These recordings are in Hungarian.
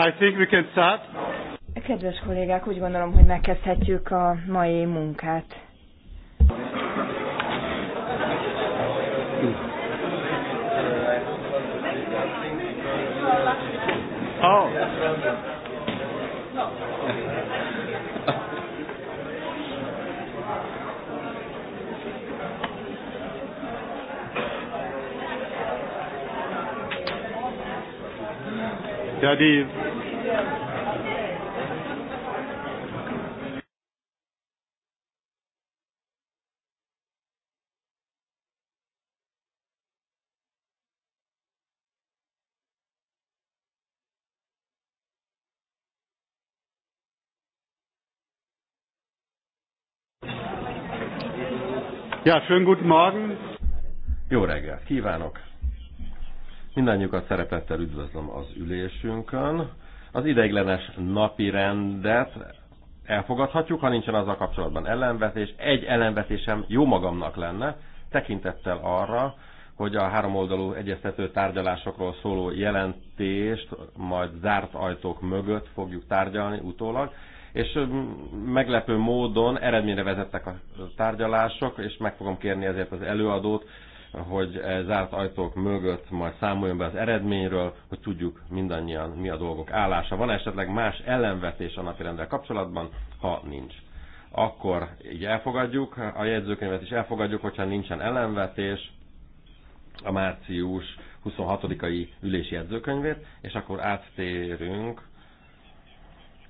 I think we can start. Kedves kollégák, úgy gondolom, hogy megkezdhetjük a mai munkát. Oh. Yeah, Ja, schönen guten Morgen. Jó reggelt kívánok. Mindannyiukat szeretettel üdvözlöm az ülésünkön. Az ideiglenes napi rendet elfogadhatjuk, ha nincsen azzal kapcsolatban ellenvetés. Egy ellenvetésem jó magamnak lenne, tekintettel arra, hogy a háromoldalú egyeztető tárgyalásokról szóló jelentést majd zárt ajtók mögött fogjuk tárgyalni utólag és meglepő módon eredményre vezettek a tárgyalások, és meg fogom kérni ezért az előadót, hogy e zárt ajtók mögött majd számoljon be az eredményről, hogy tudjuk mindannyian mi a dolgok állása. Van esetleg más ellenvetés a napirendel kapcsolatban? Ha nincs akkor így elfogadjuk, a jegyzőkönyvet is elfogadjuk, hogyha nincsen ellenvetés a március 26-ai ülési jegyzőkönyvét, és akkor áttérünk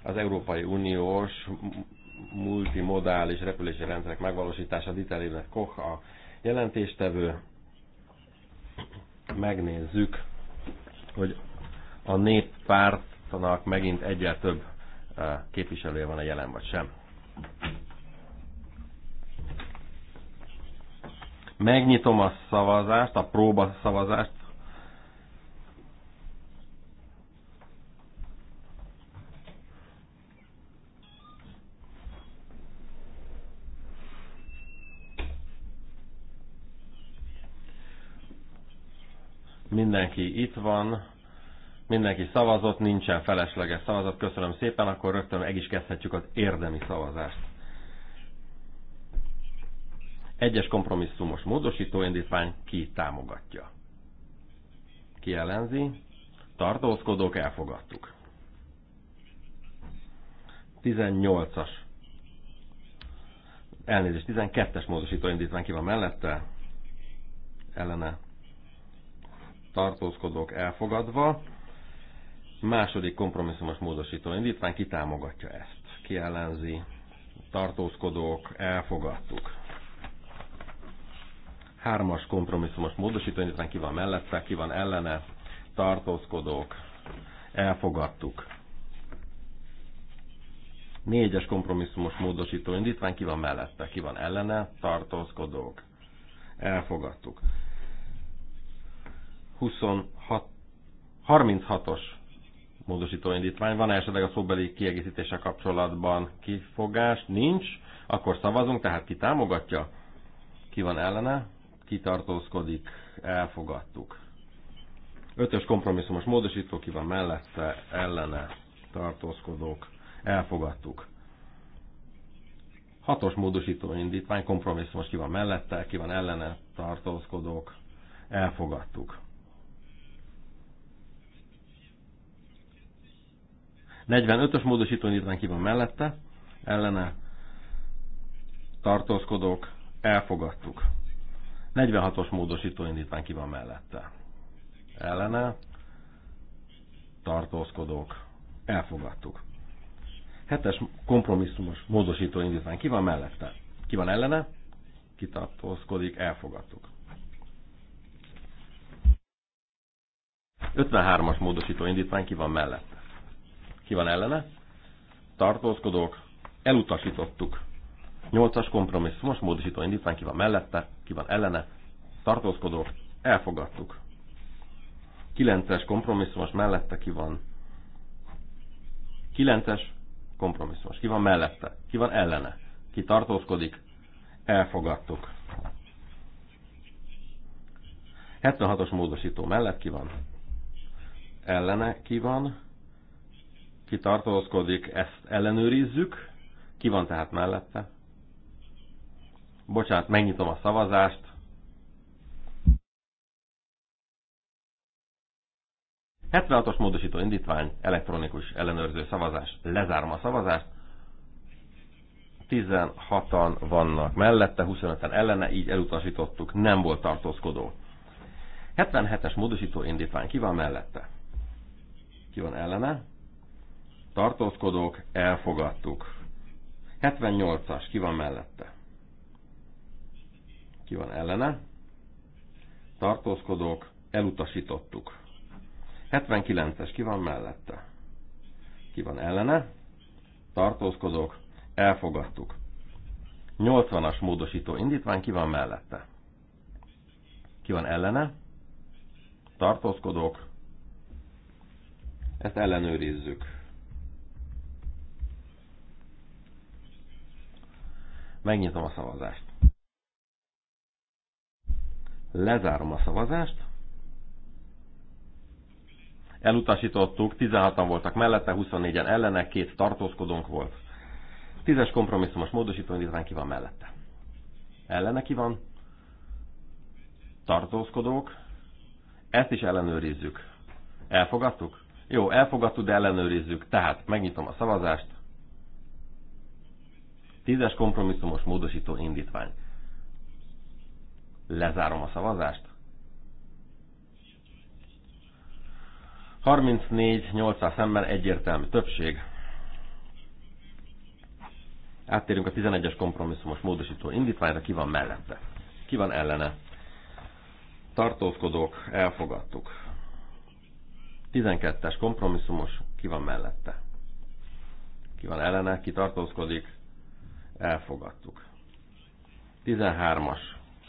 az Európai Uniós multimodális repülési rendszerek megvalósítása Dieter Koch a jelentéstevő. Megnézzük, hogy a néppártnak megint egyre több eh, képviselője van a jelen, vagy sem. Megnyitom a szavazást, a próba szavazást Mindenki itt van, mindenki szavazott, nincsen felesleges szavazat. Köszönöm szépen, akkor rögtön meg is kezdhetjük az érdemi szavazást. Egyes kompromisszumos módosító indítvány ki támogatja? Ki ellenzi? Tartózkodók elfogadtuk. 18-as. Elnézést, 12-es módosító indítvány ki van mellette? Ellene tartózkodók elfogadva. Második kompromisszumos módosító indítvány kitámogatja ezt. Ki Tartózkodók elfogadtuk. Hármas kompromisszumos módosító indítvány ki van mellette, ki van ellene? Tartózkodók elfogadtuk. Négyes kompromisszumos módosító indítvány ki van mellette, ki van ellene? Tartózkodók elfogadtuk. 26, 36-os módosító indítvány. Van esetleg a szóbeli kiegészítése kapcsolatban kifogás? Nincs. Akkor szavazunk, tehát ki támogatja? Ki van ellene? Ki tartózkodik? Elfogadtuk. Ötös kompromisszumos módosító, ki van mellette, ellene, tartózkodók, elfogadtuk. Hatos módosító indítvány, kompromisszumos, ki van mellette, ki van ellene, tartózkodók, elfogadtuk. 45-ös módosító indítvány ki van mellette, ellene tartózkodók, elfogadtuk. 46-os módosító indítvány ki van mellette, ellene tartózkodók, elfogadtuk. 7-es kompromisszumos módosító indítvány ki van mellette, ki van ellene, kitartózkodik, elfogadtuk. 53-as módosító indítvány ki van mellette ki van ellene? Tartózkodók. Elutasítottuk. nyolcas kompromisszumos módosító indítvány ki van mellette, ki van ellene. Tartózkodók. Elfogadtuk. Kilences kompromisszumos mellette ki van. Kilences kompromisszumos. Ki van mellette? Ki van ellene? Ki tartózkodik? Elfogadtuk. 76-os módosító mellett ki van? Ellene ki van? ki tartózkodik, ezt ellenőrizzük. Ki van tehát mellette? Bocsánat, megnyitom a szavazást. os módosító indítvány, elektronikus ellenőrző szavazás. Lezárom a szavazást. 16-an vannak mellette, 25-en ellene, így elutasítottuk, nem volt tartózkodó. 77-es módosító indítvány, ki van mellette? Ki van ellene? tartózkodók, elfogadtuk. 78-as, ki van mellette? Ki van ellene? Tartózkodók, elutasítottuk. 79-es, ki van mellette? Ki van ellene? Tartózkodók, elfogadtuk. 80-as módosító indítvány, ki van mellette? Ki van ellene? Tartózkodók, ezt ellenőrizzük. Megnyitom a szavazást. Lezárom a szavazást. Elutasítottuk, 16-an voltak mellette, 24-en ellene, két tartózkodónk volt. Tízes kompromisszumos módosító indítvány ki van mellette. Ellene ki van? Tartózkodók. Ezt is ellenőrizzük. Elfogadtuk? Jó, elfogadtuk, de ellenőrizzük. Tehát megnyitom a szavazást. Tízes kompromisszumos módosító indítvány. Lezárom a szavazást. 34-800 szemmel egyértelmű többség. Áttérünk a 11-es kompromisszumos módosító indítványra, ki van mellette. Ki van ellene? Tartózkodók, elfogadtuk. 12-es kompromisszumos, ki van mellette? Ki van ellene, ki tartózkodik, elfogadtuk. 13-as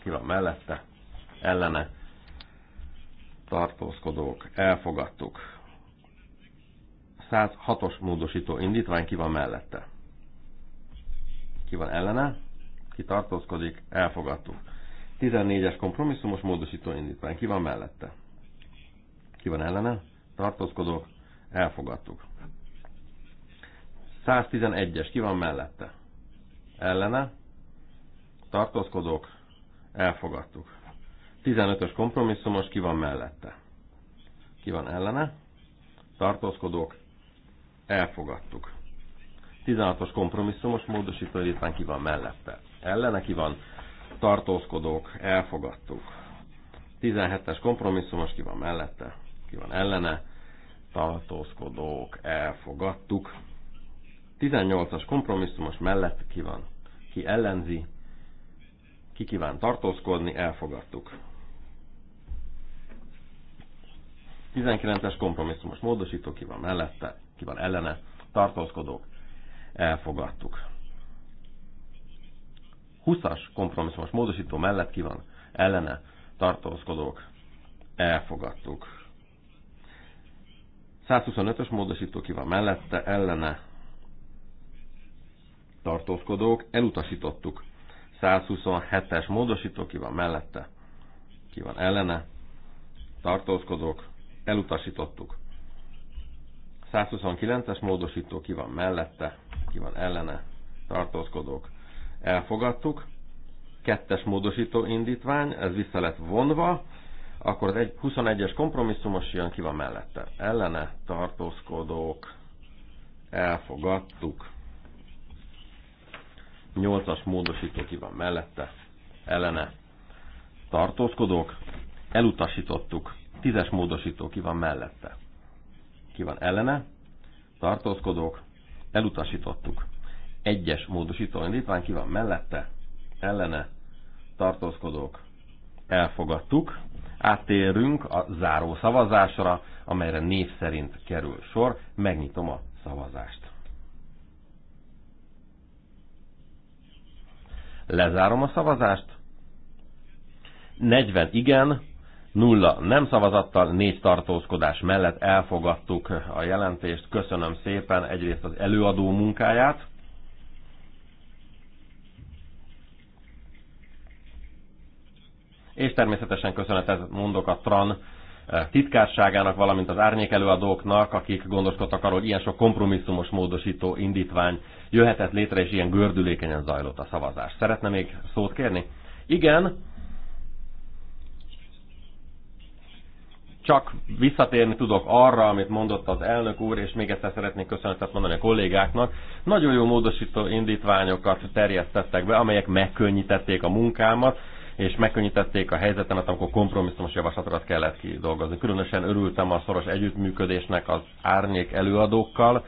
kila mellette, ellene tartózkodók, elfogadtuk. 106-os módosító indítvány ki van mellette. Ki van ellene, ki tartózkodik, elfogadtuk. 14-es kompromisszumos módosító indítvány ki van mellette. Ki van ellene, tartózkodók, elfogadtuk. 111-es ki van mellette ellene, tartózkodók, elfogadtuk. 15-ös kompromisszumos, ki van mellette? Ki van ellene? Tartózkodók, elfogadtuk. 16-os kompromisszumos módosító éppen ki van mellette? Ellene ki van? Tartózkodók, elfogadtuk. 17-es kompromisszumos ki van mellette? Ki van ellene? Tartózkodók, elfogadtuk. 18-as kompromisszumos mellett ki van, ki ellenzi, ki kíván tartózkodni, elfogadtuk. 19-es kompromisszumos módosító, ki van mellette, ki van ellene, tartózkodók, elfogadtuk. 20-as kompromisszumos módosító mellett ki van ellene, tartózkodók, elfogadtuk. 125-ös módosító ki van mellette, ellene, tartózkodók, elutasítottuk. 127-es módosító, ki van mellette, ki van ellene, tartózkodók, elutasítottuk. 129-es módosító, ki van mellette, ki van ellene, tartózkodók, elfogadtuk. Kettes módosító indítvány, ez vissza lett vonva, akkor az egy 21-es kompromisszumos jön, ki van mellette. Ellene tartózkodók, elfogadtuk. 8-as módosító ki van mellette, ellene tartózkodók, elutasítottuk, 10-es módosító ki van mellette, ki van ellene, tartózkodók, elutasítottuk, 1-es módosító indítvány ki van mellette, ellene, tartózkodók, elfogadtuk, áttérünk a záró szavazásra, amelyre név szerint kerül sor, megnyitom a szavazást. Lezárom a szavazást. 40 igen, nulla nem szavazattal, négy tartózkodás mellett elfogadtuk a jelentést. Köszönöm szépen egyrészt az előadó munkáját. És természetesen köszönetet mondok a TRAN Eh, titkárságának, valamint az árnyék előadóknak, akik gondoskodtak arról, hogy ilyen sok kompromisszumos módosító indítvány jöhetett létre, és ilyen gördülékenyen zajlott a szavazás. Szeretne még szót kérni? Igen. Csak visszatérni tudok arra, amit mondott az elnök úr, és még egyszer szeretnék köszönetet mondani a kollégáknak. Nagyon jó módosító indítványokat terjesztettek be, amelyek megkönnyítették a munkámat és megkönnyítették a helyzetemet, amikor kompromisszumos javaslatokat kellett kidolgozni. Különösen örültem a szoros együttműködésnek az árnyék előadókkal.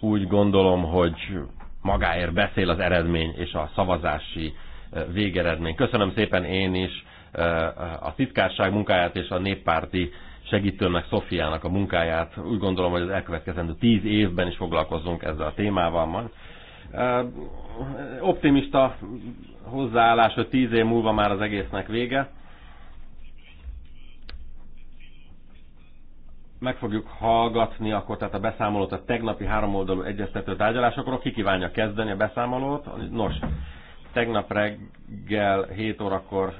Úgy gondolom, hogy magáért beszél az eredmény és a szavazási e, végeredmény. Köszönöm szépen én is e, a titkárság munkáját és a néppárti segítőmnek, Szofiának a munkáját. Úgy gondolom, hogy az elkövetkezendő tíz évben is foglalkozzunk ezzel a témával. Majd. Optimista hozzáállás, hogy tíz év múlva már az egésznek vége. Meg fogjuk hallgatni akkor tehát a beszámolót a tegnapi háromoldalú egyeztető tárgyalásokról. Ki kívánja kezdeni a beszámolót? Nos, tegnap reggel 7 órakor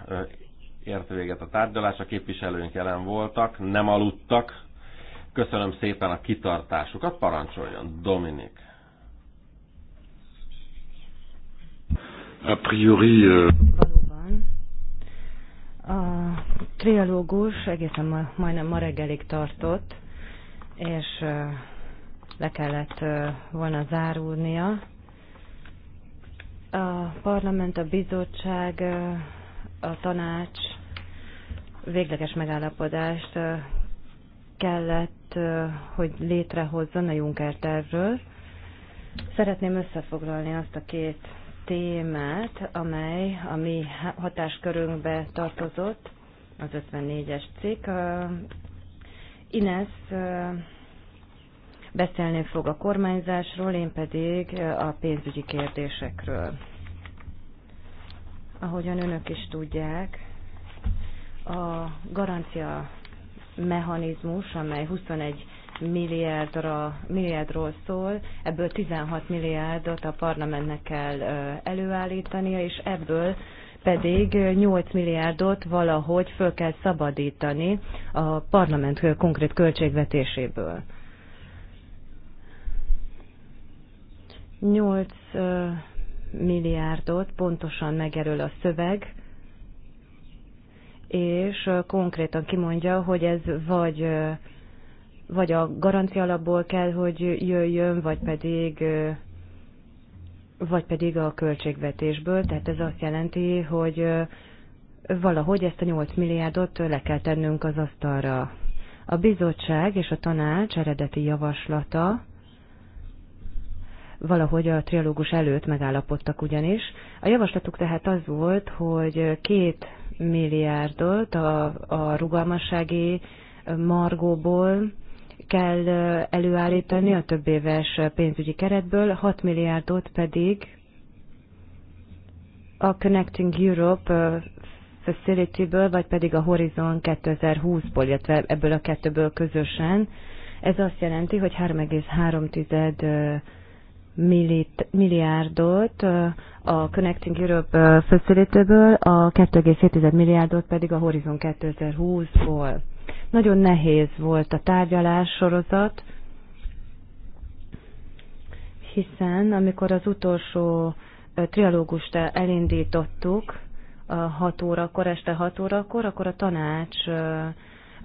ért véget a tárgyalás, a képviselőink jelen voltak, nem aludtak. Köszönöm szépen a kitartásukat, parancsoljon Dominik. a priori... Valóban. A trialógus egészen ma, majdnem ma reggelig tartott, és le kellett volna zárulnia. A parlament, a bizottság, a tanács végleges megállapodást kellett, hogy létrehozzon a Juncker tervről. Szeretném összefoglalni azt a két témát, amely a mi hatáskörünkbe tartozott, az 54-es cikk. Ines beszélni fog a kormányzásról, én pedig a pénzügyi kérdésekről. Ahogyan önök is tudják, a garancia mechanizmus, amely 21 milliárdra, milliárdról szól, ebből 16 milliárdot a parlamentnek kell előállítania, és ebből pedig 8 milliárdot valahogy föl kell szabadítani a parlament konkrét költségvetéséből. 8 milliárdot pontosan megerül a szöveg, és konkrétan kimondja, hogy ez vagy vagy a garancia alapból kell, hogy jöjjön, vagy pedig vagy pedig a költségvetésből, tehát ez azt jelenti, hogy valahogy ezt a 8 milliárdot le kell tennünk az asztalra. A bizottság és a tanács eredeti javaslata valahogy a trialógus előtt megállapodtak ugyanis. A javaslatuk tehát az volt, hogy két milliárdot a, a rugalmassági margóból kell előállítani a több éves pénzügyi keretből, 6 milliárdot pedig a Connecting Europe Facility-ből, vagy pedig a Horizon 2020-ból, illetve ebből a kettőből közösen. Ez azt jelenti, hogy 3,3 milliárdot a Connecting Europe Facility-ből, a 2,7 milliárdot pedig a Horizon 2020-ból. Nagyon nehéz volt a tárgyalás sorozat, hiszen amikor az utolsó trialógust elindítottuk, 6 órakor, este 6 órakor, akkor a tanács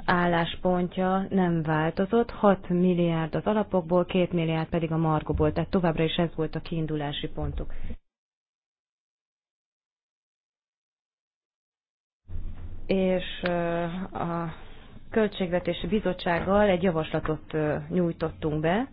álláspontja nem változott, 6 milliárd az alapokból, 2 milliárd pedig a margóból, tehát továbbra is ez volt a kiindulási pontuk. És a Költségvetési Bizottsággal egy javaslatot nyújtottunk be,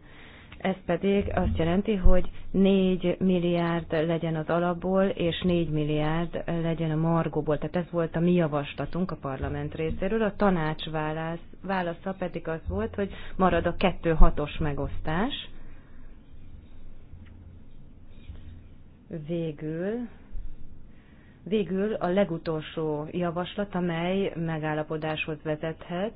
ez pedig azt jelenti, hogy 4 milliárd legyen az alapból, és 4 milliárd legyen a margóból. Tehát ez volt a mi javaslatunk a parlament részéről. A tanács válasz, válasza pedig az volt, hogy marad a 2-6-os megosztás. Végül Végül a legutolsó javaslat, amely megállapodáshoz vezethet,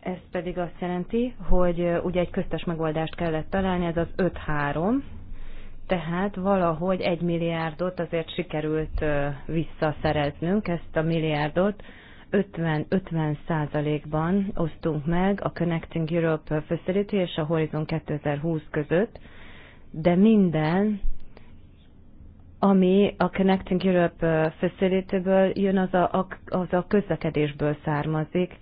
Ez pedig azt jelenti, hogy ugye egy köztes megoldást kellett találni, ez az 5-3, tehát valahogy egy milliárdot azért sikerült visszaszereznünk, ezt a milliárdot 50-50 százalékban osztunk meg a Connecting Europe Facility és a Horizon 2020 között, de minden, ami a Connecting Europe Facility-ből jön, az a, az a közlekedésből származik.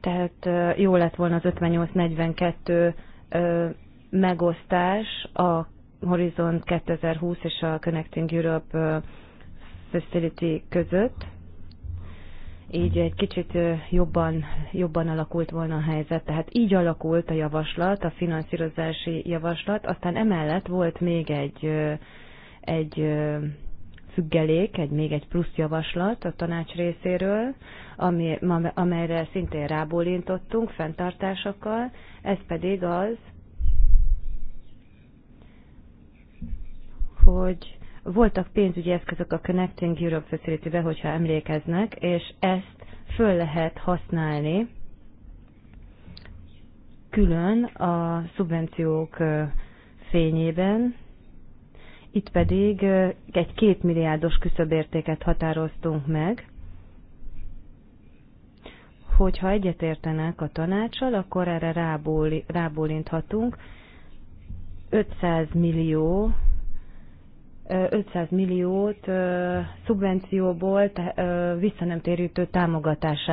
Tehát jó lett volna az 58-42 megosztás a Horizont 2020 és a Connecting Europe Facility között. Így egy kicsit jobban, jobban alakult volna a helyzet. Tehát így alakult a javaslat, a finanszírozási javaslat. Aztán emellett volt még egy, egy függelék, egy, még egy plusz javaslat a tanács részéről, ami, amelyre szintén rábólintottunk fenntartásokkal, ez pedig az, hogy voltak pénzügyi eszközök a Connecting Europe Facility-be, hogyha emlékeznek, és ezt föl lehet használni külön a szubvenciók fényében. Itt pedig egy két milliárdos küszöbértéket határoztunk meg. Hogyha egyetértenek a tanácsal, akkor erre rábólinthatunk. 500 millió 500 milliót szubvencióból vissza nem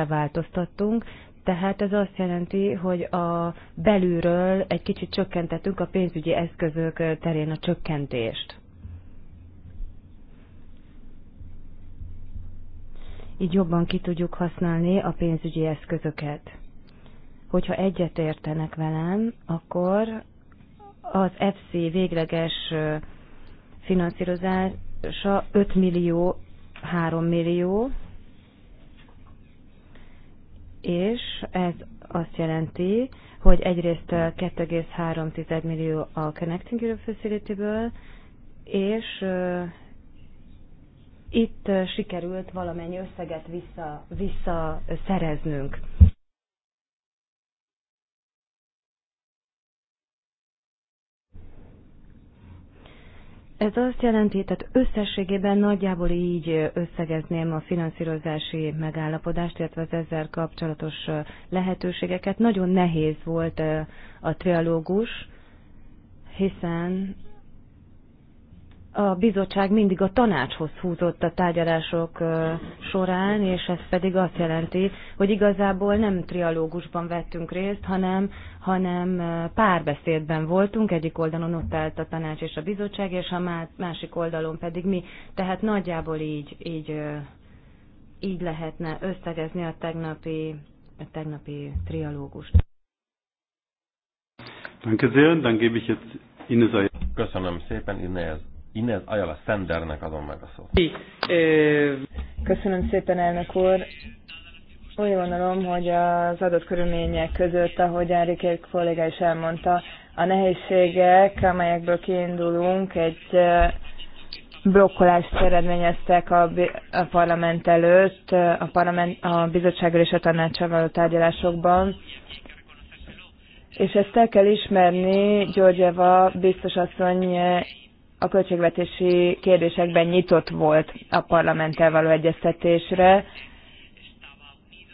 változtattunk, tehát ez azt jelenti, hogy a belülről egy kicsit csökkentettünk a pénzügyi eszközök terén a csökkentést. Így jobban ki tudjuk használni a pénzügyi eszközöket. Hogyha egyet értenek velem, akkor az FC végleges finanszírozása 5 millió, 3 millió, és ez azt jelenti, hogy egyrészt 2,3 millió a Connecting Europe facility és itt sikerült valamennyi összeget vissza, Ez azt jelenti, tehát összességében nagyjából így összegezném a finanszírozási megállapodást, illetve az ezzel kapcsolatos lehetőségeket. Nagyon nehéz volt a trialógus, hiszen a bizottság mindig a tanácshoz húzott a tárgyalások során, és ez pedig azt jelenti, hogy igazából nem trialógusban vettünk részt, hanem, hanem párbeszédben voltunk. Egyik oldalon ott állt a tanács és a bizottság, és a másik oldalon pedig mi. Tehát nagyjából így, így, így lehetne összegezni a tegnapi, a tegnapi trialógust. Köszönöm szépen, Inez. Inez Ayala Sendernek adom meg a szót. Köszönöm szépen, elnök úr. Úgy gondolom, hogy az adott körülmények között, ahogy Enrique kolléga is elmondta, a nehézségek, amelyekből kiindulunk, egy blokkolást eredményeztek a, a parlament előtt, a, parlament, a bizottsággal és a tanácsal való tárgyalásokban. És ezt el kell ismerni Györgyeva biztos asszony a költségvetési kérdésekben nyitott volt a parlamenttel való egyeztetésre,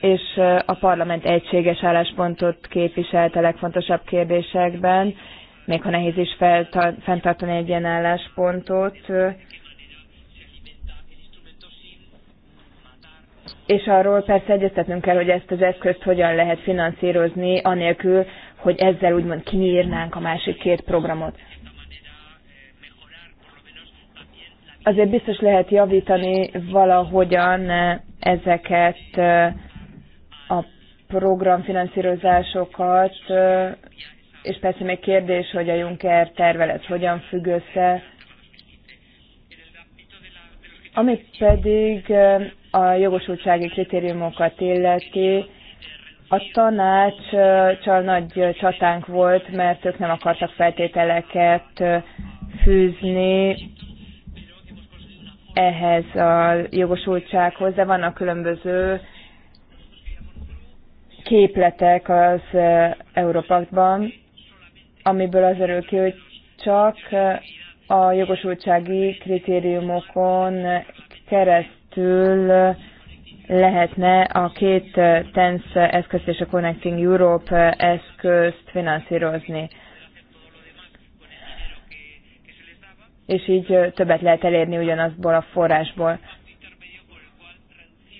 és a parlament egységes álláspontot képviselt a legfontosabb kérdésekben, még ha nehéz is fenntartani egy ilyen álláspontot. És arról persze egyeztetnünk kell, hogy ezt az eszközt hogyan lehet finanszírozni, anélkül, hogy ezzel úgymond kinyírnánk a másik két programot. azért biztos lehet javítani valahogyan ezeket eh, a programfinanszírozásokat, eh, és persze még kérdés, hogy a Juncker tervelet hogyan függ össze. Ami pedig eh, a jogosultsági kritériumokat illeti, a tanács csak nagy csatánk volt, mert ők nem akartak feltételeket fűzni ehhez a jogosultsághoz, de vannak különböző képletek az eh, Európakban, amiből az erő ki, hogy csak eh, a jogosultsági kritériumokon keresztül lehetne a két eh, TENSZ eszközt és a Connecting Europe eszközt finanszírozni. és így többet lehet elérni ugyanazból a forrásból.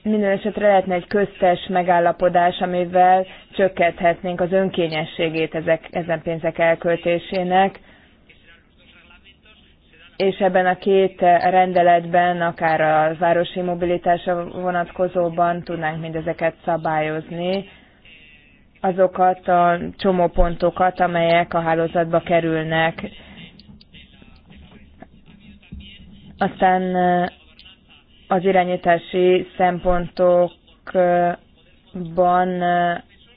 Minden esetre lehetne egy köztes megállapodás, amivel csökkenthetnénk az önkényességét ezek, ezen pénzek elköltésének, és ebben a két rendeletben, akár a városi mobilitása vonatkozóban tudnánk mindezeket szabályozni, azokat a csomópontokat, amelyek a hálózatba kerülnek, Aztán az irányítási szempontokban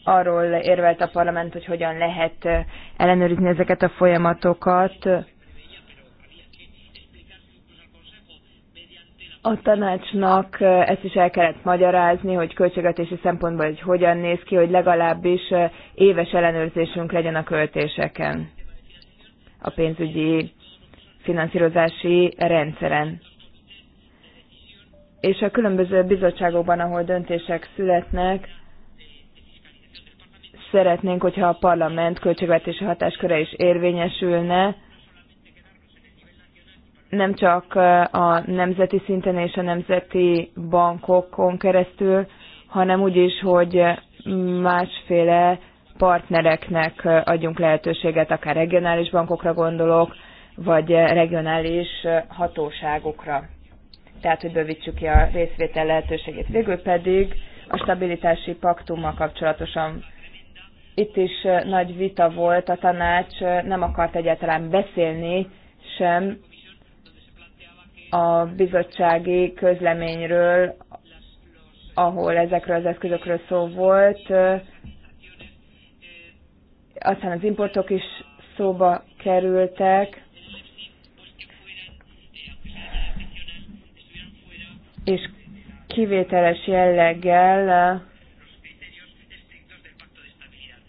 arról érvelt a parlament, hogy hogyan lehet ellenőrizni ezeket a folyamatokat. A tanácsnak ezt is el kellett magyarázni, hogy költségvetési szempontból hogy hogyan néz ki, hogy legalábbis éves ellenőrzésünk legyen a költéseken, a pénzügyi finanszírozási rendszeren. És a különböző bizottságokban, ahol döntések születnek, szeretnénk, hogyha a parlament költségvetési hatásköre is érvényesülne, nem csak a nemzeti szinten és a nemzeti bankokon keresztül, hanem úgy is, hogy másféle partnereknek adjunk lehetőséget, akár regionális bankokra gondolok, vagy regionális hatóságokra. Tehát, hogy bővítsük ki a részvétel lehetőségét. Végül pedig a stabilitási paktummal kapcsolatosan itt is eh, nagy vita volt, a tanács eh, nem akart egyáltalán beszélni sem a bizottsági közleményről, ahol ezekről az eszközökről szó volt. Eh, aztán az importok is szóba kerültek, és kivételes jelleggel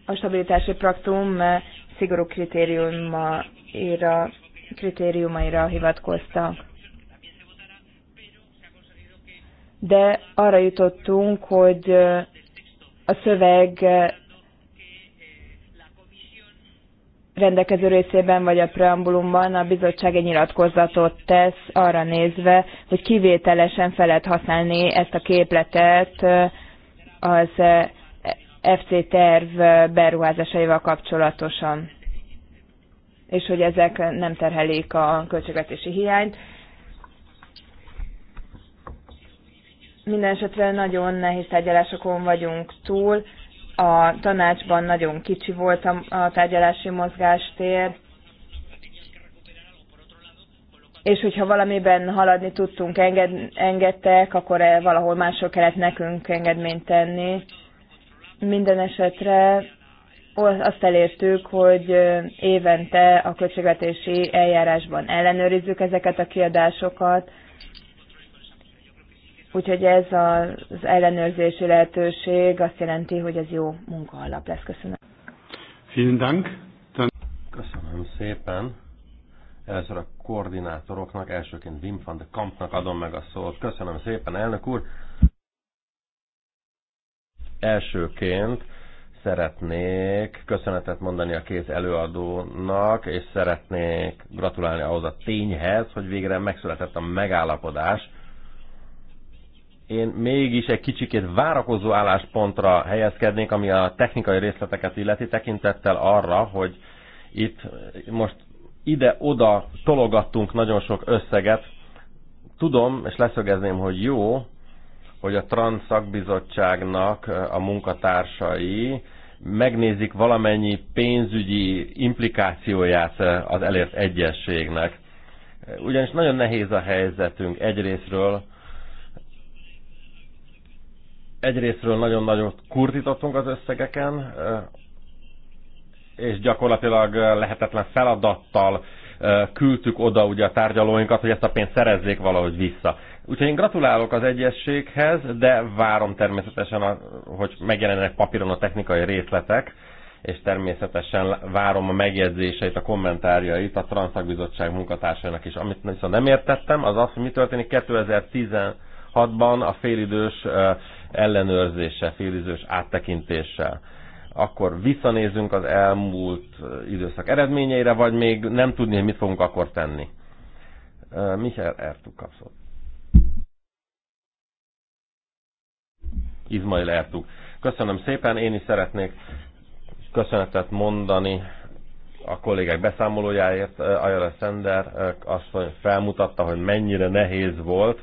a stabilitási praktum szigorú kritériumaira, kritériumaira hivatkoztak. De arra jutottunk, hogy a szöveg rendelkező részében vagy a preambulumban a bizottság egy nyilatkozatot tesz arra nézve, hogy kivételesen fel lehet használni ezt a képletet az FC terv beruházásaival kapcsolatosan, és hogy ezek nem terhelik a költségvetési hiányt. Minden esetre nagyon nehéz tárgyalásokon vagyunk túl a tanácsban nagyon kicsi volt a, a tárgyalási mozgástér, és hogyha valamiben haladni tudtunk, enged, engedtek, akkor e valahol máshol kellett nekünk engedményt tenni. Minden esetre azt elértük, hogy évente a költségvetési eljárásban ellenőrizzük ezeket a kiadásokat, Úgyhogy ez az ellenőrzési lehetőség azt jelenti, hogy ez jó munkaalap lesz. Köszönöm. Vielen Dank. Köszönöm szépen. Először a koordinátoroknak, elsőként Wim van de Kampnak adom meg a szót. Köszönöm szépen, elnök úr. Elsőként szeretnék köszönetet mondani a két előadónak, és szeretnék gratulálni ahhoz a tényhez, hogy végre megszületett a megállapodás, én mégis egy kicsikét várakozó álláspontra helyezkednék, ami a technikai részleteket illeti, tekintettel arra, hogy itt most ide-oda tologattunk nagyon sok összeget. Tudom, és leszögezném, hogy jó, hogy a Trans szakbizottságnak a munkatársai megnézik valamennyi pénzügyi implikációját az elért egyességnek. Ugyanis nagyon nehéz a helyzetünk egyrésztről, Egyrésztről nagyon nagyon kurtítottunk az összegeken, eh, és gyakorlatilag eh, lehetetlen feladattal eh, küldtük oda ugye a tárgyalóinkat, hogy ezt a pénzt szerezzék valahogy vissza. Úgyhogy én gratulálok az egyességhez, de várom természetesen, a, hogy megjelenjenek papíron a technikai részletek, és természetesen várom a megjegyzéseit, a kommentárjait a Transzakbizottság munkatársainak is. Amit viszont nem értettem, az az, hogy mi történik 2016-ban a félidős ellenőrzéssel, félizős áttekintéssel akkor visszanézünk az elmúlt időszak eredményeire, vagy még nem tudni, hogy mit fogunk akkor tenni. Michel Ertug kapszott. Izmail Ertug. Köszönöm szépen, én is szeretnék köszönetet mondani a kollégák beszámolójáért. Ajala Szender azt felmutatta, hogy mennyire nehéz volt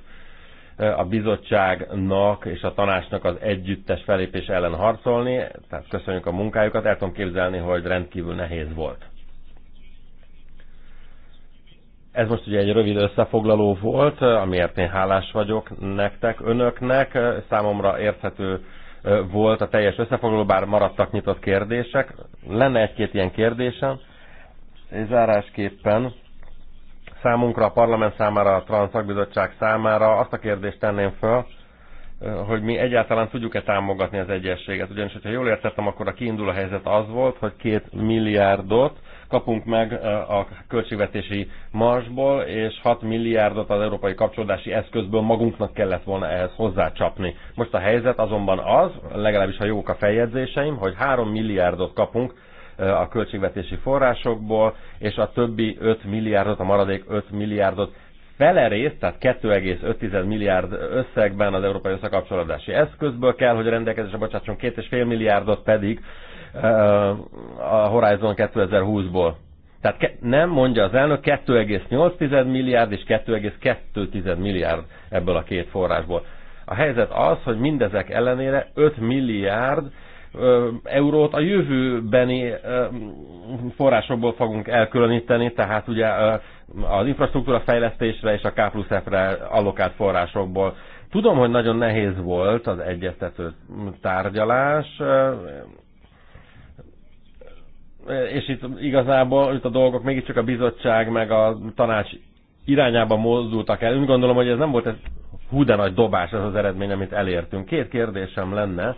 a bizottságnak és a tanácsnak az együttes felépés ellen harcolni, tehát köszönjük a munkájukat, el tudom képzelni, hogy rendkívül nehéz volt. Ez most ugye egy rövid összefoglaló volt, amiért én hálás vagyok nektek, önöknek. Számomra érthető volt a teljes összefoglaló, bár maradtak nyitott kérdések. Lenne egy-két ilyen kérdésem. És zárásképpen számunkra, a parlament számára, a transzakbizottság számára azt a kérdést tenném föl, hogy mi egyáltalán tudjuk-e támogatni az egyességet. Ugyanis, hogyha jól értettem, akkor a kiinduló helyzet az volt, hogy két milliárdot kapunk meg a költségvetési marsból, és 6 milliárdot az európai kapcsolódási eszközből magunknak kellett volna ehhez hozzácsapni. Most a helyzet azonban az, legalábbis ha jók a feljegyzéseim, hogy 3 milliárdot kapunk a költségvetési forrásokból, és a többi 5 milliárdot, a maradék 5 milliárdot fele rész, tehát 2,5 milliárd összegben az Európai Összekapcsolódási Eszközből kell, hogy rendelkezésre bocsátson, 2,5 milliárdot pedig a Horizon 2020-ból. Tehát nem mondja az elnök, 2,8 milliárd és 2,2 milliárd ebből a két forrásból. A helyzet az, hogy mindezek ellenére 5 milliárd eurót a jövőbeni forrásokból fogunk elkülöníteni, tehát ugye az infrastruktúra fejlesztésre és a K plusz F-re allokált forrásokból. Tudom, hogy nagyon nehéz volt az egyeztető tárgyalás, és itt igazából itt a dolgok mégiscsak a bizottság meg a tanács irányába mozdultak el. Úgy gondolom, hogy ez nem volt ez hú de nagy dobás ez az eredmény, amit elértünk. Két kérdésem lenne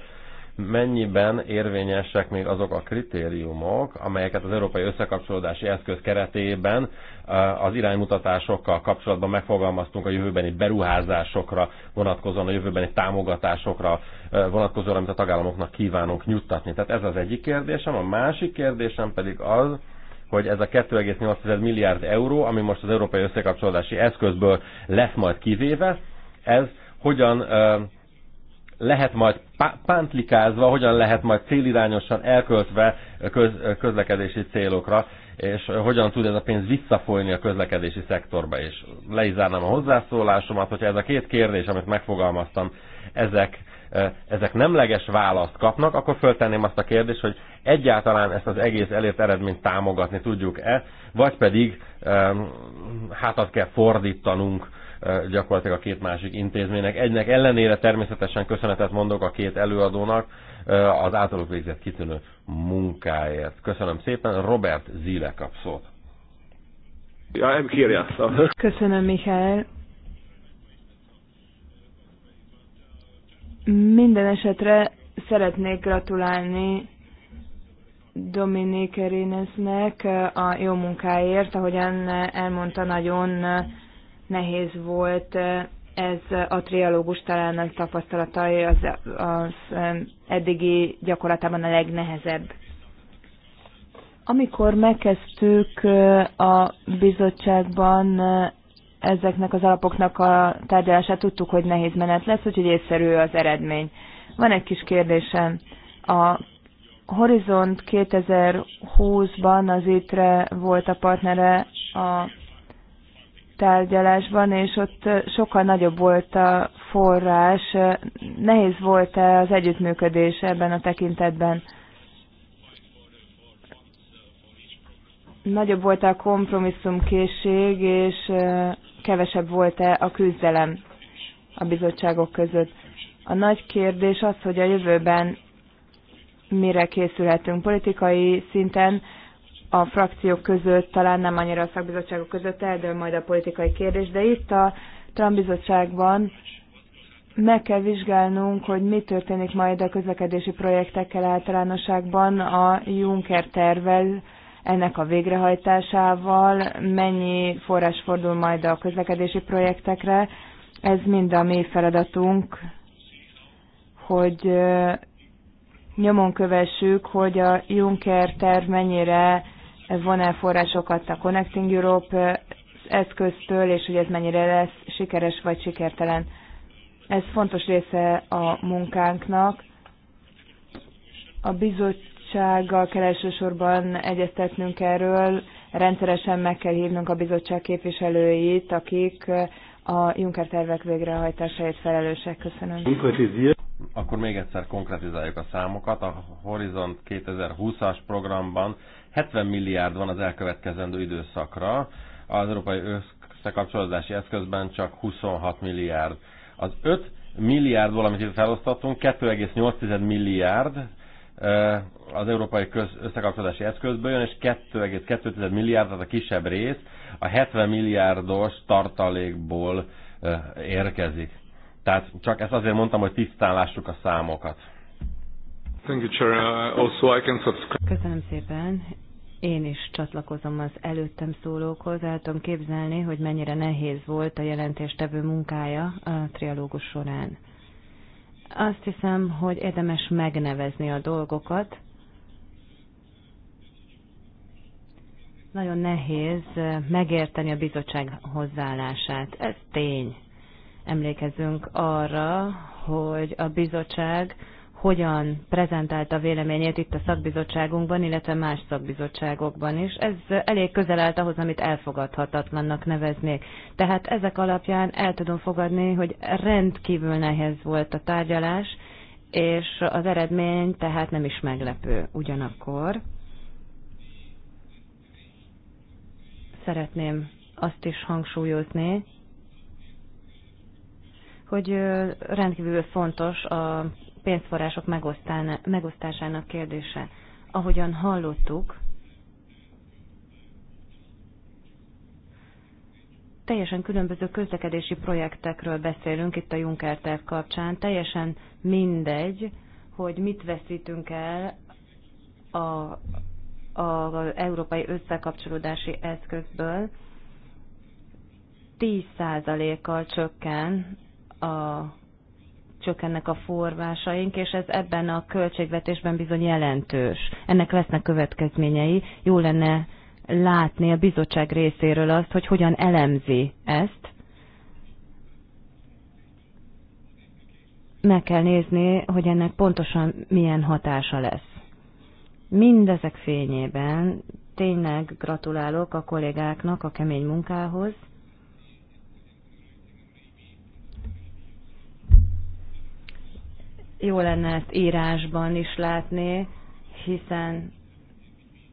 mennyiben érvényesek még azok a kritériumok, amelyeket az Európai Összekapcsolódási Eszköz keretében eh, az iránymutatásokkal kapcsolatban megfogalmaztunk a jövőbeni beruházásokra vonatkozóan, a jövőbeni támogatásokra eh, vonatkozóan, amit a tagállamoknak kívánunk nyugtatni. Tehát ez az egyik kérdésem. A másik kérdésem pedig az, hogy ez a 2,8 milliárd euró, ami most az Európai Összekapcsolódási Eszközből lesz majd kivéve, ez hogyan eh, lehet majd pántlikázva, hogyan lehet majd célirányosan elköltve köz, közlekedési célokra, és hogyan tud ez a pénz visszafolyni a közlekedési szektorba. És le is zárnám a hozzászólásomat, hogyha ez a két kérdés, amit megfogalmaztam, ezek, e, ezek nemleges választ kapnak, akkor föltenném azt a kérdést, hogy egyáltalán ezt az egész elért eredményt támogatni tudjuk-e, vagy pedig hát azt kell fordítanunk gyakorlatilag a két másik intézménynek. Egynek ellenére természetesen köszönetet mondok a két előadónak az általuk végzett kitűnő munkáért. Köszönöm szépen, Robert Zile kap szót. Ja, nem szóval. Köszönöm, Mihály. Minden esetre szeretnék gratulálni Dominik Réneznek a jó munkáért, ahogyan elmondta, nagyon nehéz volt ez a trialógus talán a tapasztalatai az, az eddigi gyakorlatában a legnehezebb. Amikor megkezdtük a bizottságban ezeknek az alapoknak a tárgyalását, tudtuk, hogy nehéz menet lesz, úgyhogy észszerű az eredmény. Van egy kis kérdésem. A Horizont 2020-ban az ITRE volt a partnere a tárgyalásban, és ott sokkal nagyobb volt a forrás. Nehéz volt -e az együttműködés ebben a tekintetben? Nagyobb volt -e a kompromisszumkészség, és kevesebb volt-e a küzdelem a bizottságok között? A nagy kérdés az, hogy a jövőben mire készülhetünk politikai szinten, a frakciók között, talán nem annyira a szakbizottságok között eldől majd a politikai kérdés, de itt a Trump bizottságban meg kell vizsgálnunk, hogy mi történik majd a közlekedési projektekkel általánosságban a Juncker tervel, ennek a végrehajtásával, mennyi forrás fordul majd a közlekedési projektekre. Ez mind a mi feladatunk, hogy nyomon kövessük, hogy a Juncker terv mennyire von el forrásokat a Connecting Europe eszköztől, és hogy ez mennyire lesz sikeres vagy sikertelen. Ez fontos része a munkánknak. A bizottsággal kell elsősorban egyeztetnünk erről, rendszeresen meg kell hívnunk a bizottság képviselőit, akik a Juncker tervek végrehajtásáért felelősek. Köszönöm. Akkor még egyszer konkretizáljuk a számokat. A Horizont 2020-as programban 70 milliárd van az elkövetkezendő időszakra, az európai összekapcsolódási eszközben csak 26 milliárd. Az 5 milliárdból, amit itt felosztottunk, 2,8 milliárd az európai összekapcsolódási eszközből jön, és 2,2 milliárd, az a kisebb rész, a 70 milliárdos tartalékból érkezik. Tehát csak ezt azért mondtam, hogy tisztán lássuk a számokat. Thank you, Chair. Uh, also I can subscribe. Köszönöm szépen. Én is csatlakozom az előttem szólókhoz. El tudom képzelni, hogy mennyire nehéz volt a jelentéstevő munkája a trialógus során. Azt hiszem, hogy érdemes megnevezni a dolgokat. Nagyon nehéz uh, megérteni a bizottság hozzáállását. Ez tény. Emlékezünk arra, hogy a bizottság hogyan prezentálta véleményét itt a szakbizottságunkban, illetve más szakbizottságokban is. Ez elég közel állt ahhoz, amit elfogadhatatlannak neveznék. Tehát ezek alapján el tudom fogadni, hogy rendkívül nehéz volt a tárgyalás, és az eredmény tehát nem is meglepő ugyanakkor. Szeretném azt is hangsúlyozni, hogy rendkívül fontos a pénzforrások megosztásának kérdése. Ahogyan hallottuk, teljesen különböző közlekedési projektekről beszélünk itt a Juncker terv kapcsán. Teljesen mindegy, hogy mit veszítünk el a, a, az európai összekapcsolódási eszközből. 10%-kal csökken a csökkennek a forrásaink, és ez ebben a költségvetésben bizony jelentős. Ennek lesznek következményei. Jó lenne látni a bizottság részéről azt, hogy hogyan elemzi ezt. Meg kell nézni, hogy ennek pontosan milyen hatása lesz. Mindezek fényében tényleg gratulálok a kollégáknak a kemény munkához, jó lenne ezt írásban is látni, hiszen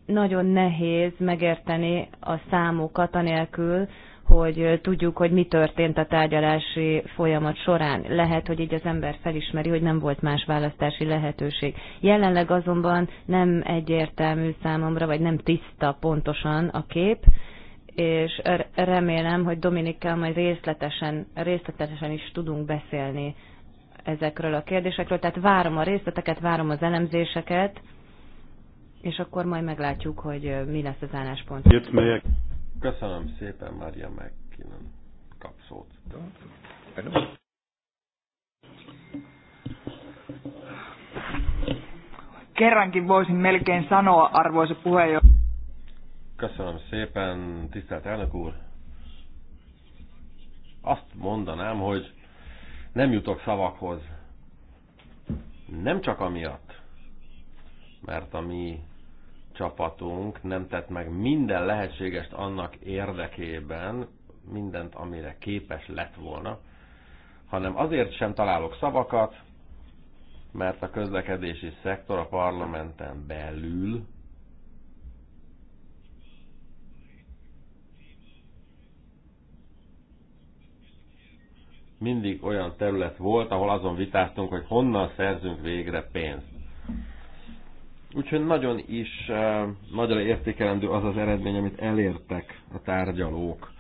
nagyon nehéz megérteni a számokat anélkül, hogy tudjuk, hogy mi történt a tárgyalási folyamat során. Lehet, hogy így az ember felismeri, hogy nem volt más választási lehetőség. Jelenleg azonban nem egyértelmű számomra, vagy nem tiszta pontosan a kép, és remélem, hogy Dominikkel majd részletesen, részletesen is tudunk beszélni ezekről a kérdésekről, tehát várom a részleteket, várom az elemzéseket, és akkor majd meglátjuk, hogy mi lesz az álláspont. Köszönöm szépen, Mária megkínem. Kap szót. Kerrankin voisin melkein sanoa, arvoisa puheenjohtaja. Köszönöm szépen, tisztelt elnök úr. Azt mondanám, hogy nem jutok szavakhoz. Nem csak amiatt, mert a mi csapatunk nem tett meg minden lehetségest annak érdekében, mindent, amire képes lett volna, hanem azért sem találok szavakat, mert a közlekedési szektor a parlamenten belül mindig olyan terület volt, ahol azon vitáztunk, hogy honnan szerzünk végre pénzt. Úgyhogy nagyon is eh, nagyon értékelendő az az eredmény, amit elértek a tárgyalók.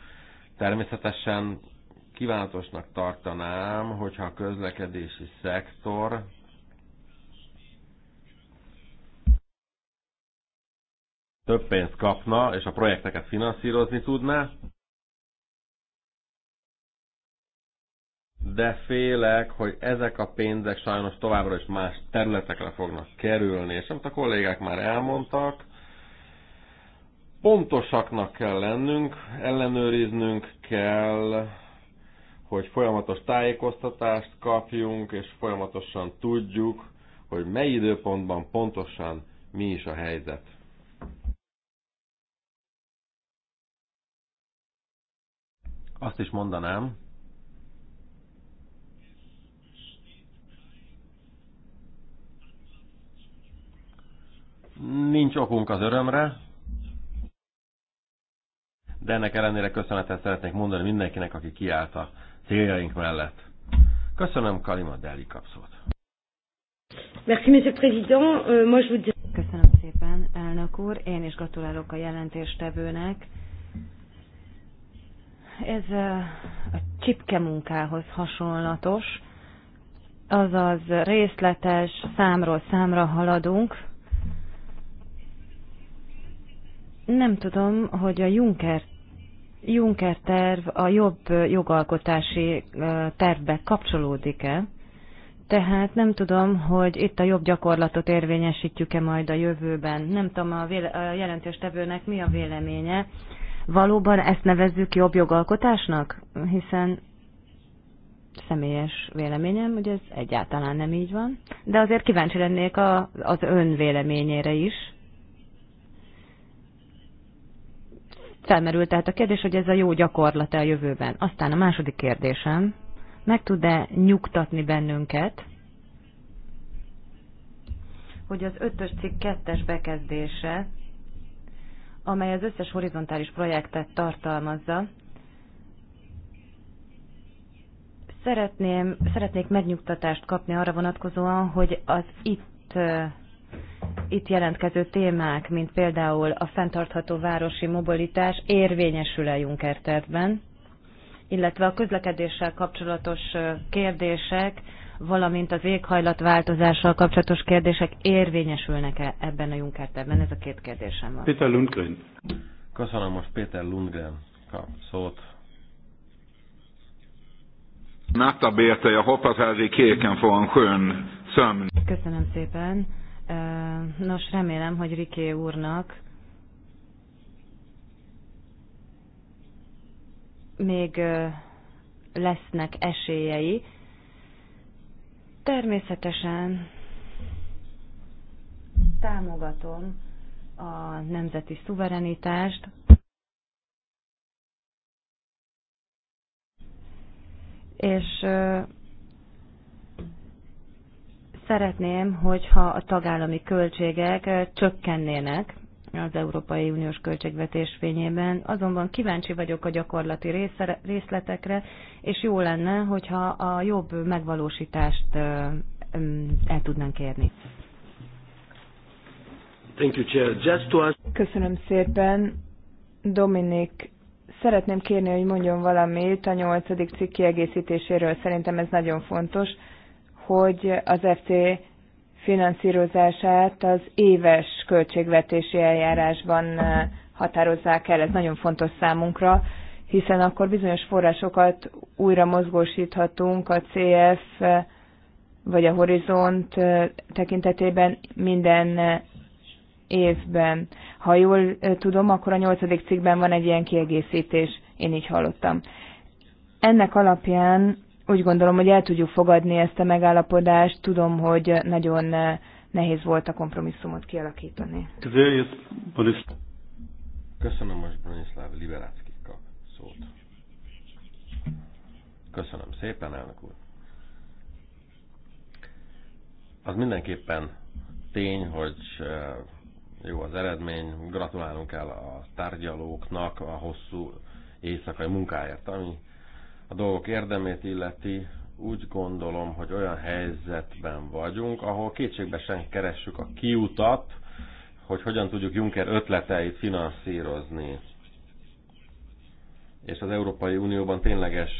Természetesen kívánatosnak tartanám, hogyha a közlekedési szektor több pénzt kapna, és a projekteket finanszírozni tudná, de félek, hogy ezek a pénzek sajnos továbbra is más területekre fognak kerülni, és amit a kollégák már elmondtak, pontosaknak kell lennünk, ellenőriznünk kell, hogy folyamatos tájékoztatást kapjunk, és folyamatosan tudjuk, hogy mely időpontban pontosan mi is a helyzet. Azt is mondanám, Nincs okunk az örömre, de ennek ellenére köszönetet szeretnék mondani mindenkinek, aki kiállt a céljaink mellett. Köszönöm, Kalima Deli kapszót. Merci, Monsieur le Président. Euh, moi, je vous dis... Köszönöm szépen, elnök úr. Én is gratulálok a jelentéstevőnek. Ez a csipke munkához hasonlatos, azaz részletes, számról számra haladunk, Nem tudom, hogy a Juncker, Juncker terv a jobb jogalkotási tervbe kapcsolódik-e. Tehát nem tudom, hogy itt a jobb gyakorlatot érvényesítjük-e majd a jövőben. Nem tudom, a, véle, a jelentéstevőnek mi a véleménye. Valóban ezt nevezzük jobb jogalkotásnak? Hiszen személyes véleményem, hogy ez egyáltalán nem így van. De azért kíváncsi lennék a, az ön véleményére is. felmerült tehát a kérdés, hogy ez a jó gyakorlat a jövőben. Aztán a második kérdésem, meg tud-e nyugtatni bennünket, hogy az ötös cikk kettes bekezdése, amely az összes horizontális projektet tartalmazza, Szeretném, szeretnék megnyugtatást kapni arra vonatkozóan, hogy az itt itt jelentkező témák, mint például a fenntartható városi mobilitás érvényesül a Juncker tervben, illetve a közlekedéssel kapcsolatos kérdések, valamint az éghajlatváltozással kapcsolatos kérdések érvényesülnek-e ebben a Juncker tervben? Ez a két kérdésem van. Péter Lundgren. Köszönöm, most Péter Lundgren kap szót. Nattarbete, jag hoppas Harry Kéken får en Köszönöm szépen. Nos, remélem, hogy Riké úrnak még lesznek esélyei. Természetesen támogatom a nemzeti szuverenitást, és Szeretném, hogyha a tagállami költségek eh, csökkennének az Európai Uniós költségvetés fényében, azonban kíváncsi vagyok a gyakorlati részletekre, és jó lenne, hogyha a jobb megvalósítást eh, el tudnánk kérni. Thank you, Chair. Just to ask... Köszönöm szépen. Dominik, szeretném kérni, hogy mondjon valamit a nyolcadik cikk kiegészítéséről. Szerintem ez nagyon fontos hogy az FC finanszírozását az éves költségvetési eljárásban határozzák el. Ez nagyon fontos számunkra, hiszen akkor bizonyos forrásokat újra mozgósíthatunk a CF vagy a Horizont tekintetében minden évben. Ha jól tudom, akkor a nyolcadik cikkben van egy ilyen kiegészítés, én így hallottam. Ennek alapján úgy gondolom, hogy el tudjuk fogadni ezt a megállapodást. Tudom, hogy nagyon eh, nehéz volt a kompromisszumot kialakítani. Köszönöm most Bronislav Liberáckika szót. Köszönöm szépen, elnök úr. Az mindenképpen tény, hogy eh, jó az eredmény. Gratulálunk el a tárgyalóknak a hosszú éjszakai munkáért, ami a dolgok érdemét illeti, úgy gondolom, hogy olyan helyzetben vagyunk, ahol kétségbe sem keressük a kiutat, hogy hogyan tudjuk Juncker ötleteit finanszírozni. És az Európai Unióban tényleges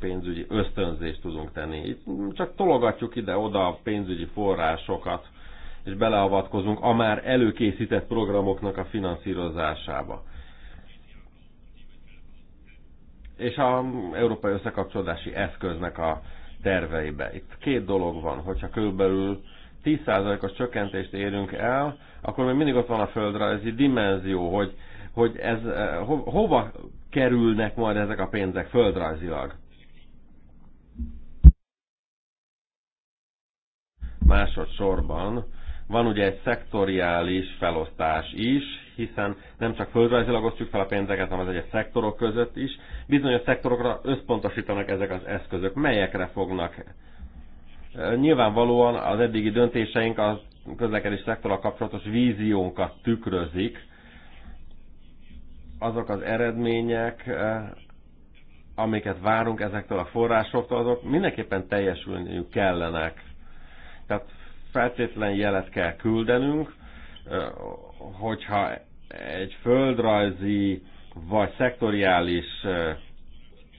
pénzügyi ösztönzést tudunk tenni. Itt csak tologatjuk ide-oda a pénzügyi forrásokat, és beleavatkozunk a már előkészített programoknak a finanszírozásába és a európai összekapcsolódási eszköznek a terveibe. Itt két dolog van, hogyha körülbelül 10%-os csökkentést érünk el, akkor még mindig ott van a földrajzi dimenzió, hogy, hogy ez, eh, ho, hova kerülnek majd ezek a pénzek földrajzilag. Másodszorban van ugye egy szektoriális felosztás is, hiszen nem csak földrajzilag osztjuk fel a pénzeket, hanem az egyes szektorok között is. Bizonyos szektorokra összpontosítanak ezek az eszközök. Melyekre fognak? Nyilvánvalóan az eddigi döntéseink a közlekedés szektorral kapcsolatos víziónkat tükrözik. Azok az eredmények, amiket várunk ezektől a forrásoktól, azok mindenképpen teljesülniük kellenek. Tehát feltétlen jelet kell küldenünk, hogyha egy földrajzi vagy szektoriális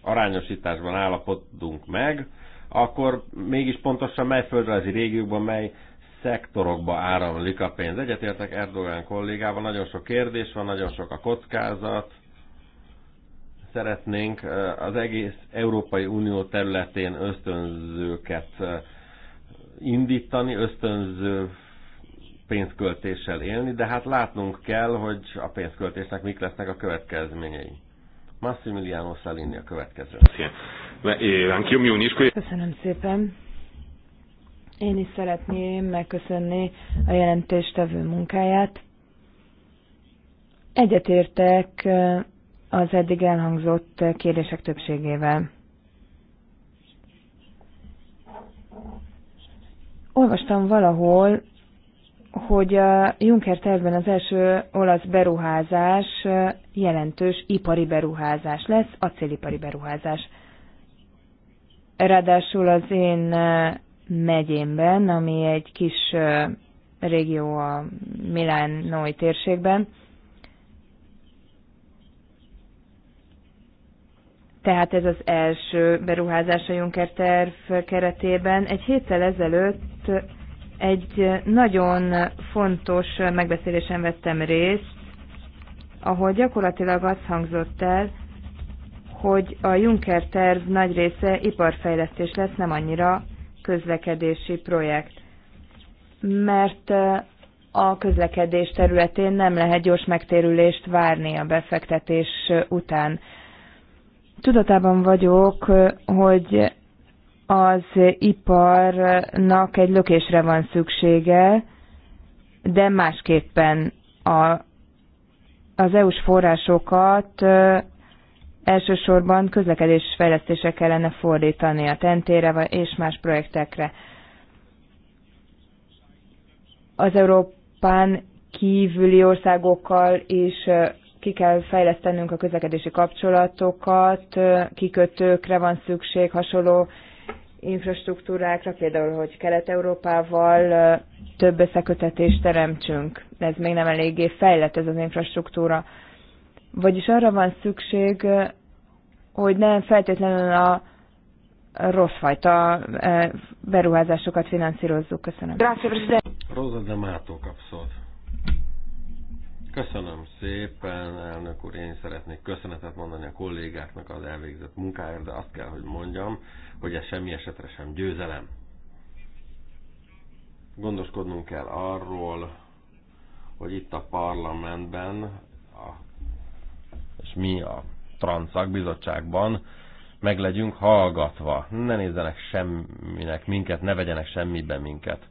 arányosításban állapodunk meg, akkor mégis pontosan mely földrajzi régiókban, mely szektorokba áramlik a pénz. Egyetértek Erdogan kollégával, nagyon sok kérdés van, nagyon sok a kockázat. Szeretnénk az egész Európai Unió területén ösztönzőket indítani, ösztönző pénzköltéssel élni, de hát látnunk kell, hogy a pénzköltésnek mik lesznek a következményei. Massimiliano Salini a következő. Köszönöm szépen. Én is szeretném megköszönni a jelentéstevő munkáját. Egyetértek eh, az eddig elhangzott kérdések többségével. Olvastam valahol, hogy a Juncker tervben az első olasz beruházás jelentős ipari beruházás lesz, acélipari beruházás. Ráadásul az én megyémben, ami egy kis régió a Milánói térségben, Tehát ez az első beruházás a Juncker terv keretében. Egy héttel ezelőtt egy nagyon fontos megbeszélésen vettem részt, ahol gyakorlatilag azt hangzott el, hogy a Juncker terv nagy része iparfejlesztés lesz, nem annyira közlekedési projekt. Mert a közlekedés területén nem lehet gyors megtérülést várni a befektetés után. Tudatában vagyok, hogy az iparnak egy lökésre van szüksége, de másképpen a, az EU-s forrásokat elsősorban közlekedés fejlesztése kellene fordítani a tentére és más projektekre. Az Európán kívüli országokkal is ki kell fejlesztenünk a közlekedési kapcsolatokat, kikötőkre van szükség, hasonló infrastruktúrákra, például, hogy Kelet-Európával több összekötetést teremtsünk. Ez még nem eléggé fejlett ez az infrastruktúra. Vagyis arra van szükség, hogy nem feltétlenül a rossz fajta beruházásokat finanszírozzuk. Köszönöm. Grazie, Rosa D'Amato kapszolt. Köszönöm szépen, elnök úr. Én szeretnék köszönetet mondani a kollégáknak az elvégzett munkáért, de azt kell, hogy mondjam, hogy ez semmi esetre sem győzelem. Gondoskodnunk kell arról, hogy itt a parlamentben, a, és mi a transzak bizottságban meg legyünk hallgatva. Ne nézzenek semminek minket, ne vegyenek semmibe minket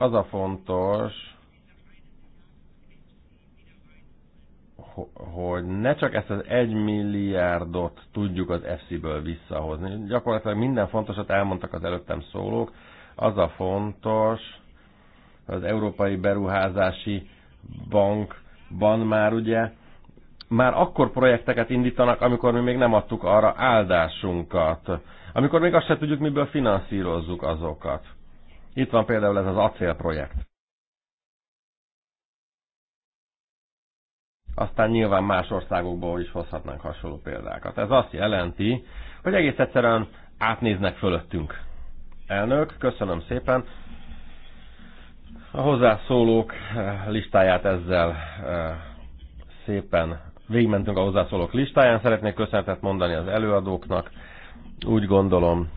Az a fontos, hogy ne csak ezt az egy milliárdot tudjuk az FC-ből visszahozni. Gyakorlatilag minden fontosat elmondtak az előttem szólók. Az a fontos, hogy az Európai Beruházási Bankban már ugye már akkor projekteket indítanak, amikor mi még nem adtuk arra áldásunkat. Amikor még azt se tudjuk, miből finanszírozzuk azokat. Itt van például ez az acél projekt. Aztán nyilván más országokból is hozhatnánk hasonló példákat. Ez azt jelenti, hogy egész egyszerűen átnéznek fölöttünk. Elnök, köszönöm szépen. A hozzászólók eh, listáját ezzel eh, szépen végigmentünk a hozzászólók listáján. Szeretnék köszönetet mondani az előadóknak. Úgy gondolom,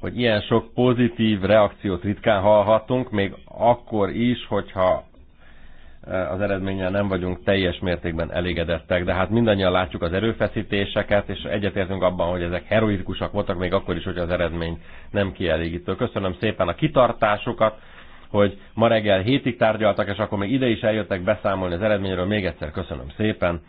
hogy ilyen sok pozitív reakciót ritkán hallhatunk, még akkor is, hogyha e, az eredménnyel nem vagyunk teljes mértékben elégedettek, de hát mindannyian látjuk az erőfeszítéseket, és egyetértünk abban, hogy ezek heroikusak voltak, még akkor is, hogy az eredmény nem kielégítő. Köszönöm szépen a kitartásukat, hogy ma reggel hétig tárgyaltak, és akkor még ide is eljöttek beszámolni az eredményről. Még egyszer köszönöm szépen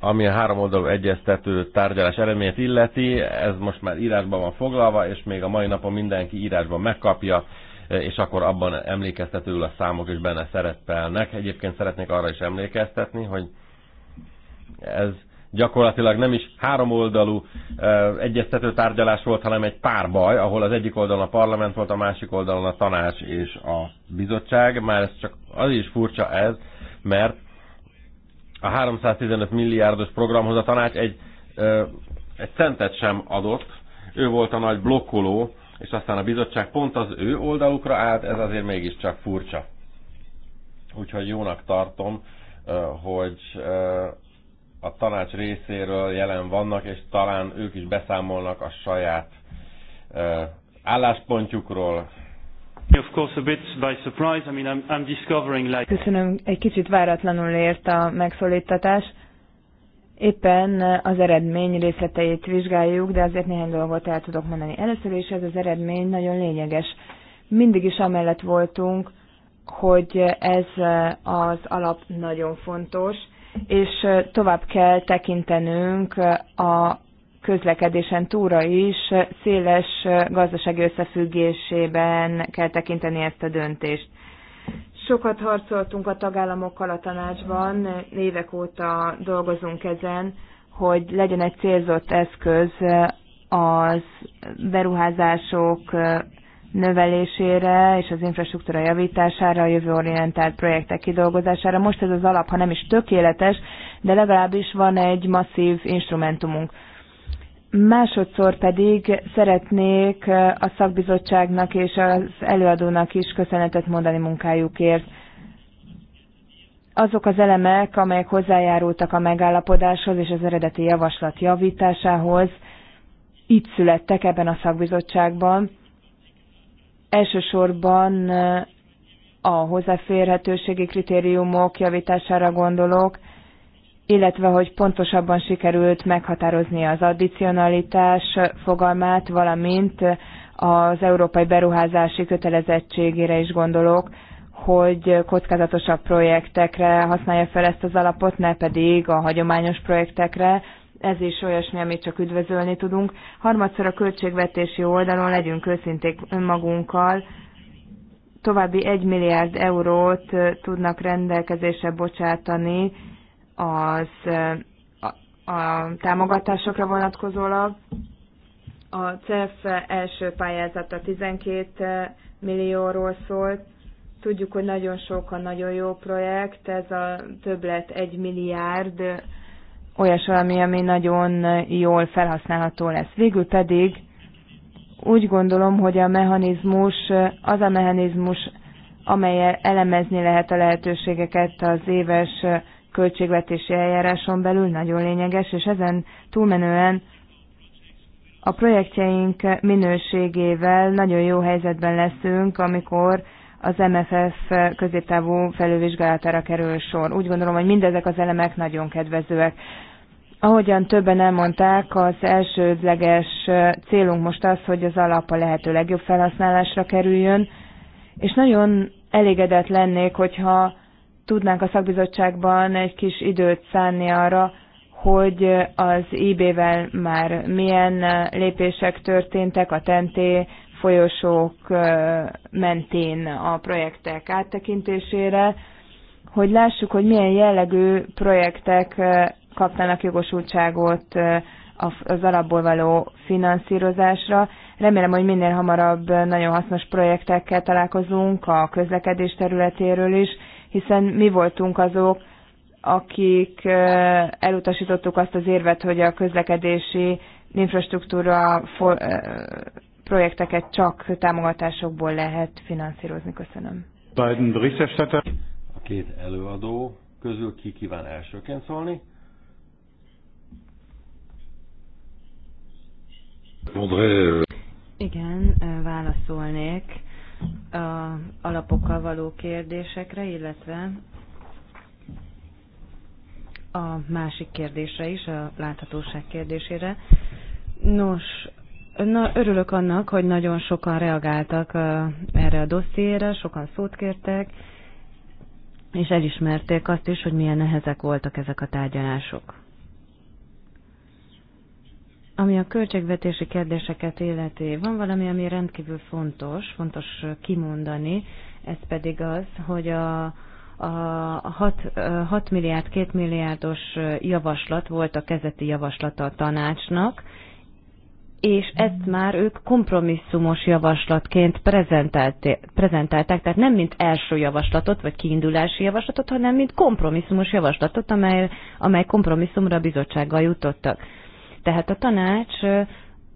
ami a három oldalú egyeztető tárgyalás eredményét illeti, ez most már írásban van foglalva, és még a mai napon mindenki írásban megkapja, és akkor abban emlékeztetőül a számok is benne szerepelnek. Egyébként szeretnék arra is emlékeztetni, hogy ez gyakorlatilag nem is háromoldalú egyeztető tárgyalás volt, hanem egy párbaj, ahol az egyik oldalon a parlament volt, a másik oldalon a tanács és a bizottság. Már ez csak az is furcsa ez, mert a 315 milliárdos programhoz a tanács egy, egy centet sem adott, ő volt a nagy blokkoló, és aztán a bizottság pont az ő oldalukra állt, ez azért mégiscsak furcsa. Úgyhogy jónak tartom, hogy a tanács részéről jelen vannak, és talán ők is beszámolnak a saját álláspontjukról, Köszönöm, egy kicsit váratlanul ért a megszólítatás. Éppen az eredmény részleteit vizsgáljuk, de azért néhány dolgot el tudok mondani. Először is ez az eredmény nagyon lényeges. Mindig is amellett voltunk, hogy ez az alap nagyon fontos, és tovább kell tekintenünk a közlekedésen túra is széles gazdasági összefüggésében kell tekinteni ezt a döntést. Sokat harcoltunk a tagállamokkal a tanácsban, évek óta dolgozunk ezen, hogy legyen egy célzott eszköz az beruházások növelésére és az infrastruktúra javítására, a jövőorientált projektek kidolgozására. Most ez az alap, ha nem is tökéletes, de legalábbis van egy masszív instrumentumunk. Másodszor pedig szeretnék a szakbizottságnak és az előadónak is köszönetet mondani munkájukért. Azok az elemek, amelyek hozzájárultak a megállapodáshoz és az eredeti javaslat javításához, itt születtek ebben a szakbizottságban. Elsősorban a hozzáférhetőségi kritériumok javítására gondolok, illetve hogy pontosabban sikerült meghatározni az addicionalitás fogalmát, valamint az európai beruházási kötelezettségére is gondolok, hogy kockázatosabb projektekre használja fel ezt az alapot, ne pedig a hagyományos projektekre. Ez is olyasmi, amit csak üdvözölni tudunk. Harmadszor a költségvetési oldalon legyünk őszinték önmagunkkal, további 1 milliárd eurót tudnak rendelkezésre bocsátani az a, a támogatásokra vonatkozólag. A CEF első pályázata 12 millióról szólt. Tudjuk, hogy nagyon sok a nagyon jó projekt, ez a többlet 1 milliárd, olyas valami, ami nagyon jól felhasználható lesz. Végül pedig úgy gondolom, hogy a mechanizmus, az a mechanizmus, amelyel elemezni lehet a lehetőségeket az éves költségvetési eljáráson belül nagyon lényeges, és ezen túlmenően a projektjeink minőségével nagyon jó helyzetben leszünk, amikor az MFF középtávú felülvizsgálatára kerül sor. Úgy gondolom, hogy mindezek az elemek nagyon kedvezőek. Ahogyan többen elmondták, az elsődleges célunk most az, hogy az alap a lehető legjobb felhasználásra kerüljön, és nagyon elégedett lennék, hogyha tudnánk a szakbizottságban egy kis időt szánni arra, hogy az IB-vel már milyen lépések történtek a tenté folyosók mentén a projektek áttekintésére, hogy lássuk, hogy milyen jellegű projektek kapnának jogosultságot az alapból való finanszírozásra. Remélem, hogy minél hamarabb nagyon hasznos projektekkel találkozunk a közlekedés területéről is, hiszen mi voltunk azok, akik elutasítottuk azt az érvet, hogy a közlekedési infrastruktúra projekteket csak támogatásokból lehet finanszírozni. Köszönöm. Biden Berichterstatter. A két előadó közül ki kíván elsőként szólni? Igen, válaszolnék a alapokkal való kérdésekre, illetve a másik kérdésre is, a láthatóság kérdésére. Nos, na, örülök annak, hogy nagyon sokan reagáltak a, erre a dossziére, sokan szót kértek, és elismerték azt is, hogy milyen nehezek voltak ezek a tárgyalások. Ami a költségvetési kérdéseket illeti, van valami, ami rendkívül fontos, fontos kimondani, ez pedig az, hogy a, a 6, 6 milliárd, 2 milliárdos javaslat volt a kezeti javaslata a tanácsnak, és ezt már ők kompromisszumos javaslatként prezentálták, tehát nem mint első javaslatot, vagy kiindulási javaslatot, hanem mint kompromisszumos javaslatot, amely, amely kompromisszumra a bizottsággal jutottak. Tehát a tanács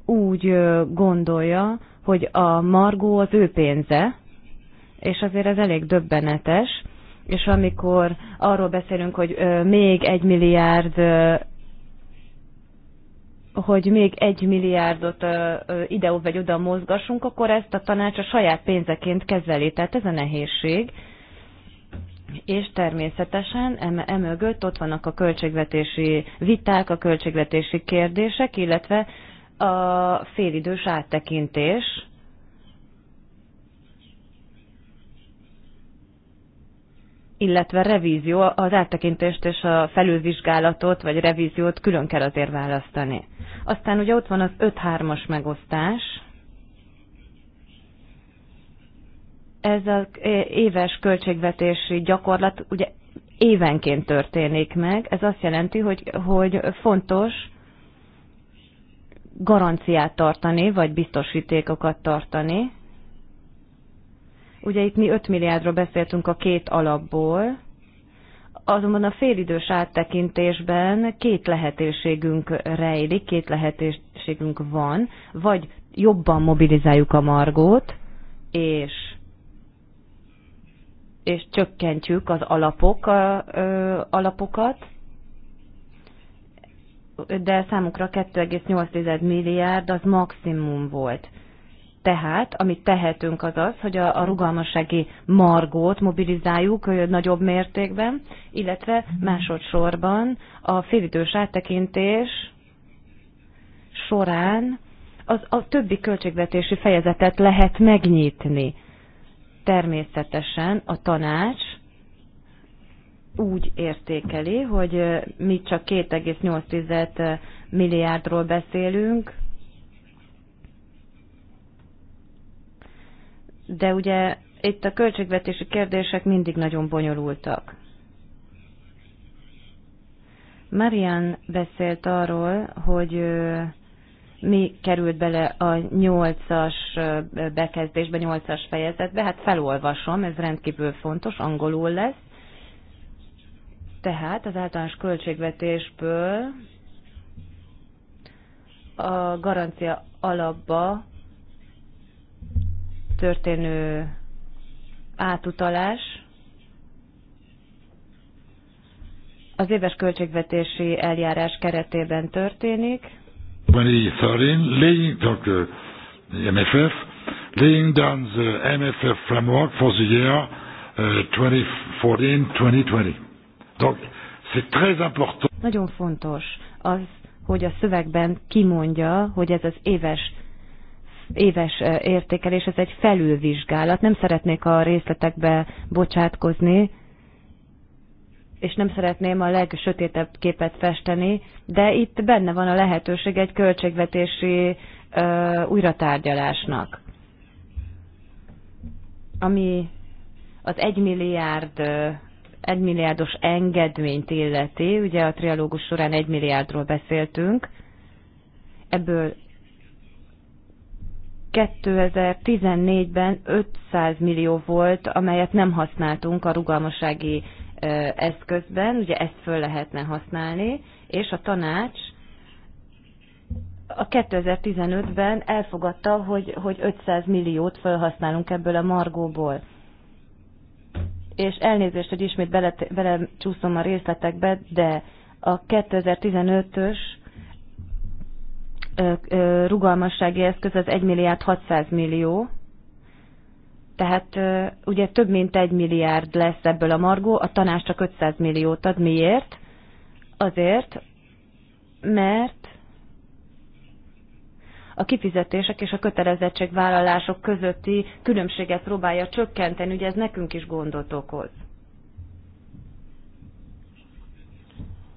úgy gondolja, hogy a margó az ő pénze, és azért ez elég döbbenetes, és amikor arról beszélünk, hogy még egy milliárd hogy még egy milliárdot ide vagy oda mozgassunk, akkor ezt a tanács a saját pénzeként kezeli. Tehát ez a nehézség és természetesen emögött ott vannak a költségvetési viták, a költségvetési kérdések, illetve a félidős áttekintés. illetve revízió, az áttekintést és a felülvizsgálatot vagy revíziót külön kell azért választani. Aztán ugye ott van az 5-3-as megosztás, ez az eh, éves költségvetési gyakorlat ugye évenként történik meg. Ez azt jelenti, hogy, hogy fontos garanciát tartani, vagy biztosítékokat tartani. Ugye itt mi 5 milliárdról beszéltünk a két alapból, azonban a félidős áttekintésben két lehetőségünk rejlik, két lehetőségünk van, vagy jobban mobilizáljuk a margót, és és csökkentjük az alapok, ö, alapokat, de számukra 2,8 milliárd az maximum volt. Tehát, amit tehetünk az az, hogy a, a rugalmassági margót mobilizáljuk nagyobb mértékben, illetve másodszorban a félidős áttekintés során az, a többi költségvetési fejezetet lehet megnyitni természetesen a tanács úgy értékeli, hogy mi csak 2,8 milliárdról beszélünk, de ugye itt a költségvetési kérdések mindig nagyon bonyolultak. Marian beszélt arról, hogy mi került bele a nyolcas bekezdésbe, nyolcas fejezetbe, hát felolvasom, ez rendkívül fontos, angolul lesz. Tehát az általános költségvetésből a garancia alapba történő átutalás az éves költségvetési eljárás keretében történik, When he in, laying, donc, euh, MFF, laying down the euh, MFF framework for the year uh, 2014-2020. très important. Nagyon fontos az, hogy a szövegben kimondja, hogy ez az éves éves értékelés, ez egy felülvizsgálat. Nem szeretnék a részletekbe bocsátkozni, és nem szeretném a legsötétebb képet festeni, de itt benne van a lehetőség egy költségvetési ö, újratárgyalásnak, ami az egy milliárd egymilliárdos engedményt illeti, ugye a trialógus során egy milliárdról beszéltünk, ebből 2014-ben 500 millió volt, amelyet nem használtunk a rugalmasági eszközben, ugye ezt föl lehetne használni, és a tanács a 2015-ben elfogadta, hogy, hogy 500 milliót felhasználunk ebből a margóból. És elnézést, hogy ismét bele, belecsúszom a részletekbe, de a 2015-ös rugalmassági eszköz az 1 milliárd 600 millió, tehát ugye több mint egy milliárd lesz ebből a margó, a tanács csak 500 milliót ad. Miért? Azért, mert a kifizetések és a kötelezettségvállalások közötti különbséget próbálja csökkenteni, ugye ez nekünk is gondot okoz.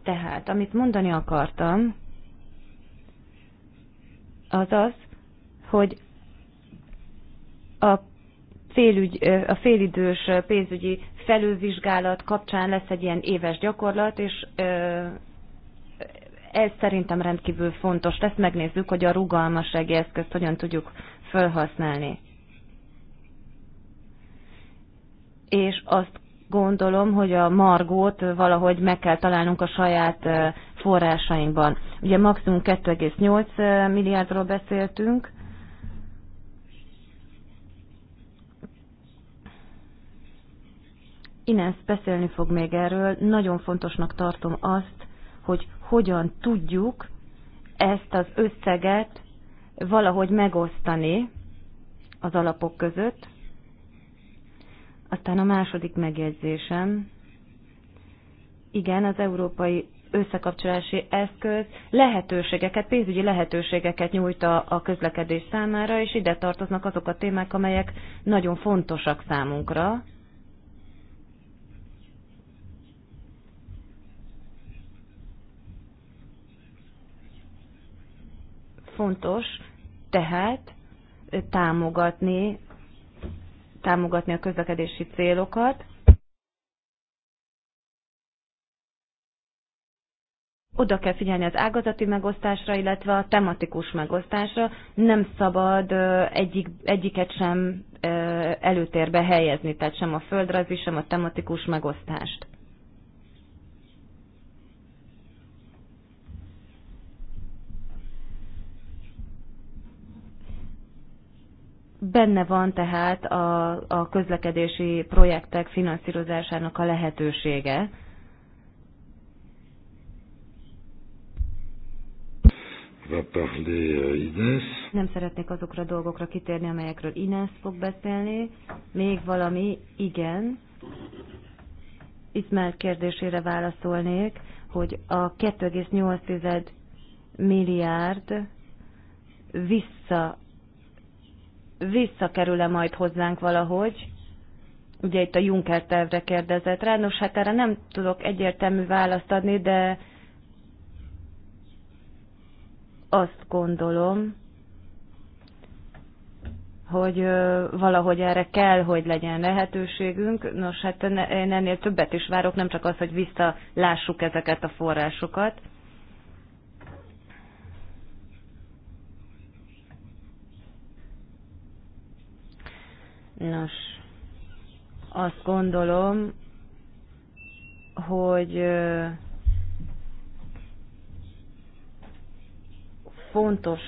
Tehát, amit mondani akartam, az az, hogy a félügy, a félidős pénzügyi felülvizsgálat kapcsán lesz egy ilyen éves gyakorlat, és ez szerintem rendkívül fontos lesz. Megnézzük, hogy a rugalmassági eszközt hogyan tudjuk felhasználni. És azt gondolom, hogy a margót valahogy meg kell találnunk a saját forrásainkban. Ugye maximum 2,8 milliárdról beszéltünk, Ines beszélni fog még erről. Nagyon fontosnak tartom azt, hogy hogyan tudjuk ezt az összeget valahogy megosztani az alapok között. Aztán a második megjegyzésem. Igen, az európai összekapcsolási eszköz lehetőségeket, pénzügyi lehetőségeket nyújt a, a közlekedés számára, és ide tartoznak azok a témák, amelyek nagyon fontosak számunkra. Fontos tehát támogatni, támogatni a közlekedési célokat, oda kell figyelni az ágazati megosztásra, illetve a tematikus megosztásra. Nem szabad egyik, egyiket sem előtérbe helyezni, tehát sem a földrajzi, sem a tematikus megosztást. Benne van tehát a, a közlekedési projektek finanszírozásának a lehetősége. Euh, Nem szeretnék azokra a dolgokra kitérni, amelyekről Ines fog beszélni. Még valami, igen. Ismert kérdésére válaszolnék, hogy a 2,8 milliárd vissza visszakerül-e majd hozzánk valahogy? Ugye itt a Juncker tervre kérdezett rá. Nos, hát erre nem tudok egyértelmű választ adni, de azt gondolom, hogy valahogy erre kell, hogy legyen lehetőségünk. Nos, hát én ennél többet is várok, nem csak az, hogy visszalássuk ezeket a forrásokat. Nos, azt gondolom, hogy fontos,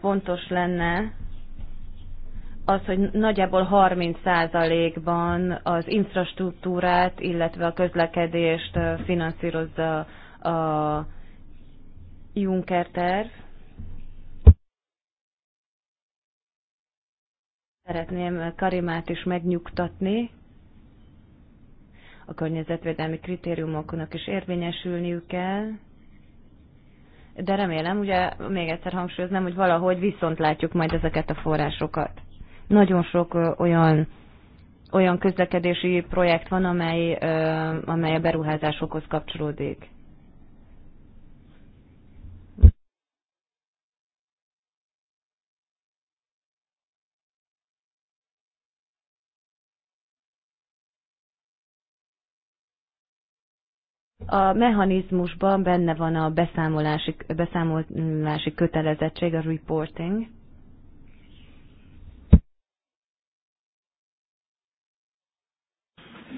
fontos lenne az, hogy nagyjából 30%-ban az infrastruktúrát, illetve a közlekedést finanszírozza a Juncker terv, Szeretném Karimát is megnyugtatni, a környezetvédelmi kritériumoknak is érvényesülniük kell, de remélem, ugye még egyszer hangsúlyoznám, hogy valahogy viszont látjuk majd ezeket a forrásokat. Nagyon sok olyan, olyan közlekedési projekt van, amely, amely a beruházásokhoz kapcsolódik. A mechanizmusban benne van a beszámolási, beszámolási kötelezettség, a reporting.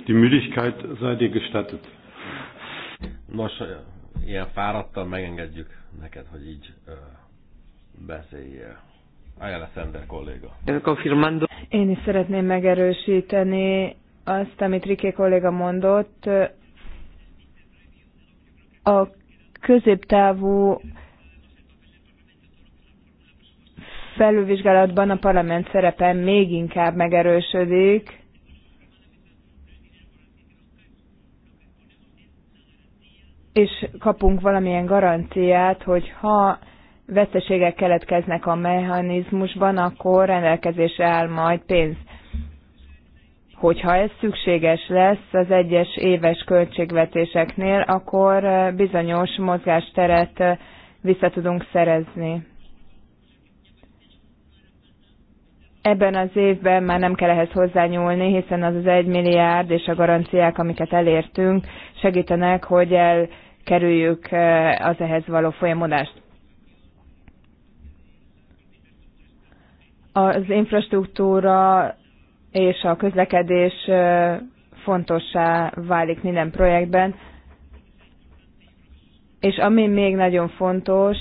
Die Müdigkeit sei dir gestattet. Nos, ilyen fáradtan megengedjük neked, hogy így ö, beszéljél. Ajánl Szender kolléga. Én is szeretném megerősíteni azt, amit Riké kolléga mondott a középtávú felülvizsgálatban a parlament szerepe még inkább megerősödik. és kapunk valamilyen garanciát, hogy ha veszteségek keletkeznek a mechanizmusban, akkor rendelkezésre áll majd pénz hogyha ez szükséges lesz az egyes éves költségvetéseknél, akkor eh, bizonyos mozgásteret eh, vissza tudunk szerezni. Ebben az évben már nem kell ehhez hozzányúlni, hiszen az az egy milliárd és a garanciák, amiket elértünk, segítenek, hogy elkerüljük eh, az ehhez való folyamodást. Az infrastruktúra és a közlekedés fontossá válik minden projektben. És ami még nagyon fontos,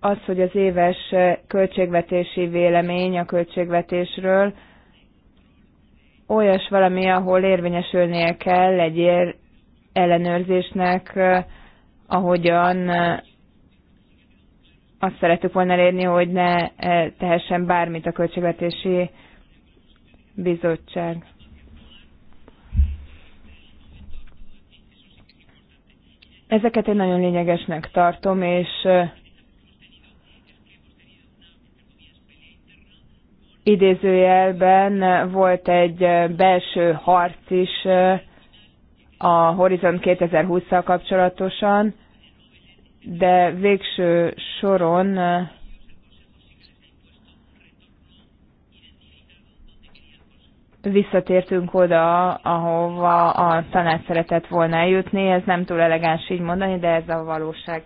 az, hogy az éves költségvetési vélemény a költségvetésről olyas valami, ahol érvényesülnie kell egy ellenőrzésnek, ahogyan azt szeretük volna elérni, hogy ne eh, tehessen bármit a költségvetési bizottság. Ezeket én nagyon lényegesnek tartom, és idézőjelben volt egy belső harc is a horizont 2020-szal kapcsolatosan, de végső soron visszatértünk oda, ahova a tanács szeretett volna eljutni. Ez nem túl elegáns így mondani, de ez a valóság.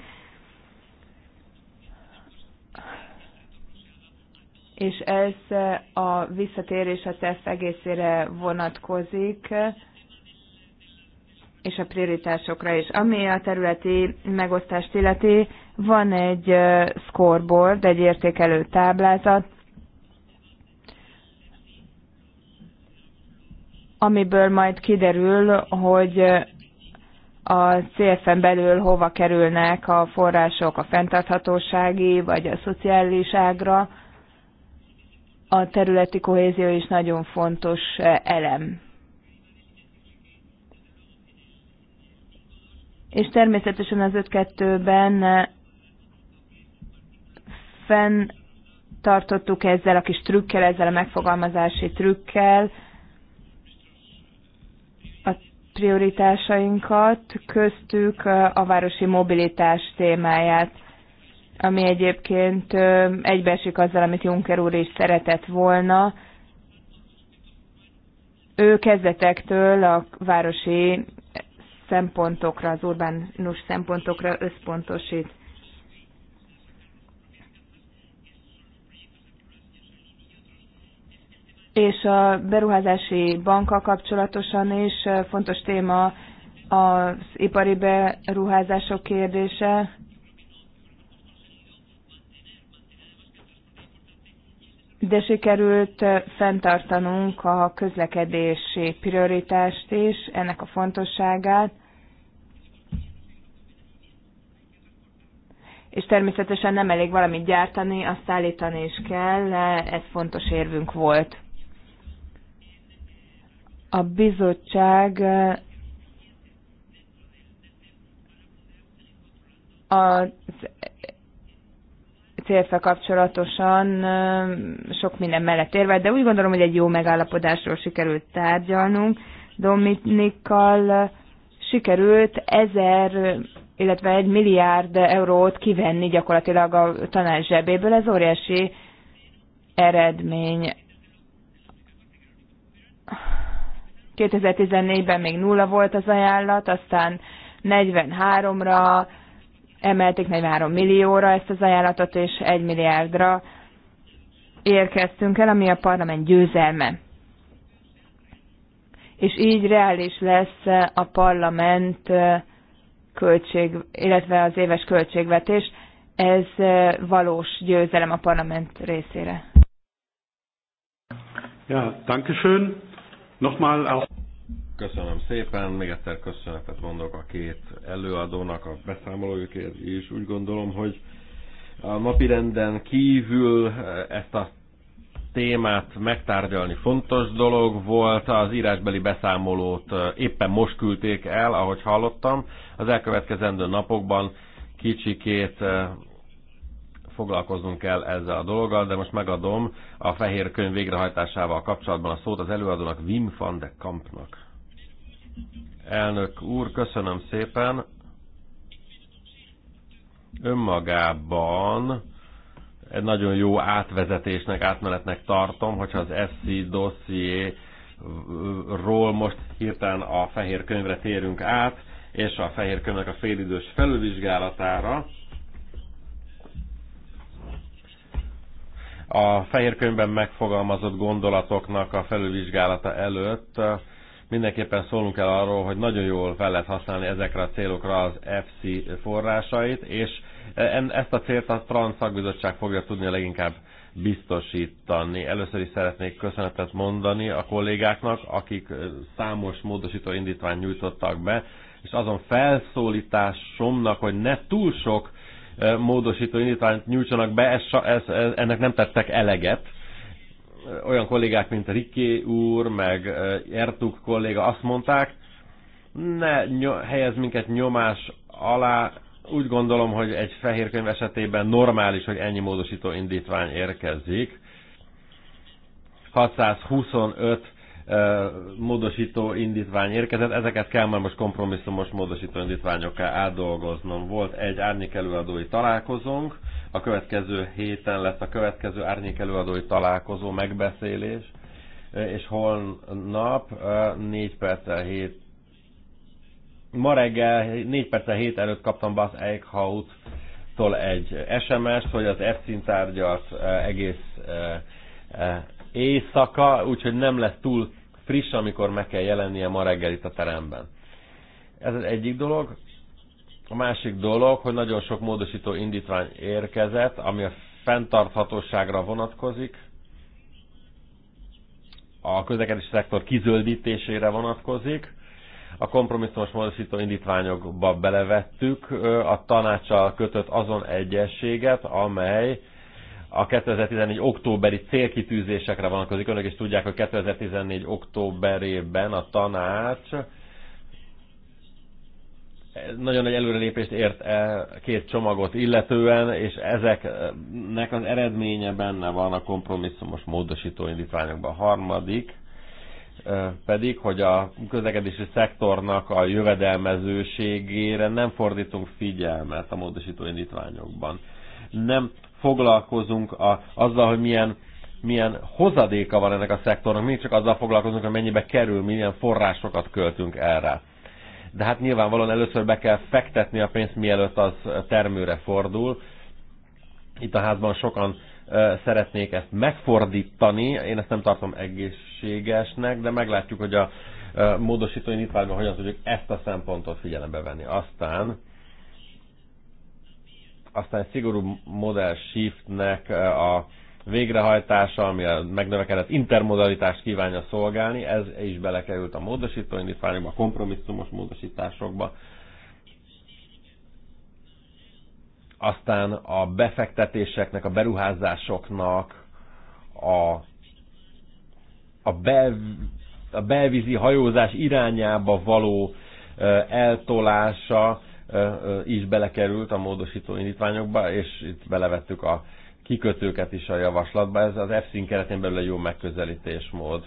És ez a visszatérés a TEF egészére vonatkozik, és a prioritásokra is. Ami a területi megosztást illeti, van egy scoreboard, egy értékelő táblázat, amiből majd kiderül, hogy a CFN belül hova kerülnek a források a fenntarthatósági vagy a szociális ágra. A területi kohézió is nagyon fontos elem. És természetesen az 5-2-ben fenntartottuk ezzel a kis trükkel, ezzel a megfogalmazási trükkel, prioritásainkat, köztük a városi mobilitás témáját, ami egyébként egybeesik azzal, amit Juncker úr is szeretett volna. Ő kezdetektől a városi szempontokra, az urbánus szempontokra összpontosít. és a beruházási bankkal kapcsolatosan is fontos téma az ipari beruházások kérdése. De sikerült fenntartanunk a közlekedési prioritást is, ennek a fontosságát. és természetesen nem elég valamit gyártani, azt állítani is kell, ez fontos érvünk volt a bizottság eh, a célfe kapcsolatosan eh, sok minden mellett érve, de úgy gondolom, hogy egy jó megállapodásról sikerült tárgyalnunk. Dominikkal eh, sikerült ezer, illetve egy milliárd eurót kivenni gyakorlatilag a tanács zsebéből. Ez óriási eredmény. 2014-ben még nulla volt az ajánlat, aztán 43-ra emelték 43 millióra ezt az ajánlatot, és 1 milliárdra érkeztünk el, ami a parlament győzelme. És így reális lesz a parlament költség, illetve az éves költségvetés. Ez valós győzelem a parlament részére. Ja, danke schön. Nochmal auch. Köszönöm szépen, még egyszer köszönetet mondok a két előadónak, a beszámolójukért is. Úgy gondolom, hogy a napirenden kívül eh, ezt a témát megtárgyalni fontos dolog volt. Az írásbeli beszámolót eh, éppen most küldték el, ahogy hallottam. Az elkövetkezendő napokban kicsikét eh, foglalkoznunk kell ezzel a dologgal, de most megadom a fehér könyv végrehajtásával kapcsolatban a szót az előadónak Wim van de Kampnak. Elnök úr, köszönöm szépen. Önmagában egy nagyon jó átvezetésnek, átmenetnek tartom, hogyha az SC dosszié ról most hirtelen a fehér könyvre térünk át, és a fehér könyvnek a félidős felülvizsgálatára. a fehér könyvben megfogalmazott gondolatoknak a felülvizsgálata előtt eh, mindenképpen szólunk el arról, hogy nagyon jól fel lehet használni ezekre a célokra az FC forrásait, és eh, ezt a célt a Trans szakbizottság fogja tudni a leginkább biztosítani. Először is szeretnék köszönetet mondani a kollégáknak, akik eh, számos módosító indítványt nyújtottak be, és azon felszólításomnak, hogy ne túl sok módosító indítványt nyújtsanak be, ez, ez, ez, ennek nem tettek eleget. Olyan kollégák, mint Rikki úr, meg Ertuk kolléga azt mondták, ne helyez minket nyomás alá, úgy gondolom, hogy egy fehér könyv esetében normális, hogy ennyi módosító indítvány érkezik. 625 módosító indítvány érkezett, ezeket kell már most kompromisszumos módosító indítványokká átdolgoznom. Volt egy árnyékelőadói találkozónk, a következő héten lesz a következő árnyékelőadói találkozó megbeszélés, és holnap 4 perccel 7 Ma reggel 4 perccel 7 előtt kaptam Bas Eichhaut-tól egy SMS-t, hogy az F-szintárgyat egész éjszaka, úgyhogy nem lesz túl friss, amikor meg kell jelennie ma reggel itt a teremben. Ez az egyik dolog. A másik dolog, hogy nagyon sok módosító indítvány érkezett, ami a fenntarthatóságra vonatkozik, a közlekedési szektor kizöldítésére vonatkozik. A kompromisszumos módosító indítványokba belevettük a tanácsal kötött azon egyességet, amely a 2014 októberi célkitűzésekre vonatkozik. Önök is tudják, hogy 2014 októberében a tanács nagyon nagy előrelépést ért el két csomagot illetően, és ezeknek az eredménye benne van a kompromisszumos módosító indítványokban. A harmadik pedig, hogy a közlekedési szektornak a jövedelmezőségére nem fordítunk figyelmet a módosító indítványokban. Nem foglalkozunk a, azzal, hogy milyen, milyen hozadéka van ennek a szektornak, mi csak azzal foglalkozunk, hogy mennyibe kerül, milyen forrásokat költünk erre. De hát nyilvánvalóan először be kell fektetni a pénzt, mielőtt az termőre fordul. Itt a házban sokan szeretnék ezt megfordítani, én ezt nem tartom egészségesnek, de meglátjuk, hogy a módosítói indítványban hogyan tudjuk ezt a szempontot figyelembe venni. Aztán aztán egy szigorú modell shiftnek a végrehajtása, ami a megnövekedett intermodalitást kívánja szolgálni, ez is belekerült a módosítóindítványokba, a kompromisszumos módosításokba. Aztán a befektetéseknek, a beruházásoknak, a, a, bel, a belvízi hajózás irányába való eltolása, is belekerült a módosító indítványokba, és itt belevettük a kikötőket is a javaslatba. Ez az EFSZIN keretén belül egy jó megközelítésmód.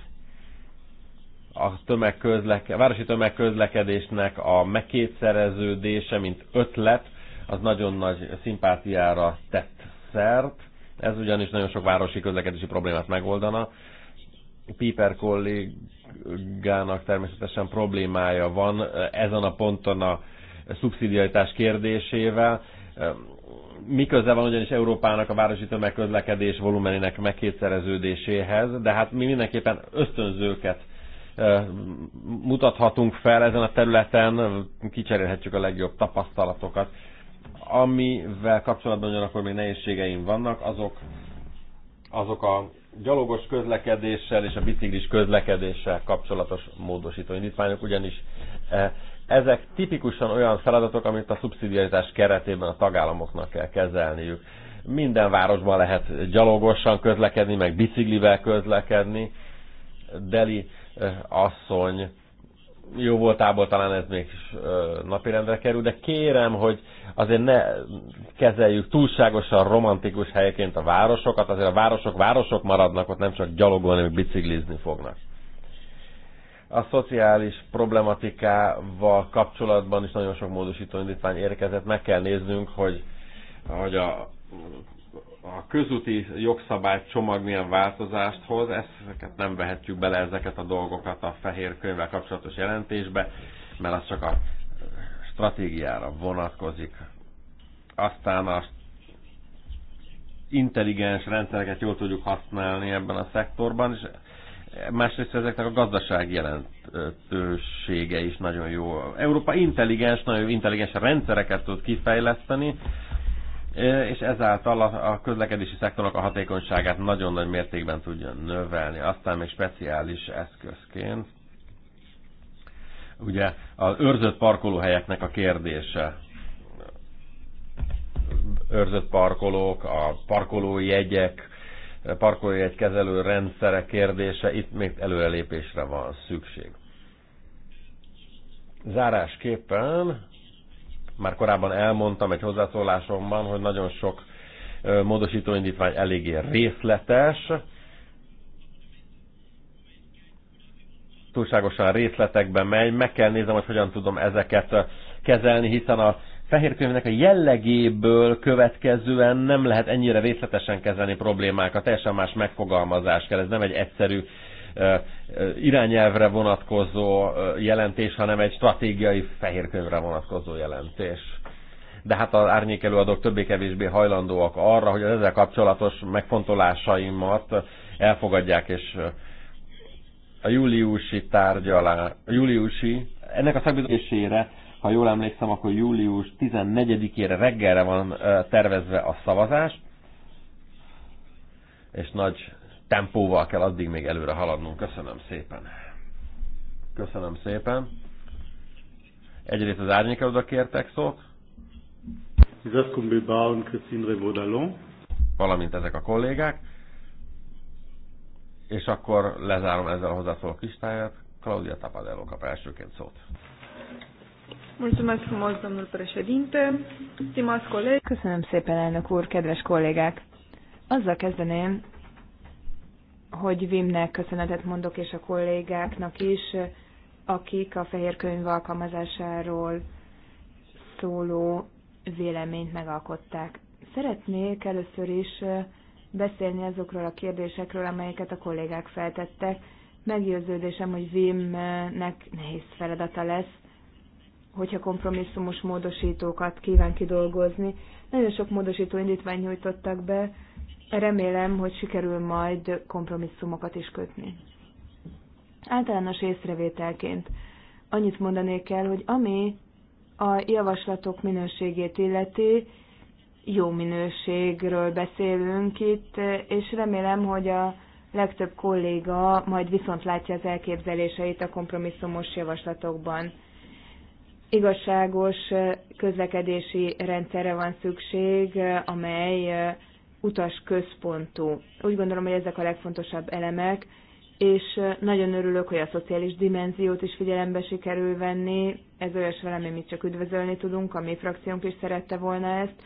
A a városi tömegközlekedésnek a megkétszereződése, mint ötlet, az nagyon nagy szimpátiára tett szert. Ez ugyanis nagyon sok városi közlekedési problémát megoldana. Piper kollégának természetesen problémája van ezen a ponton a szubszidiaritás kérdésével. Miközben van ugyanis Európának a városi tömegközlekedés volumenének megkétszereződéséhez, de hát mi mindenképpen ösztönzőket mutathatunk fel ezen a területen, kicserélhetjük a legjobb tapasztalatokat. Amivel kapcsolatban ugyanakkor még nehézségeim vannak, azok, azok a gyalogos közlekedéssel és a biciklis közlekedéssel kapcsolatos módosító indítványok, ugyanis e, ezek tipikusan olyan feladatok, amit a szubszidiaritás keretében a tagállamoknak kell kezelniük. Minden városban lehet gyalogosan közlekedni, meg biciklivel közlekedni. Deli eh, asszony jó voltából talán ez még eh, napirendre kerül, de kérem, hogy azért ne kezeljük túlságosan romantikus helyeként a városokat, azért a városok városok maradnak, ott nem csak gyalogolni, hanem biciklizni fognak. A szociális problematikával kapcsolatban is nagyon sok módosító indítvány érkezett. Meg kell néznünk, hogy, hogy a, a közúti jogszabály csomag milyen változást hoz. Ezeket nem vehetjük bele, ezeket a dolgokat a fehér könyvvel kapcsolatos jelentésbe, mert az csak a stratégiára vonatkozik. Aztán a intelligens rendszereket jól tudjuk használni ebben a szektorban, és másrészt ezeknek a gazdaság jelentősége is nagyon jó. Európa intelligens, nagyon intelligens rendszereket tud kifejleszteni, e, és ezáltal a közlekedési szektornak a hatékonyságát nagyon nagy mértékben tudja növelni. Aztán még speciális eszközként ugye az őrzött parkolóhelyeknek a kérdése. Őrzött parkolók, a parkolójegyek, egy kezelő rendszere kérdése, itt még előrelépésre van szükség. Zárásképpen, már korábban elmondtam egy hozzászólásomban, hogy nagyon sok módosítóindítvány eléggé részletes, túlságosan részletekbe megy, meg kell néznem, hogy hogyan tudom ezeket kezelni, hiszen a könyvnek a jellegéből következően nem lehet ennyire részletesen kezelni problémákat, teljesen más megfogalmazás kell, ez nem egy egyszerű irányelvre vonatkozó jelentés, hanem egy stratégiai könyvre vonatkozó jelentés. De hát az árnyékelőadók többé-kevésbé hajlandóak arra, hogy az ezzel kapcsolatos megfontolásaimat elfogadják, és a júliusi tárgyalá, a júliusi, ennek a szakbizottságére ha jól emlékszem, akkor július 14-ére reggelre van tervezve a szavazás, és nagy tempóval kell addig még előre haladnunk. Köszönöm szépen. Köszönöm szépen. Egyrészt az árnyékelőda kértek szót. Valamint ezek a kollégák. És akkor lezárom ezzel a kis listáját. Claudia Tapadello kap elsőként szót. Mulțumesc frumos, domnul președinte. Stimați colegi. Köszönöm szépen, elnök úr, kedves kollégák. Azzal kezdeném, hogy Vimnek köszönetet mondok, és a kollégáknak is, akik a fehér könyv alkalmazásáról szóló véleményt megalkották. Szeretnék először is beszélni azokról a kérdésekről, amelyeket a kollégák feltettek. Meggyőződésem, hogy Vimnek nehéz feladata lesz hogyha kompromisszumos módosítókat kíván kidolgozni. Nagyon sok módosító indítvány nyújtottak be, remélem, hogy sikerül majd kompromisszumokat is kötni. Általános észrevételként annyit mondanék el, hogy ami a javaslatok minőségét illeti, jó minőségről beszélünk itt, és remélem, hogy a legtöbb kolléga majd viszont látja az elképzeléseit a kompromisszumos javaslatokban igazságos közlekedési rendszerre van szükség, amely utas központú. Úgy gondolom, hogy ezek a legfontosabb elemek, és nagyon örülök, hogy a szociális dimenziót is figyelembe sikerül venni. Ez olyas velem, amit csak üdvözölni tudunk, a mi frakciónk is szerette volna ezt.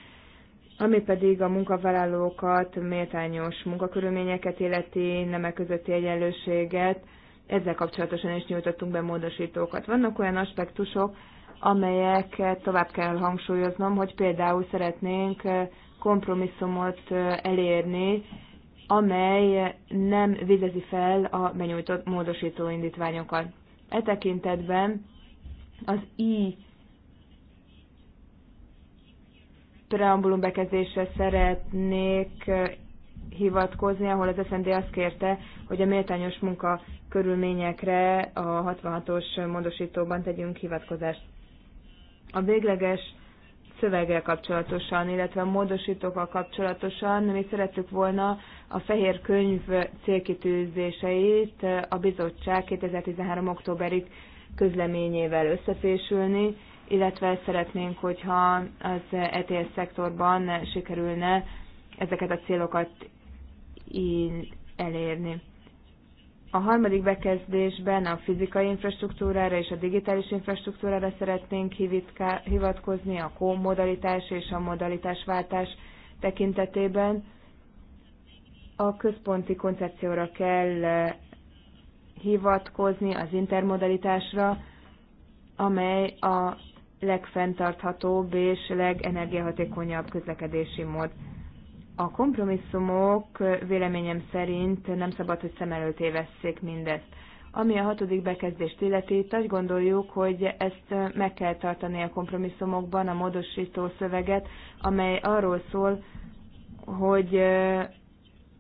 Ami pedig a munkavállalókat, méltányos munkakörülményeket illeti, nemek közötti egyenlőséget, ezzel kapcsolatosan is nyújtottunk be módosítókat. Vannak olyan aspektusok, amelyeket tovább kell hangsúlyoznom, hogy például szeretnénk eh, kompromisszumot eh, elérni, amely nem vizezi fel a benyújtott módosító indítványokat. E tekintetben az I preambulum bekezdésre szeretnék eh, hivatkozni, ahol az SND azt kérte, hogy a méltányos munka körülményekre a 66-os módosítóban tegyünk hivatkozást. A végleges szöveggel kapcsolatosan, illetve a módosítókkal kapcsolatosan mi szerettük volna a fehér könyv célkitűzéseit a bizottság 2013. októberig közleményével összefésülni, illetve szeretnénk, hogyha az ETS szektorban sikerülne ezeket a célokat elérni. A harmadik bekezdésben a fizikai infrastruktúrára és a digitális infrastruktúrára szeretnénk hivatkozni, a kommodalitás és a modalitásváltás tekintetében. A központi koncepcióra kell eh, hivatkozni, az intermodalitásra, amely a legfenntarthatóbb és legenergiahatékonyabb közlekedési mód. A kompromisszumok véleményem szerint nem szabad, hogy szem előtt évesszék mindezt. Ami a hatodik bekezdést illeti, itt azt gondoljuk, hogy ezt meg kell tartani a kompromisszumokban, a módosító szöveget, amely arról szól, hogy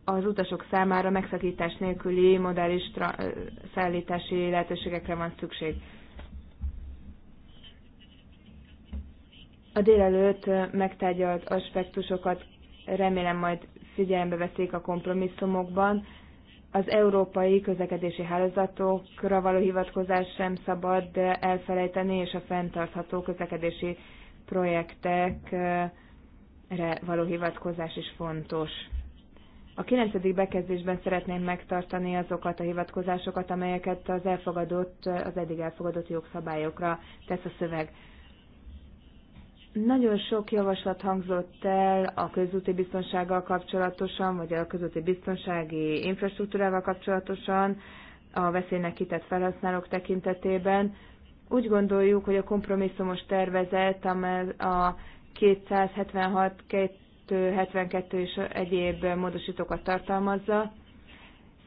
az utasok számára megszakítás nélküli modális szállítási lehetőségekre van szükség. A délelőtt megtárgyalt aspektusokat remélem majd figyelembe veszik a kompromisszumokban. Az európai közlekedési hálózatokra való hivatkozás sem szabad elfelejteni, és a fenntartható közlekedési projektekre való hivatkozás is fontos. A kilencedik bekezdésben szeretném megtartani azokat a hivatkozásokat, amelyeket az elfogadott, az eddig elfogadott jogszabályokra tesz a szöveg. Nagyon sok javaslat hangzott el a közúti biztonsággal kapcsolatosan, vagy a közúti biztonsági infrastruktúrával kapcsolatosan, a veszélynek kitett felhasználók tekintetében. Úgy gondoljuk, hogy a kompromisszumos tervezet, amely a 276, 272 és egyéb módosítókat tartalmazza,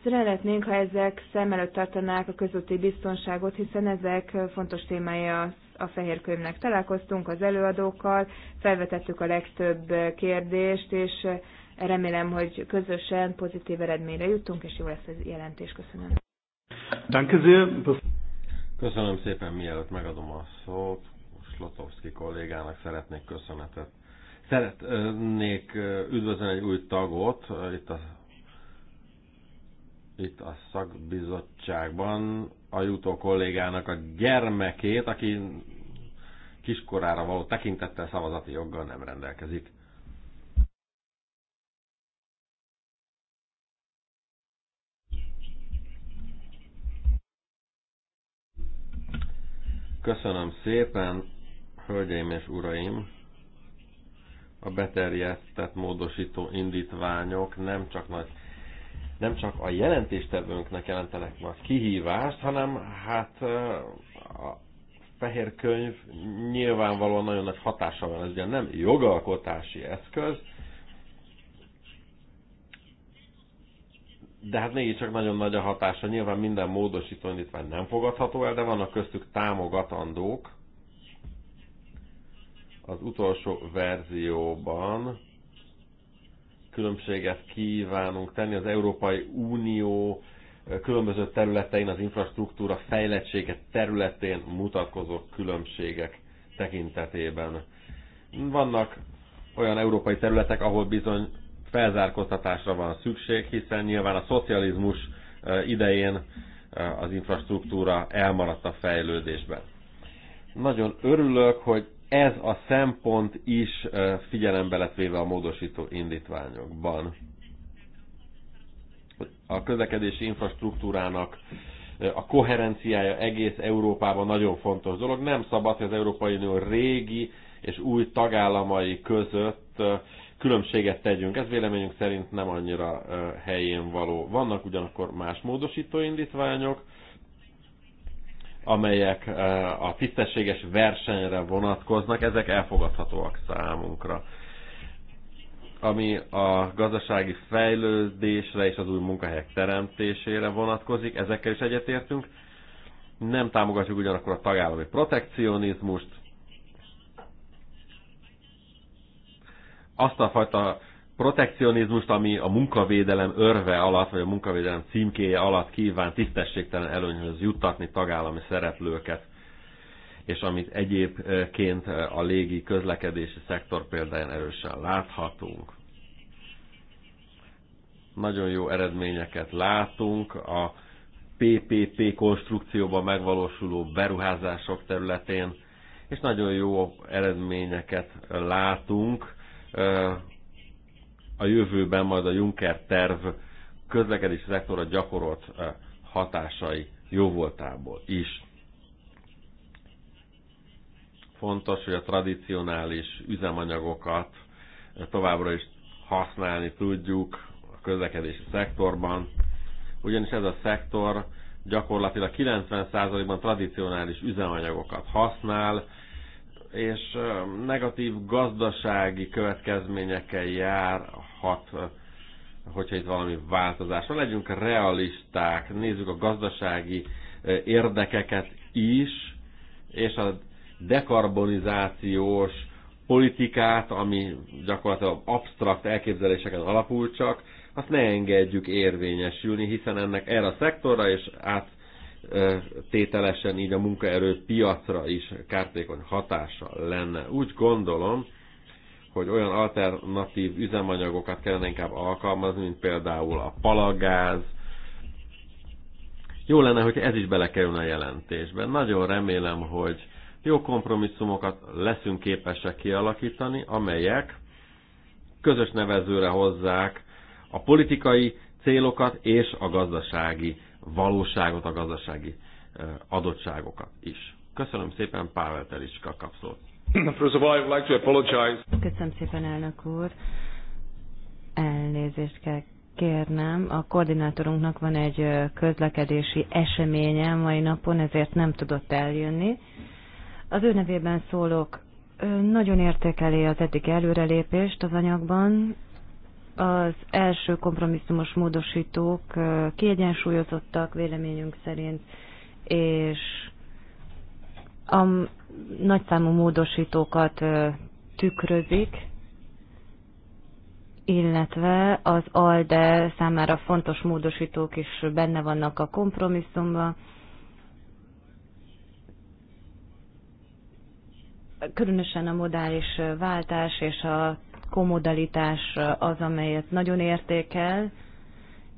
Szeretnénk, ha ezek szem előtt tartanák a közúti biztonságot, hiszen ezek fontos témája a fehér könyvnek. Találkoztunk az előadókkal, felvetettük a legtöbb kérdést, és remélem, hogy közösen pozitív eredményre jutunk, és jó lesz ez jelentés. Köszönöm. Köszönöm szépen, mielőtt megadom a szót. Slotowski kollégának szeretnék köszönetet. Szeretnék üdvözölni egy új tagot itt a itt a szakbizottságban a jutó kollégának a gyermekét, aki kiskorára való tekintettel szavazati joggal nem rendelkezik. Köszönöm szépen, hölgyeim és uraim! A beterjesztett módosító indítványok nem csak nagy nem csak a jelentéstevőnknek jelentenek ma kihívást, hanem hát a fehér könyv nyilvánvalóan nagyon nagy hatása van. Ez ugye nem jogalkotási eszköz, de hát mégiscsak nagyon nagy a hatása. Nyilván minden módosító indítvány nem fogadható el, de vannak köztük támogatandók. Az utolsó verzióban különbséget kívánunk tenni az Európai Unió különböző területein, az infrastruktúra fejlettsége területén mutatkozó különbségek tekintetében. Vannak olyan európai területek, ahol bizony felzárkóztatásra van szükség, hiszen nyilván a szocializmus idején az infrastruktúra elmaradt a fejlődésben. Nagyon örülök, hogy ez a szempont is figyelembe lett véve a módosító indítványokban. A közlekedési infrastruktúrának a koherenciája egész Európában nagyon fontos dolog. Nem szabad, hogy az Európai Unió régi és új tagállamai között különbséget tegyünk. Ez véleményünk szerint nem annyira helyén való. Vannak ugyanakkor más módosító indítványok, amelyek eh, a tisztességes versenyre vonatkoznak, ezek elfogadhatóak számunkra ami a gazdasági fejlődésre és az új munkahelyek teremtésére vonatkozik, ezekkel is egyetértünk. Nem támogatjuk ugyanakkor a tagállami protekcionizmust, azt a fajta protekcionizmust, ami a munkavédelem örve alatt, vagy a munkavédelem címkéje alatt kíván tisztességtelen előnyhöz juttatni tagállami szereplőket, és amit egyébként a légi közlekedési szektor példáján erősen láthatunk. Nagyon jó eredményeket látunk a PPP konstrukcióban megvalósuló beruházások területén, és nagyon jó eredményeket látunk a jövőben majd a Juncker terv közlekedési szektorra gyakorolt hatásai jóvoltából is. Fontos, hogy a tradicionális üzemanyagokat továbbra is használni tudjuk a közlekedési szektorban, ugyanis ez a szektor gyakorlatilag 90%-ban tradicionális üzemanyagokat használ, és negatív gazdasági következményekkel járhat, hogyha itt valami változás Ha Legyünk realisták, nézzük a gazdasági érdekeket is, és a dekarbonizációs politikát, ami gyakorlatilag absztrakt elképzeléseken alapul csak, azt ne engedjük érvényesülni, hiszen ennek erre a szektorra és át tételesen így a munkaerő piacra is kártékony hatása lenne. Úgy gondolom, hogy olyan alternatív üzemanyagokat kellene inkább alkalmazni, mint például a palagáz. Jó lenne, hogy ez is belekerülne a jelentésbe. Nagyon remélem, hogy jó kompromisszumokat leszünk képesek kialakítani, amelyek közös nevezőre hozzák a politikai célokat és a gazdasági valóságot, a gazdasági adottságokat is. Köszönöm szépen, Pável Teriska kapszol. Köszönöm szépen, elnök úr. Elnézést kell kérnem. A koordinátorunknak van egy közlekedési eseménye mai napon, ezért nem tudott eljönni. Az ő nevében szólok. Nagyon értékeli az eddig előrelépést az anyagban, az első kompromisszumos módosítók kiegyensúlyozottak véleményünk szerint, és a nagyszámú módosítókat tükrözik, illetve az ALDE számára fontos módosítók is benne vannak a kompromisszumban. Különösen a modális váltás és a komodalitás az, amelyet nagyon értékel,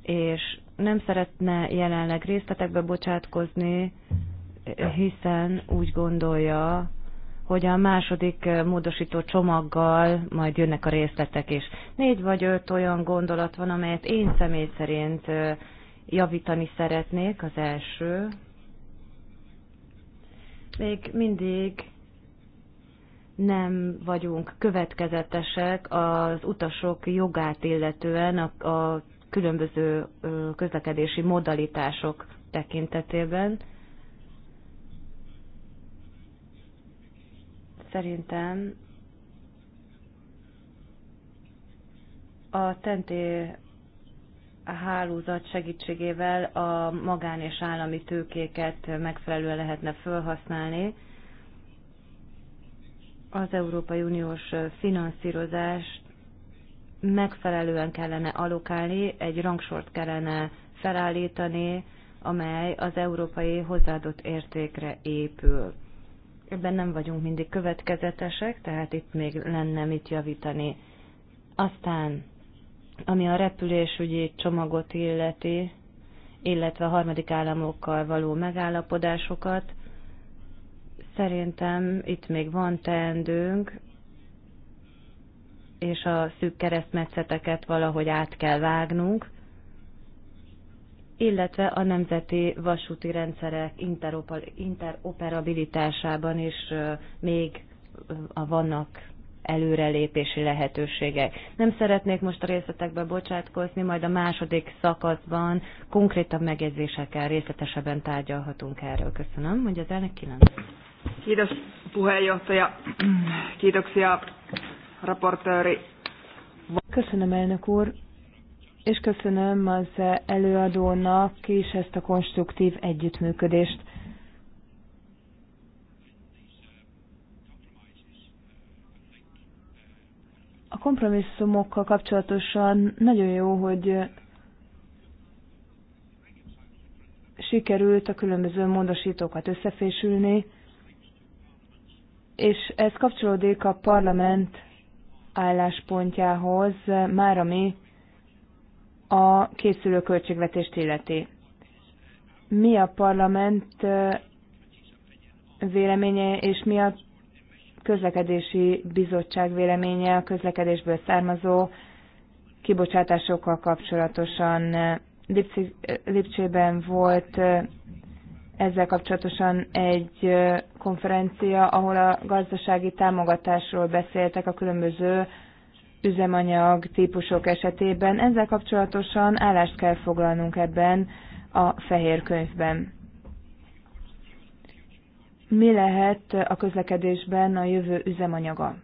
és nem szeretne jelenleg részletekbe bocsátkozni, hiszen úgy gondolja, hogy a második módosító csomaggal majd jönnek a részletek is. Négy vagy öt olyan gondolat van, amelyet én személy szerint javítani szeretnék, az első. Még mindig nem vagyunk következetesek az utasok jogát illetően a, a különböző közlekedési modalitások tekintetében. Szerintem a tenté hálózat segítségével a magán és állami tőkéket megfelelően lehetne felhasználni az Európai Uniós finanszírozást megfelelően kellene alokálni, egy rangsort kellene felállítani, amely az európai hozzáadott értékre épül. Ebben nem vagyunk mindig következetesek, tehát itt még lenne mit javítani. Aztán, ami a repülésügyi csomagot illeti, illetve a harmadik államokkal való megállapodásokat, Szerintem itt még van teendőnk, és a szűk keresztmetszeteket valahogy át kell vágnunk, illetve a nemzeti vasúti rendszerek interoperabilitásában is még vannak előrelépési lehetőségek. Nem szeretnék most a részletekbe bocsátkozni, majd a második szakaszban konkrétabb megjegyzésekkel részletesebben tárgyalhatunk erről. Köszönöm, Mondja az elnök 9. Kiitos puheenjohtaja. Kiitoksia raportööri. Köszönöm elnök úr, és köszönöm az előadónak is ezt a konstruktív együttműködést. A kompromisszumokkal kapcsolatosan nagyon jó, hogy sikerült a különböző módosítókat összefésülni, és ez kapcsolódik a parlament álláspontjához, már ami a készülő költségvetést illeti. Mi a parlament véleménye, és mi a közlekedési bizottság véleménye a közlekedésből származó kibocsátásokkal kapcsolatosan. Lipcsében volt ezzel kapcsolatosan egy konferencia, ahol a gazdasági támogatásról beszéltek a különböző üzemanyag típusok esetében. Ezzel kapcsolatosan állást kell foglalnunk ebben a fehér könyvben. Mi lehet a közlekedésben a jövő üzemanyaga?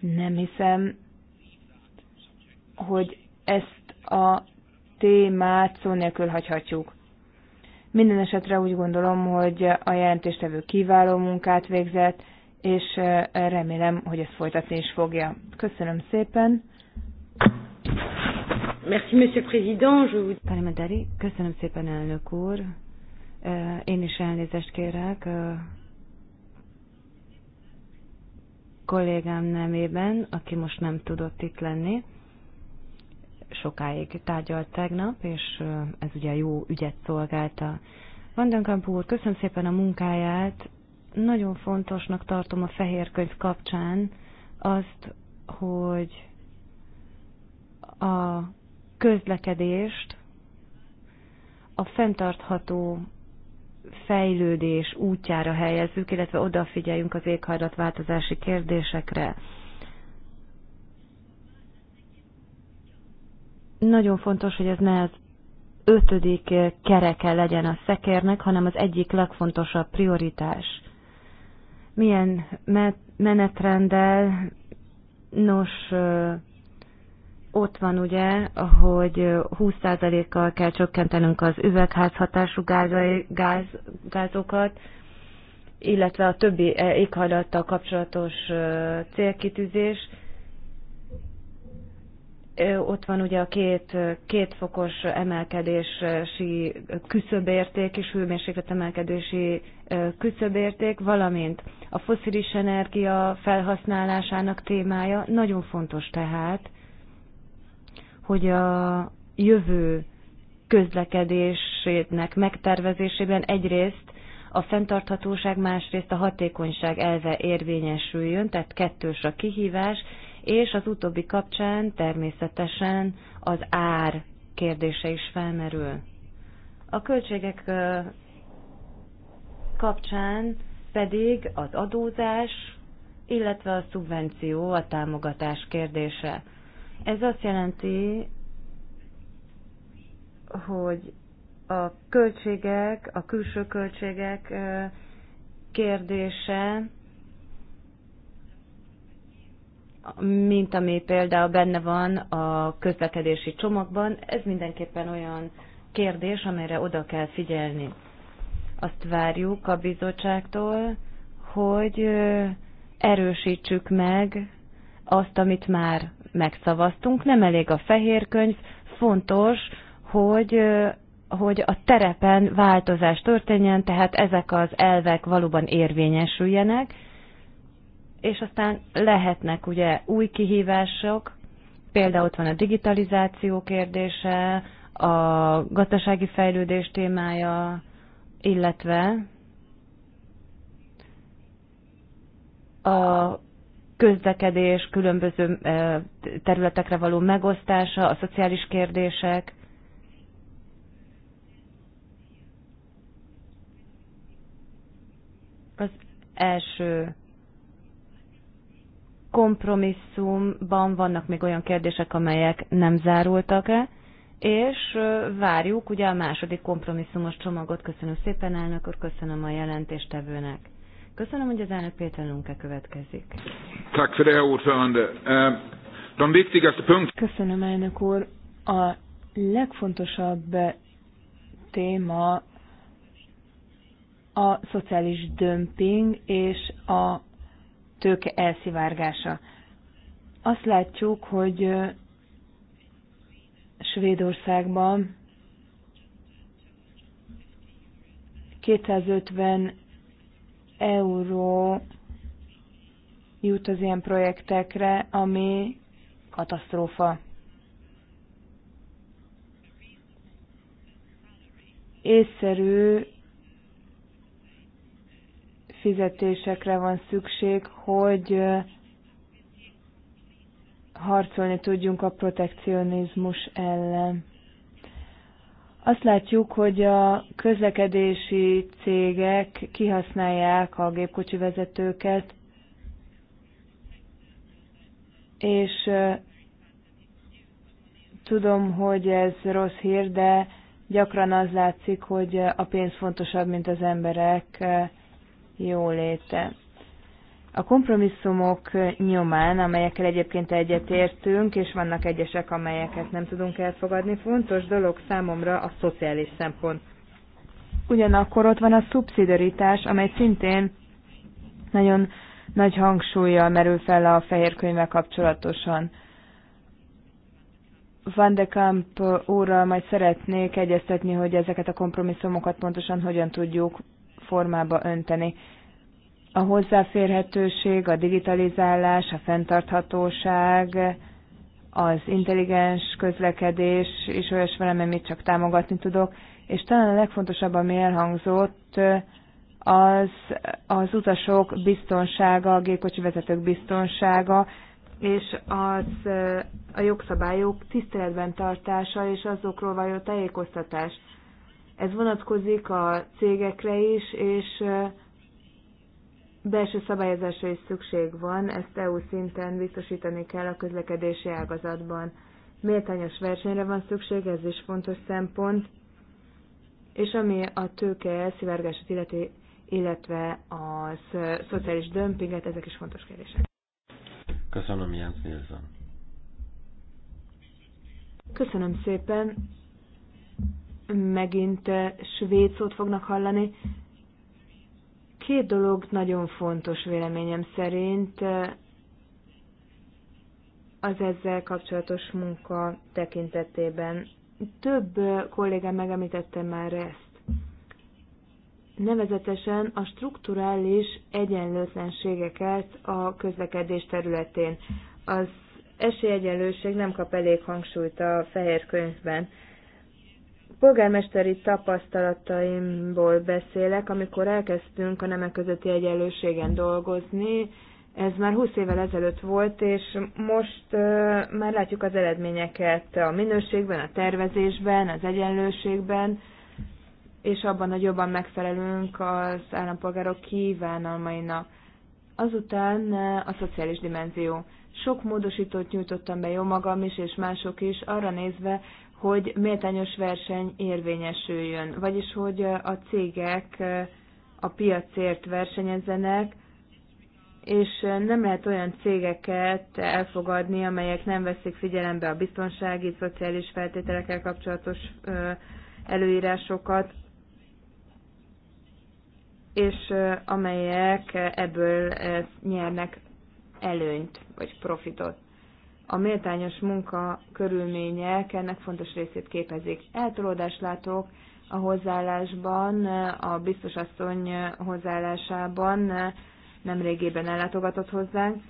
Nem hiszem, hogy ezt a témát szó nélkül hagyhatjuk. Minden esetre úgy gondolom, hogy a jelentéstevő kiváló munkát végzett, és remélem, hogy ezt folytatni is fogja. Köszönöm szépen. Merci, Monsieur Président. Je vous... Kalimadari, köszönöm szépen, elnök úr. Én is elnézést kérek kollégám nemében, aki most nem tudott itt lenni sokáig tárgyalt tegnap, és ez ugye jó ügyet szolgálta. Vandenkamp úr, köszönöm szépen a munkáját. Nagyon fontosnak tartom a fehér könyv kapcsán azt, hogy a közlekedést a fenntartható fejlődés útjára helyezzük, illetve odafigyeljünk az éghajlatváltozási kérdésekre. Nagyon fontos, hogy ez ne az ötödik kereke legyen a szekérnek, hanem az egyik legfontosabb prioritás. Milyen menetrenddel, nos, ott van ugye, hogy 20%-kal kell csökkentenünk az üvegházhatású gáz, gázokat, illetve a többi e, éghajlattal kapcsolatos célkitűzés. Ott van ugye a két, két fokos emelkedési küszöbérték és hőmérséklet emelkedési küszöbérték, valamint a foszilis energia felhasználásának témája nagyon fontos tehát, hogy a jövő közlekedésének megtervezésében egyrészt a fenntarthatóság, másrészt a hatékonyság elve érvényesüljön, tehát kettős a kihívás, és az utóbbi kapcsán természetesen az ár kérdése is felmerül. A költségek kapcsán pedig az adózás, illetve a szubvenció, a támogatás kérdése. Ez azt jelenti, hogy a költségek, a külső költségek kérdése mint ami például benne van a közlekedési csomagban. Ez mindenképpen olyan kérdés, amelyre oda kell figyelni. Azt várjuk a bizottságtól, hogy erősítsük meg azt, amit már megszavaztunk. Nem elég a fehér könyv, fontos, hogy, hogy a terepen változás történjen, tehát ezek az elvek valóban érvényesüljenek, és aztán lehetnek ugye új kihívások, például ott van a digitalizáció kérdése, a gazdasági fejlődés témája, illetve a közlekedés különböző területekre való megosztása, a szociális kérdések. Az első kompromisszumban vannak még olyan kérdések, amelyek nem zárultak el, és várjuk ugye a második kompromisszumos csomagot. Köszönöm szépen, elnök úr, köszönöm a jelentéstevőnek. Köszönöm, hogy az elnök Péter Lunke következik. Eh, köszönöm, elnök úr. A legfontosabb téma a szociális dömping és a tőke elszivárgása. Azt látjuk, hogy Svédországban 250 euró jut az ilyen projektekre, ami katasztrófa. Észszerű fizetésekre van szükség, hogy harcolni tudjunk a protekcionizmus ellen. Azt látjuk, hogy a közlekedési cégek kihasználják a gépkocsi vezetőket, és tudom, hogy ez rossz hír, de gyakran az látszik, hogy a pénz fontosabb, mint az emberek jóléte. A kompromisszumok nyomán, amelyekkel egyébként egyetértünk, és vannak egyesek, amelyeket nem tudunk elfogadni, fontos dolog számomra a szociális szempont. Ugyanakkor ott van a szubszidaritás, amely szintén nagyon nagy hangsúlyjal merül fel a fehér könyvvel kapcsolatosan. Van de Kamp úrral majd szeretnék egyeztetni, hogy ezeket a kompromisszumokat pontosan hogyan tudjuk formába önteni. A hozzáférhetőség, a digitalizálás, a fenntarthatóság, az intelligens közlekedés és olyas velem, amit csak támogatni tudok, és talán a legfontosabb, ami elhangzott, az, az utasok biztonsága, a gépkocsi vezetők biztonsága, és az a jogszabályok tiszteletben tartása és azokról való tájékoztatás. Ez vonatkozik a cégekre is, és belső szabályozásra is szükség van, ezt EU szinten biztosítani kell a közlekedési ágazatban. Méltányos versenyre van szükség, ez is fontos szempont, és ami a tőke elszivárgását illeti, illetve a szociális dömpinget, ezek is fontos kérdések. Köszönöm, Jens Nilsson. Köszönöm szépen megint eh, svéd szót fognak hallani. Két dolog nagyon fontos véleményem szerint eh, az ezzel kapcsolatos munka tekintetében. Több eh, kollégám megemlítette már ezt. Nevezetesen a strukturális egyenlőtlenségeket a közlekedés területén. Az esélyegyenlőség nem kap elég hangsúlyt a fehér könyvben polgármesteri tapasztalataimból beszélek, amikor elkezdtünk a nemek közötti egyenlőségen dolgozni, ez már 20 évvel ezelőtt volt, és most már látjuk az eredményeket a minőségben, a tervezésben, az egyenlőségben, és abban, hogy jobban megfelelünk az állampolgárok kívánalmainak. Azután a szociális dimenzió. Sok módosítót nyújtottam be jó magam is, és mások is, arra nézve, hogy méltányos verseny érvényesüljön, vagyis hogy a cégek a piacért versenyezzenek, és nem lehet olyan cégeket elfogadni, amelyek nem veszik figyelembe a biztonsági, szociális feltételekkel kapcsolatos előírásokat, és amelyek ebből nyernek előnyt vagy profitot a méltányos munka körülmények ennek fontos részét képezik. Eltolódást látok a hozzáállásban, a biztos asszony hozzáállásában, nemrégében ellátogatott hozzánk,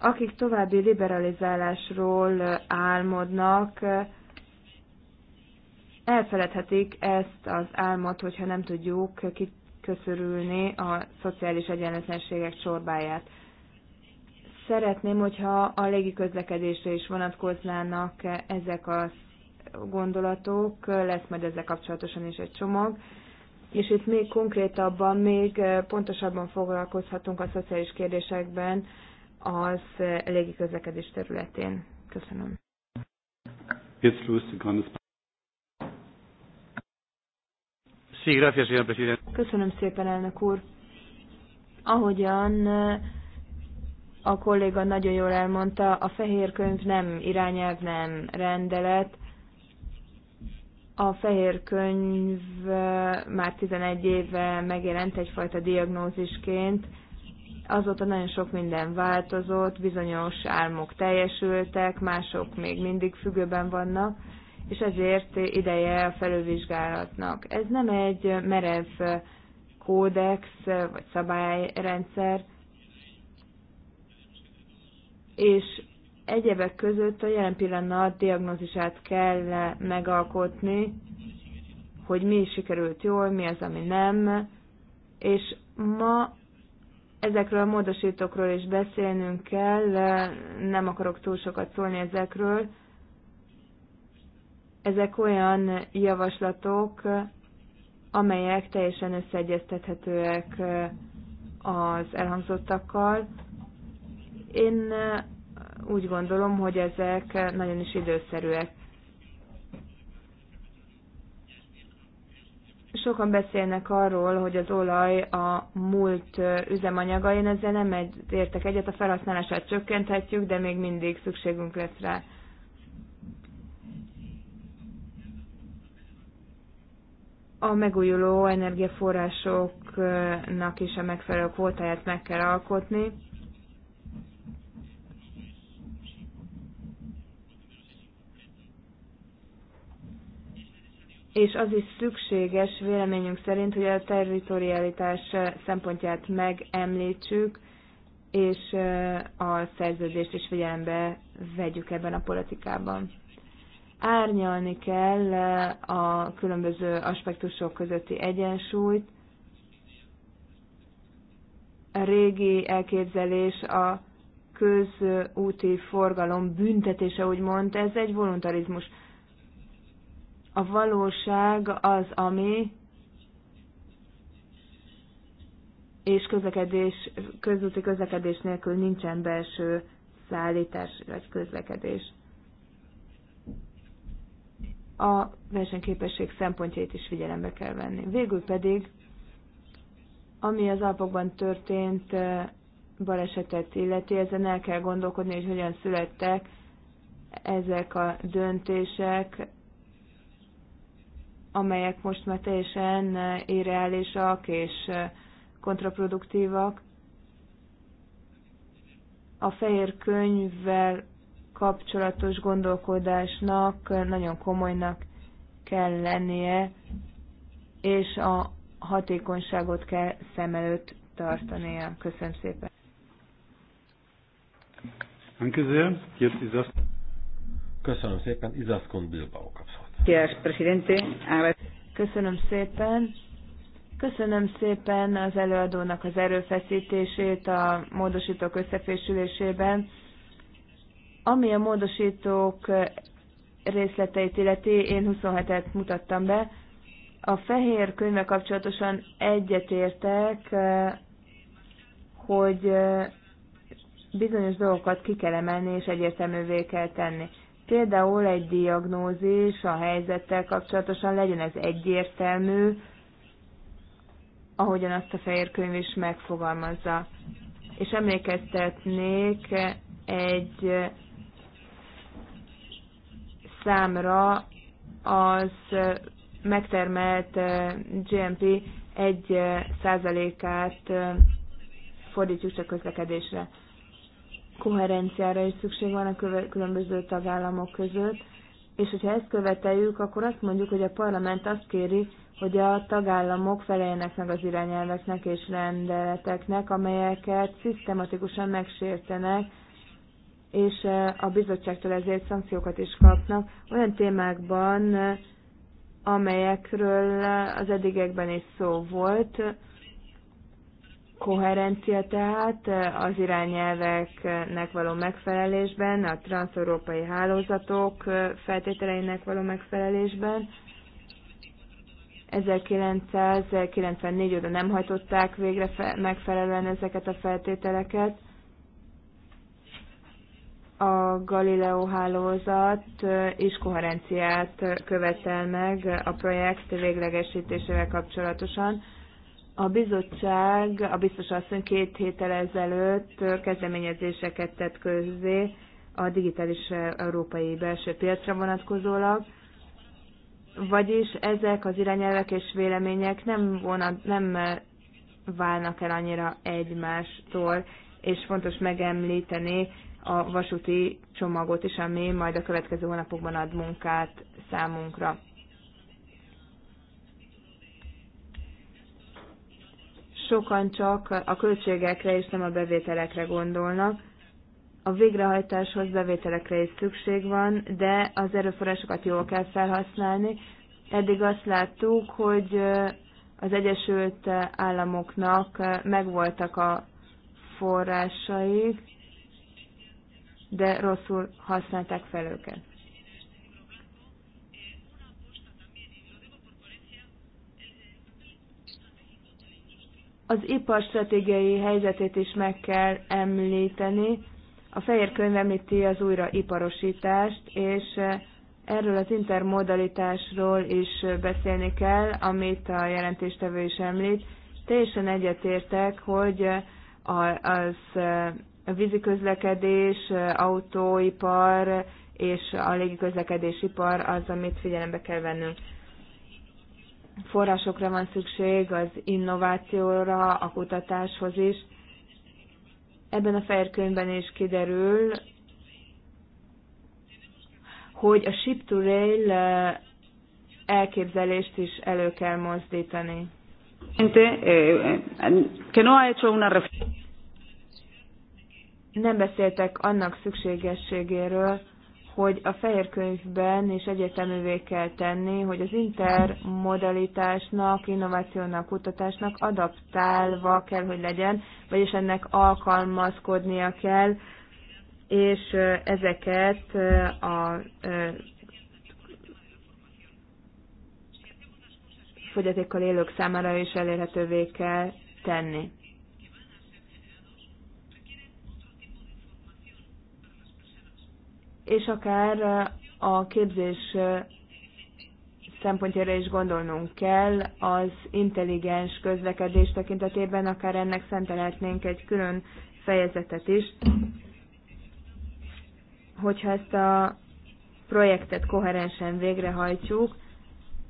akik további liberalizálásról álmodnak, elfeledhetik ezt az álmot, hogyha nem tudjuk kiköszörülni a szociális egyenletlenségek csorbáját. Szeretném, hogyha a légiközlekedésre is vonatkoznának ezek a gondolatok, lesz majd ezzel kapcsolatosan is egy csomag, és itt még konkrétabban, még pontosabban foglalkozhatunk a szociális kérdésekben az légiközlekedés területén. Köszönöm. Köszönöm szépen, elnök úr. Ahogyan a kolléga nagyon jól elmondta, a fehér könyv nem irányelv, nem rendelet. A fehér könyv már 11 éve megjelent egyfajta diagnózisként, azóta nagyon sok minden változott, bizonyos álmok teljesültek, mások még mindig függőben vannak, és ezért ideje a felülvizsgálatnak. Ez nem egy merev kódex vagy szabályrendszer, és egyebek között a jelen pillanat diagnózisát kell megalkotni, hogy mi is sikerült jól, mi az, ami nem, és ma ezekről a módosítókról is beszélnünk kell, nem akarok túl sokat szólni ezekről. Ezek olyan javaslatok, amelyek teljesen összeegyeztethetőek az elhangzottakkal, én úgy gondolom, hogy ezek nagyon is időszerűek. Sokan beszélnek arról, hogy az olaj a múlt üzemanyaga, én ezzel nem egy, értek egyet, a felhasználását csökkenthetjük, de még mindig szükségünk lesz rá. a megújuló energiaforrásoknak is a megfelelő kvótáját meg kell alkotni. és az is szükséges véleményünk szerint, hogy a territorialitás eh, szempontját megemlítsük, és eh, a szerződést is figyelembe vegyük ebben a politikában. Árnyalni kell eh, a különböző aspektusok közötti egyensúlyt. A régi elképzelés a közúti forgalom büntetése, úgymond, ez egy voluntarizmus a valóság az, ami és közlekedés, közúti közlekedés nélkül nincsen belső szállítás vagy közlekedés. A versenyképesség szempontjait is figyelembe kell venni. Végül pedig, ami az Alpokban történt balesetet illeti, ezen el kell gondolkodni, hogy hogyan születtek ezek a döntések, amelyek most már teljesen eh, irreálisak és eh, kontraproduktívak. A fehér könyvvel kapcsolatos gondolkodásnak nagyon komolynak kell lennie, és a hatékonyságot kell szem előtt tartania. Köszönöm szépen. Köszönöm szépen, Izaskon Bilbao kapcsolat. Gracias, presidente. Köszönöm szépen. Köszönöm szépen az előadónak az erőfeszítését a módosítók összefésülésében. Ami a módosítók részleteit illeti, én 27-et mutattam be. A fehér könyve kapcsolatosan egyetértek, hogy bizonyos dolgokat ki kell emelni és egyértelművé kell tenni például egy diagnózis a helyzettel kapcsolatosan legyen ez egyértelmű, ahogyan azt a fehér könyv is megfogalmazza. És emlékeztetnék egy számra az megtermelt eh, GMP egy eh, százalékát eh, fordítjuk csak közlekedésre koherenciára is szükség van a különböző tagállamok között, és hogyha ezt követeljük, akkor azt mondjuk, hogy a parlament azt kéri, hogy a tagállamok feleljenek meg az irányelveknek és rendeleteknek, amelyeket szisztematikusan megsértenek, és eh, a bizottságtól ezért szankciókat is kapnak olyan témákban, eh, amelyekről eh, az eddigekben is szó volt, koherencia tehát az irányelveknek való megfelelésben, a transzeurópai hálózatok feltételeinek való megfelelésben. 1994 óta nem hajtották végre megfelelően ezeket a feltételeket. A Galileo hálózat is koherenciát követel meg a projekt véglegesítésével kapcsolatosan a bizottság, a biztos asszony két héttel ezelőtt kezdeményezéseket tett közzé a digitális európai belső piacra vonatkozólag, vagyis ezek az irányelvek és vélemények nem, vonat, nem válnak el annyira egymástól, és fontos megemlíteni a vasúti csomagot is, ami majd a következő hónapokban ad munkát számunkra. sokan csak a költségekre és nem a bevételekre gondolnak. A végrehajtáshoz bevételekre is szükség van, de az erőforrásokat jól kell felhasználni. Eddig azt láttuk, hogy az Egyesült Államoknak megvoltak a forrásai, de rosszul használták fel őket. Az ipar stratégiai helyzetét is meg kell említeni. A fehér könyv említi az újraiparosítást, és eh, erről az intermodalitásról is beszélni kell, amit a jelentéstevő is említ. Teljesen egyetértek, hogy eh, az eh, a víziközlekedés, autóipar és a légiközlekedésipar az, amit figyelembe kell vennünk forrásokra van szükség az innovációra, a kutatáshoz is. Ebben a fehér is kiderül, hogy a ship to rail eh, elképzelést is elő kell mozdítani. Eh, eh, Nem beszéltek annak szükségességéről, hogy a fehér könyvben is egyeteművé kell tenni, hogy az intermodalitásnak, innovációnak, kutatásnak adaptálva kell, hogy legyen, vagyis ennek alkalmazkodnia kell, és ezeket a fogyatékkal élők számára is elérhetővé kell tenni. és akár a képzés szempontjára is gondolnunk kell, az intelligens közlekedés tekintetében akár ennek szentelhetnénk egy külön fejezetet is, hogyha ezt a projektet koherensen végrehajtjuk,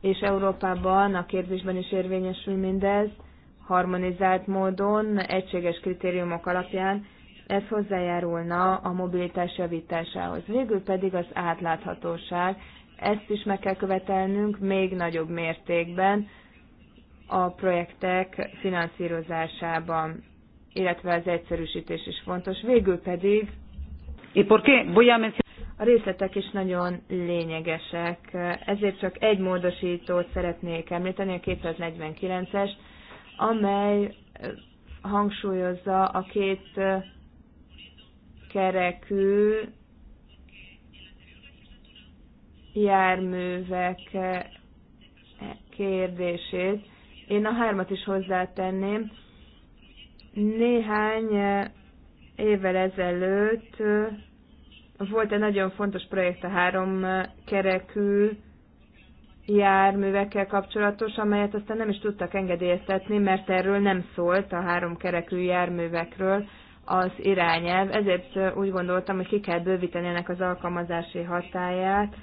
és Európában a képzésben is érvényesül mindez, harmonizált módon, egységes kritériumok alapján, ez hozzájárulna a mobilitás javításához. Végül pedig az átláthatóság, ezt is meg kell követelnünk még nagyobb mértékben a projektek finanszírozásában, illetve az egyszerűsítés is fontos. Végül pedig a részletek is nagyon lényegesek, ezért csak egy módosítót szeretnék említeni, a 249 es amely hangsúlyozza a két kerekű járművek kérdését. Én a hármat is hozzátenném. Néhány évvel ezelőtt volt egy nagyon fontos projekt a három kerekű járművekkel kapcsolatos, amelyet aztán nem is tudtak engedélyeztetni, mert erről nem szólt a három kerekű járművekről, az irányelv, ezért úgy gondoltam, hogy ki kell bővíteni ennek az alkalmazási hatáját,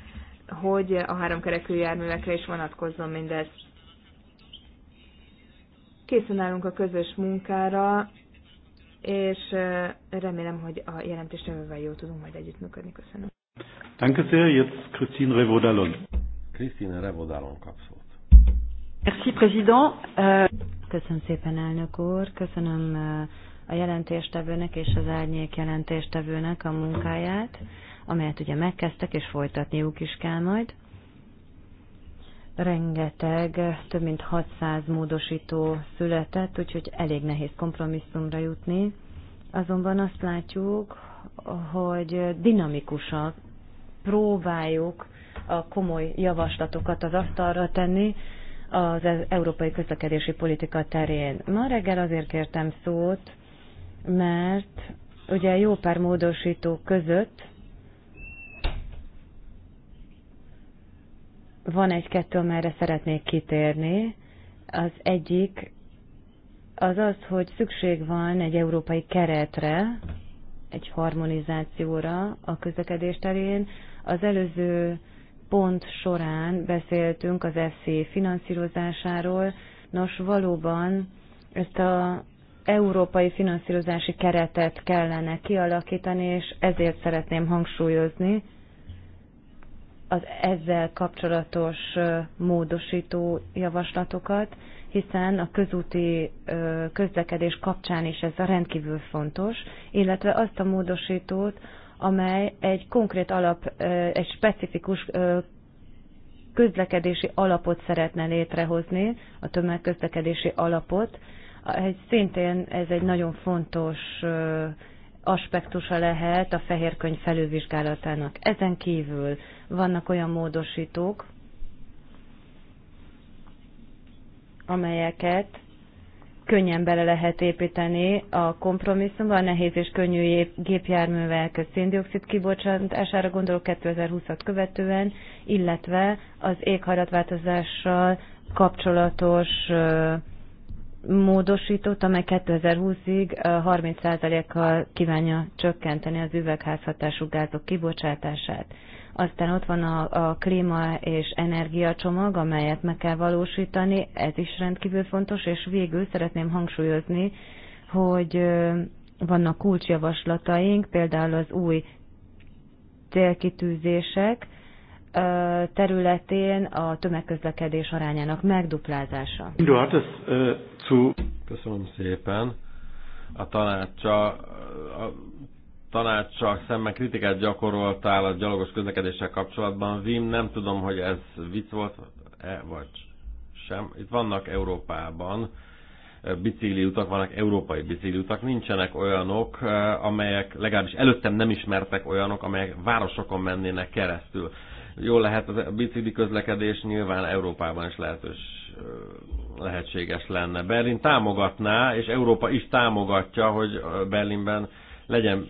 hogy a háromkerekű járművekre is vonatkozzon mindez. Készen állunk a közös munkára, és remélem, hogy a jelentéstevővel jól tudunk majd együttműködni. Köszönöm. Danke sehr, jetzt Christine Christine Merci, Président. Euh, Köszönöm szépen, elnök úr. Köszönöm a jelentéstevőnek és az árnyék jelentéstevőnek a munkáját, amelyet ugye megkezdtek, és folytatniuk is kell majd. Rengeteg, több mint 600 módosító született, úgyhogy elég nehéz kompromisszumra jutni. Azonban azt látjuk, hogy dinamikusak, próbáljuk a komoly javaslatokat az asztalra tenni, az e- európai közlekedési politika terén. Ma reggel azért kértem szót, mert ugye jó pár módosító között van egy-kettő, amelyre szeretnék kitérni. Az egyik az az, hogy szükség van egy európai keretre, egy harmonizációra a közlekedés terén. Az előző pont során beszéltünk az FC finanszírozásáról. Nos, valóban ezt a európai finanszírozási keretet kellene kialakítani, és ezért szeretném hangsúlyozni az ezzel kapcsolatos módosító javaslatokat, hiszen a közúti közlekedés kapcsán is ez a rendkívül fontos, illetve azt a módosítót, amely egy konkrét alap, egy specifikus közlekedési alapot szeretne létrehozni, a tömegközlekedési alapot, egy szintén ez egy nagyon fontos aspektusa lehet a fehér könyv felülvizsgálatának. Ezen kívül vannak olyan módosítók, amelyeket könnyen bele lehet építeni a kompromisszumban, a nehéz és könnyű gépjárművek széndiokszid kibocsátására gondolok 2020-at követően, illetve az éghajlatváltozással kapcsolatos Módosította, amely 2020-ig 30%-kal kívánja csökkenteni az üvegházhatású gázok kibocsátását. Aztán ott van a, a klíma és energiacsomag, amelyet meg kell valósítani, ez is rendkívül fontos, és végül szeretném hangsúlyozni, hogy vannak kulcsjavaslataink, például az új célkitűzések, területén a tömegközlekedés arányának megduplázása. Köszönöm szépen. A tanácsa, a tanácsa szemmel kritikát gyakoroltál a gyalogos közlekedéssel kapcsolatban. Vim, nem tudom, hogy ez vicc volt, -e, vagy sem. Itt vannak Európában utak, vannak európai utak, nincsenek olyanok, amelyek, legalábbis előttem nem ismertek olyanok, amelyek városokon mennének keresztül. Jól lehet a bicikli közlekedés, nyilván Európában is lehetős, lehetséges lenne. Berlin támogatná, és Európa is támogatja, hogy Berlinben legyen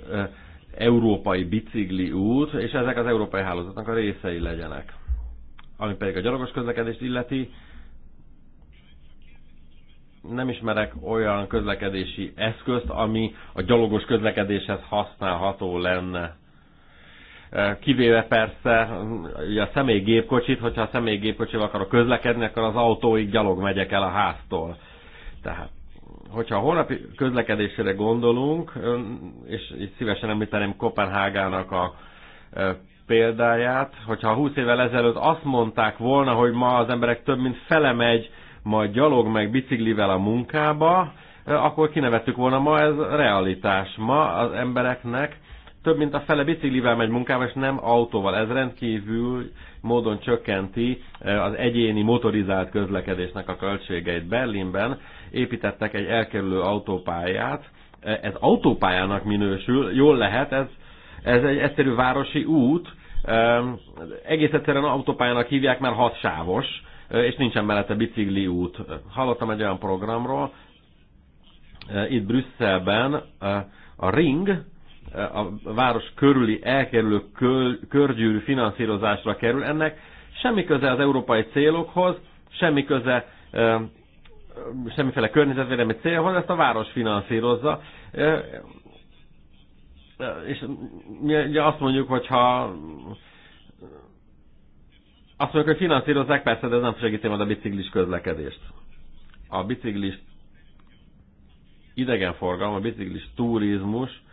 európai bicikli út, és ezek az európai hálózatnak a részei legyenek. Ami pedig a gyalogos közlekedést illeti, nem ismerek olyan közlekedési eszközt, ami a gyalogos közlekedéshez használható lenne kivéve persze ugye a személygépkocsit, hogyha a személygépkocsival akarok közlekedni, akkor az autóig gyalog megyek el a háztól. Tehát hogyha a holnapi közlekedésére gondolunk, és itt szívesen említeném Kopenhágának a példáját, hogyha 20 évvel ezelőtt azt mondták volna, hogy ma az emberek több mint fele megy majd gyalog meg biciklivel a munkába, akkor kinevettük volna ma, ez realitás. Ma az embereknek több mint a fele biciklivel megy munkába, és nem autóval. Ez rendkívül módon csökkenti e, az egyéni motorizált közlekedésnek a költségeit. Berlinben építettek egy elkerülő autópályát. E, ez autópályának minősül, jól lehet, ez, ez egy egyszerű városi út. E, egész egyszerűen autópályának hívják, mert hat sávos, és nincsen mellette bicikli út. Hallottam egy olyan programról, itt Brüsszelben a Ring, a város körüli elkerülő kör, körgyűrű finanszírozásra kerül. Ennek semmi köze az európai célokhoz, semmi köze semmiféle környezetvédelmi célhoz, ezt a város finanszírozza. És mi azt mondjuk, hogyha azt mondjuk, hogy finanszírozzák, persze, de ez nem segíti majd a biciklis közlekedést. A biciklis idegenforgalom, a biciklis turizmus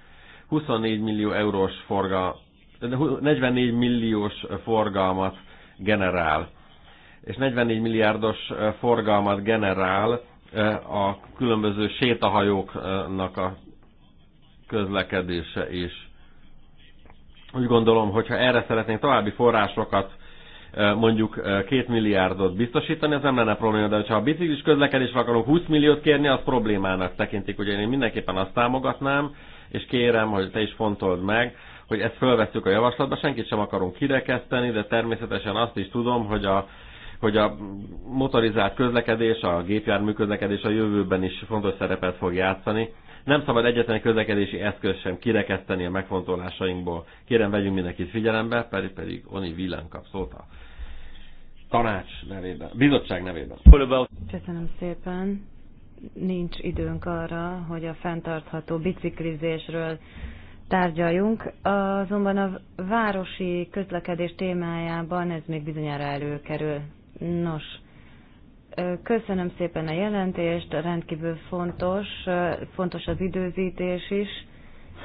24 millió eurós forgal, 44 milliós forgalmat generál, és 44 milliárdos forgalmat generál a különböző sétahajóknak a közlekedése is. Úgy gondolom, hogyha erre szeretnénk további forrásokat mondjuk 2 milliárdot biztosítani, ez nem lenne probléma, de ha a biciklis közlekedésre akarunk 20 milliót kérni, az problémának tekintik, ugye én mindenképpen azt támogatnám, és kérem, hogy te is fontold meg, hogy ezt fölvettük a javaslatba, senkit sem akarunk kirekeszteni, de természetesen azt is tudom, hogy a hogy a motorizált közlekedés, a gépjármű közlekedés a jövőben is fontos szerepet fog játszani. Nem szabad egyetlen közlekedési eszköz sem kirekeszteni a megfontolásainkból. Kérem, vegyünk mindenkit figyelembe, pedig pedig Oni Villán kap szót a tanács nevében, bizottság nevében. Köszönöm szépen nincs időnk arra, hogy a fenntartható biciklizésről tárgyaljunk, azonban a városi közlekedés témájában ez még bizonyára előkerül. Nos, köszönöm szépen a jelentést, rendkívül fontos, fontos az időzítés is,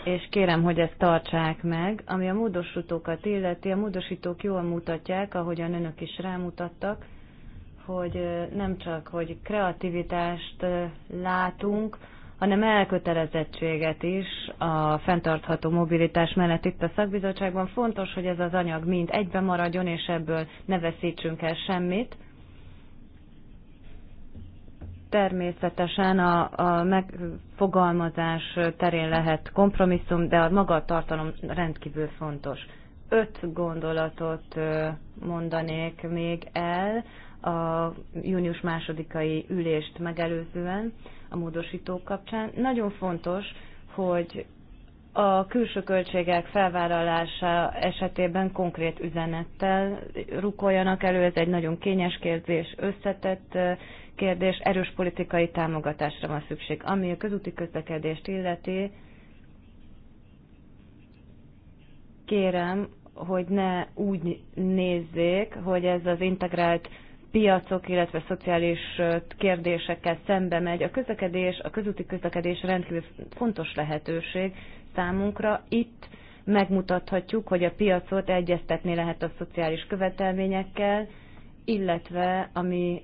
és kérem, hogy ezt tartsák meg. Ami a módosítókat illeti, a módosítók jól mutatják, ahogyan önök is rámutattak, hogy nem csak, hogy kreativitást látunk, hanem elkötelezettséget is a fenntartható mobilitás mellett itt a szakbizottságban. Fontos, hogy ez az anyag mind egyben maradjon, és ebből ne veszítsünk el semmit. Természetesen a, a megfogalmazás terén lehet kompromisszum, de a maga a tartalom rendkívül fontos. Öt gondolatot mondanék még el, a június másodikai ülést megelőzően a módosítók kapcsán. Nagyon fontos, hogy a külső költségek felvállalása esetében konkrét üzenettel rukoljanak elő. Ez egy nagyon kényes kérdés, összetett kérdés, erős politikai támogatásra van szükség. Ami a közúti közlekedést illeti, kérem, hogy ne úgy nézzék, hogy ez az integrált piacok, illetve szociális kérdésekkel szembe megy. A közlekedés, a közúti közlekedés rendkívül fontos lehetőség számunkra. Itt megmutathatjuk, hogy a piacot egyeztetni lehet a szociális követelményekkel, illetve ami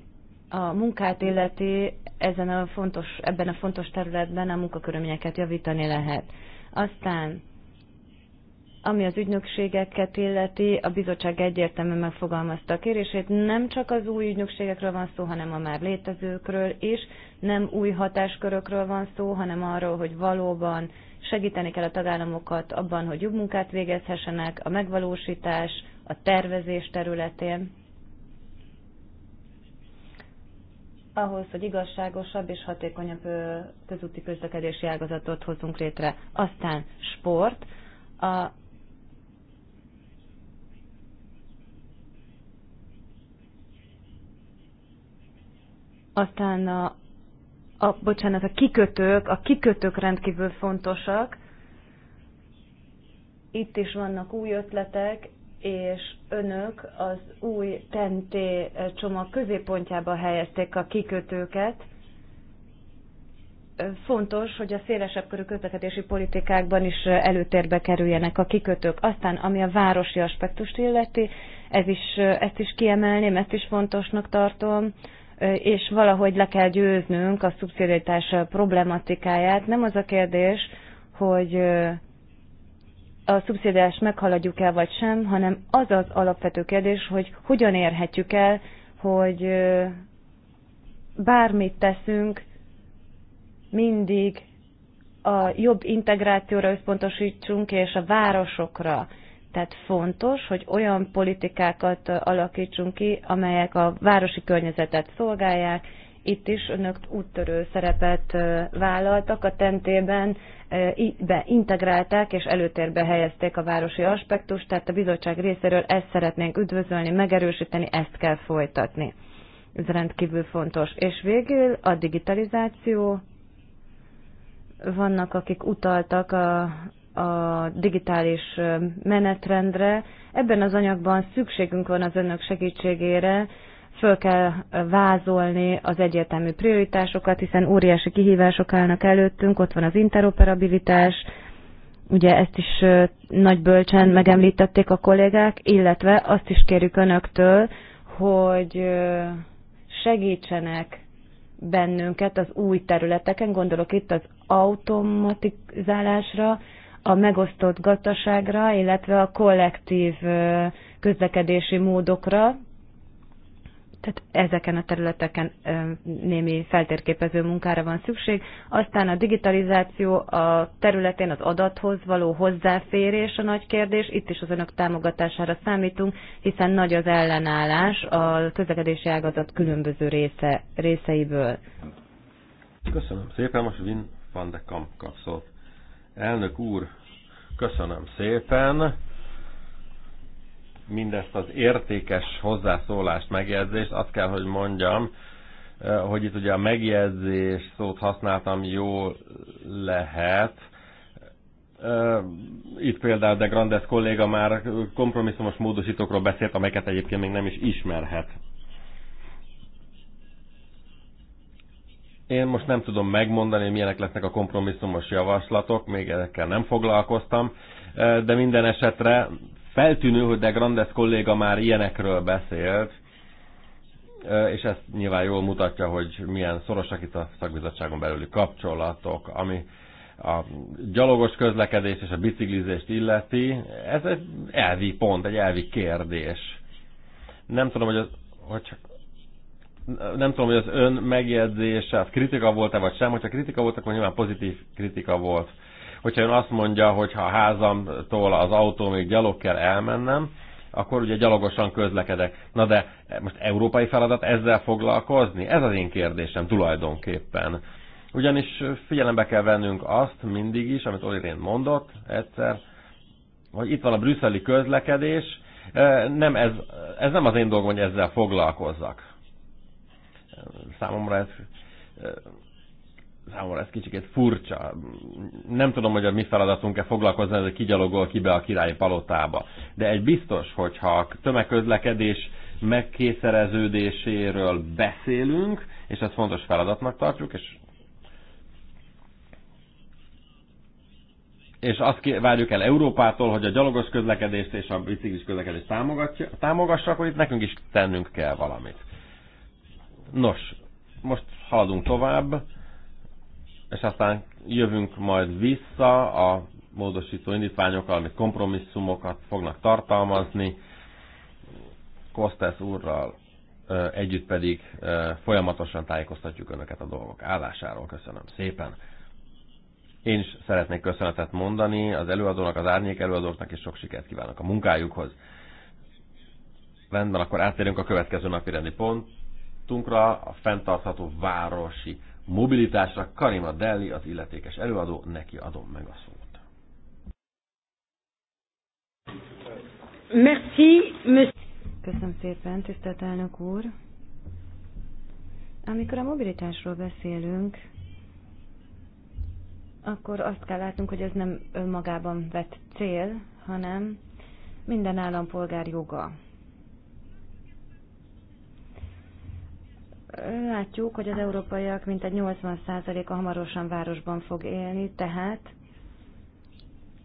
a munkát illeti, ezen a fontos, ebben a fontos területben a munkakörülményeket javítani lehet. Aztán ami az ügynökségeket illeti, a bizottság egyértelműen megfogalmazta a kérését, nem csak az új ügynökségekről van szó, hanem a már létezőkről is, nem új hatáskörökről van szó, hanem arról, hogy valóban segíteni kell a tagállamokat abban, hogy jobb munkát végezhessenek, a megvalósítás, a tervezés területén. ahhoz, hogy igazságosabb és hatékonyabb közúti közlekedési ágazatot hozzunk létre. Aztán sport. A Aztán a, a, bocsánat, a kikötők, a kikötők rendkívül fontosak. Itt is vannak új ötletek, és önök az új tenté eh, csomag középpontjába helyezték a kikötőket. Eh, fontos, hogy a szélesebb körű közlekedési politikákban is eh, előtérbe kerüljenek a kikötők. Aztán, ami a városi aspektust illeti, ez is, ezt is kiemelném, ezt is fontosnak tartom és valahogy le kell győznünk a szubszidiaritás problematikáját. Nem az a kérdés, hogy a szubszidiás meghaladjuk el vagy sem, hanem az az alapvető kérdés, hogy hogyan érhetjük el, hogy bármit teszünk, mindig a jobb integrációra összpontosítsunk, és a városokra, tehát fontos, hogy olyan politikákat alakítsunk ki, amelyek a városi környezetet szolgálják. Itt is önök úttörő szerepet vállaltak a tentében, beintegrálták integrálták és előtérbe helyezték a városi aspektust, tehát a bizottság részéről ezt szeretnénk üdvözölni, megerősíteni, ezt kell folytatni. Ez rendkívül fontos. És végül a digitalizáció. Vannak, akik utaltak a a digitális menetrendre. Ebben az anyagban szükségünk van az önök segítségére, föl kell vázolni az egyértelmű prioritásokat, hiszen óriási kihívások állnak előttünk, ott van az interoperabilitás, ugye ezt is nagy bölcsen megemlítették a kollégák, illetve azt is kérjük önöktől, hogy segítsenek bennünket az új területeken, gondolok itt az automatizálásra, a megosztott gazdaságra, illetve a kollektív közlekedési módokra, tehát ezeken a területeken némi feltérképező munkára van szükség. Aztán a digitalizáció a területén az adathoz való hozzáférés a nagy kérdés. Itt is az önök támogatására számítunk, hiszen nagy az ellenállás a közlekedési ágazat különböző része, részeiből. Köszönöm szépen, most Vin van de Kamp kapszott. Elnök úr, köszönöm szépen mindezt az értékes hozzászólást, megjegyzést. Azt kell, hogy mondjam, eh, hogy itt ugye a megjegyzés szót használtam, jó lehet. Eh, itt például de Grandes kolléga már kompromisszumos módosítókról beszélt, amelyeket egyébként még nem is ismerhet Én most nem tudom megmondani, milyenek lesznek a kompromisszumos javaslatok, még ezekkel nem foglalkoztam, de minden esetre feltűnő, hogy de Grandes kolléga már ilyenekről beszélt, és ezt nyilván jól mutatja, hogy milyen szorosak itt a szakbizottságon belüli kapcsolatok, ami a gyalogos közlekedés és a biciklizést illeti. Ez egy elvi pont, egy elvi kérdés. Nem tudom, hogy, az, hogy nem tudom, hogy az ön megjegyzése, az kritika volt-e vagy sem, hogyha kritika volt, akkor nyilván pozitív kritika volt. Hogyha ön azt mondja, hogy ha a házamtól az autó még gyalog kell elmennem, akkor ugye gyalogosan közlekedek. Na de most európai feladat ezzel foglalkozni? Ez az én kérdésem tulajdonképpen. Ugyanis figyelembe kell vennünk azt mindig is, amit Olirén mondott egyszer, hogy itt van a brüsszeli közlekedés, nem ez, ez nem az én dolgom, hogy ezzel foglalkozzak. Számomra ez számomra ez kicsit furcsa. Nem tudom, hogy a mi feladatunk-e foglalkozni, hogy kigyalogol ki be a királyi palotába. De egy biztos, hogyha a tömegközlekedés megkészereződéséről beszélünk, és ezt fontos feladatnak tartjuk, és és azt várjuk el Európától, hogy a gyalogos közlekedést és a biciklis közlekedést támogassa, akkor itt nekünk is tennünk kell valamit. Nos, most haladunk tovább, és aztán jövünk majd vissza a módosító indítványokkal, amik kompromisszumokat fognak tartalmazni. Kostesz úrral együtt pedig folyamatosan tájékoztatjuk Önöket a dolgok állásáról. Köszönöm szépen! Én is szeretnék köszönetet mondani az előadónak, az árnyék előadóknak, és sok sikert kívánok a munkájukhoz. Rendben, akkor áttérünk a következő napi rendi pont útunkra, a fenntartható városi mobilitásra. Karima Delli, az illetékes előadó, neki adom meg a szót. Merci, Köszönöm szépen, tisztelt elnök úr. Amikor a mobilitásról beszélünk, akkor azt kell látnunk, hogy ez nem önmagában vett cél, hanem minden állampolgár joga. Látjuk, hogy az európaiak mintegy 80%-a hamarosan városban fog élni, tehát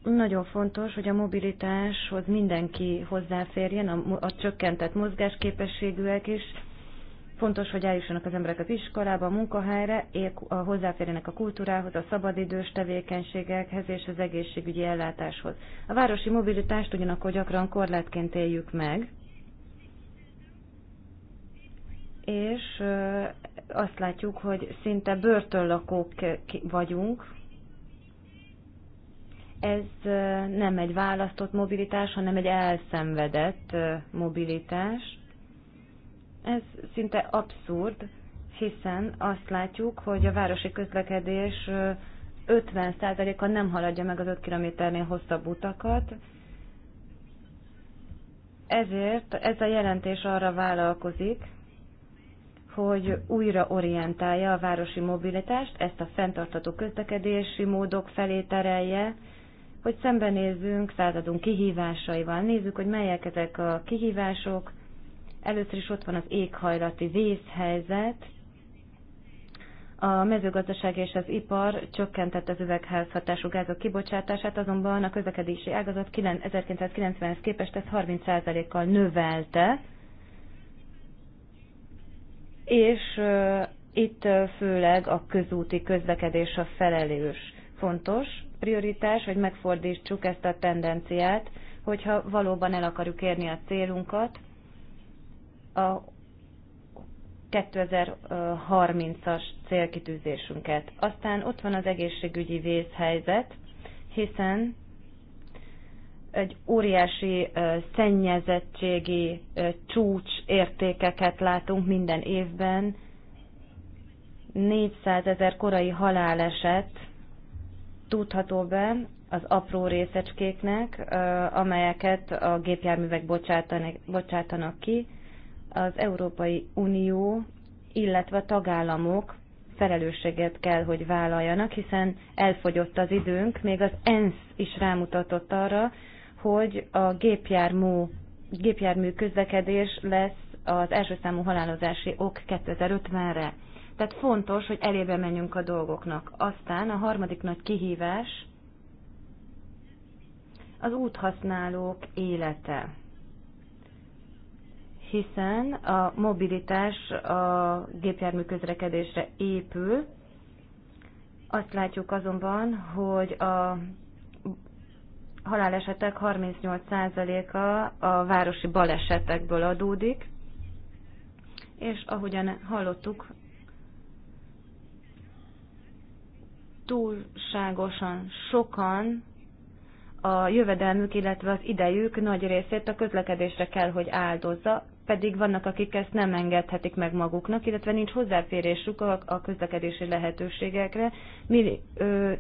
nagyon fontos, hogy a mobilitáshoz mindenki hozzáférjen, a, a csökkentett mozgásképességűek is. Fontos, hogy eljussanak az emberek az iskolába, a munkahelyre, a, hozzáférjenek a kultúrához, a szabadidős tevékenységekhez és az egészségügyi ellátáshoz. A városi mobilitást ugyanakkor gyakran korlátként éljük meg, és azt látjuk, hogy szinte börtönlakók vagyunk. Ez nem egy választott mobilitás, hanem egy elszenvedett mobilitás. Ez szinte abszurd, hiszen azt látjuk, hogy a városi közlekedés 50%-a nem haladja meg az 5 kilométernél hosszabb utakat, ezért ez a jelentés arra vállalkozik, hogy újra orientálja a városi mobilitást, ezt a fenntartató közlekedési módok felé terelje, hogy szembenézzünk századunk kihívásaival. Nézzük, hogy melyek ezek a kihívások. Először is ott van az éghajlati vészhelyzet, a mezőgazdaság és az ipar csökkentett az üvegházhatású gázok kibocsátását, azonban a közlekedési ágazat 1990-hez képest ezt 30%-kal növelte, és itt főleg a közúti közlekedés a felelős fontos prioritás, hogy megfordítsuk ezt a tendenciát, hogyha valóban el akarjuk érni a célunkat, a 2030-as célkitűzésünket. Aztán ott van az egészségügyi vészhelyzet, hiszen egy óriási szennyezettségi csúcs értékeket látunk minden évben. 400 ezer korai haláleset tudható be az apró részecskéknek, amelyeket a gépjárművek bocsátanak ki. Az Európai Unió, illetve a tagállamok felelősséget kell, hogy vállaljanak, hiszen elfogyott az időnk, még az ENSZ is rámutatott arra, hogy a gépjármű, gépjármű közlekedés lesz az első számú halálozási ok 2050-re. Tehát fontos, hogy elébe menjünk a dolgoknak. Aztán a harmadik nagy kihívás az úthasználók élete. Hiszen a mobilitás a gépjármű közlekedésre épül, azt látjuk azonban, hogy a halálesetek 38%-a a városi balesetekből adódik, és ahogyan hallottuk, túlságosan sokan a jövedelmük, illetve az idejük nagy részét a közlekedésre kell, hogy áldozza, pedig vannak, akik ezt nem engedhetik meg maguknak, illetve nincs hozzáférésük a, a közlekedési lehetőségekre.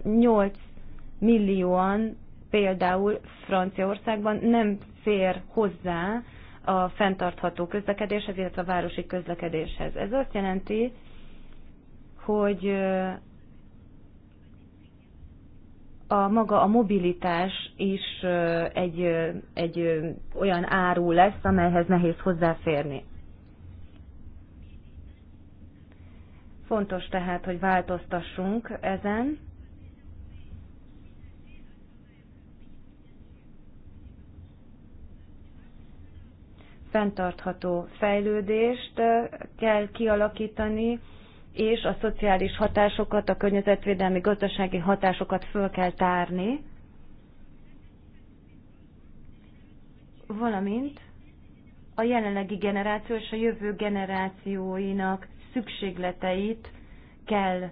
8 millióan például Franciaországban nem fér hozzá a fenntartható közlekedéshez, illetve a városi közlekedéshez. Ez azt jelenti, hogy a maga a mobilitás is egy, egy olyan áru lesz, amelyhez nehéz hozzáférni. Fontos tehát, hogy változtassunk ezen, fenntartható fejlődést kell kialakítani, és a szociális hatásokat, a környezetvédelmi, gazdasági hatásokat föl kell tárni, valamint a jelenlegi generáció és a jövő generációinak szükségleteit kell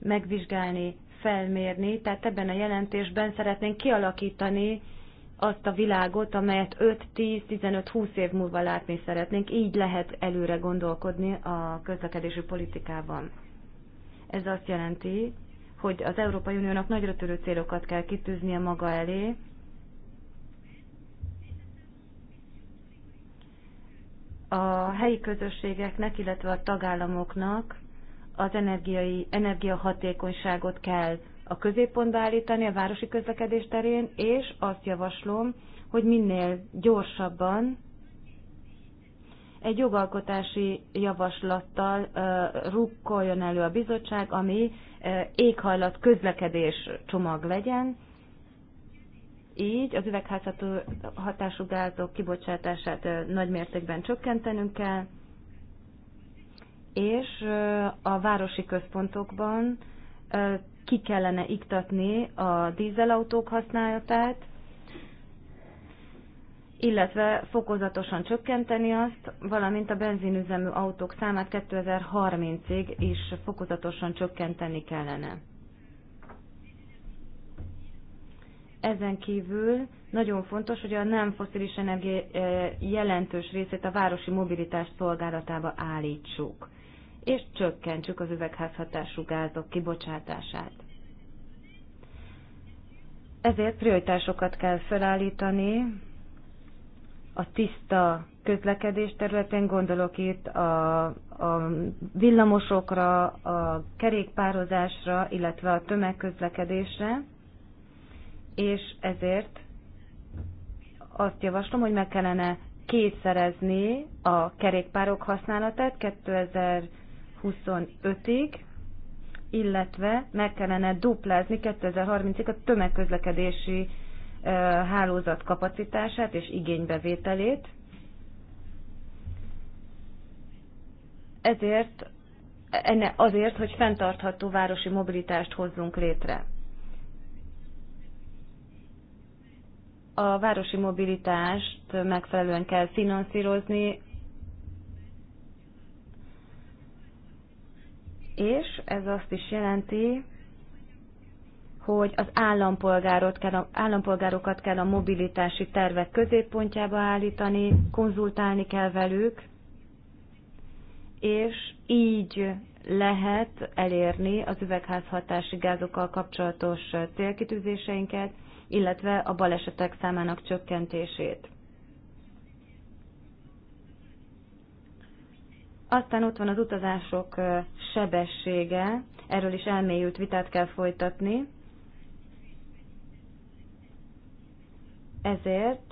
megvizsgálni, felmérni. Tehát ebben a jelentésben szeretnénk kialakítani azt a világot, amelyet 5-10-15-20 év múlva látni szeretnénk. Így lehet előre gondolkodni a közlekedési politikában. Ez azt jelenti, hogy az Európai Uniónak nagyra törő célokat kell kitűznie maga elé, a helyi közösségeknek, illetve a tagállamoknak az energiai, energiahatékonyságot kell a középpontba állítani a városi közlekedés terén, és azt javaslom, hogy minél gyorsabban egy jogalkotási javaslattal uh, rukkoljon elő a bizottság, ami uh, éghajlat közlekedés csomag legyen, így az hatású gázok kibocsátását uh, nagymértékben csökkentenünk kell, és uh, a városi központokban uh, ki kellene iktatni a dízelautók használatát, illetve fokozatosan csökkenteni azt, valamint a benzinüzemű autók számát 2030-ig is fokozatosan csökkenteni kellene. Ezen kívül nagyon fontos, hogy a nem foszilis energia eh, jelentős részét a városi mobilitás szolgálatába állítsuk és csökkentsük az üvegházhatású gázok kibocsátását. Ezért prioritásokat kell felállítani a tiszta közlekedés területén, gondolok itt a, a villamosokra, a kerékpározásra, illetve a tömegközlekedésre, és ezért azt javaslom, hogy meg kellene kétszerezni a kerékpárok használatát 2000 2025-ig, illetve meg kellene duplázni 2030-ig a tömegközlekedési hálózat kapacitását és igénybevételét. Ezért, enne azért, hogy fenntartható városi mobilitást hozzunk létre. A városi mobilitást megfelelően kell finanszírozni, és ez azt is jelenti, hogy az állampolgárot kell, állampolgárokat kell a mobilitási tervek középpontjába állítani, konzultálni kell velük, és így lehet elérni az üvegházhatási gázokkal kapcsolatos célkitűzéseinket, illetve a balesetek számának csökkentését. Aztán ott van az utazások sebessége, erről is elmélyült vitát kell folytatni. Ezért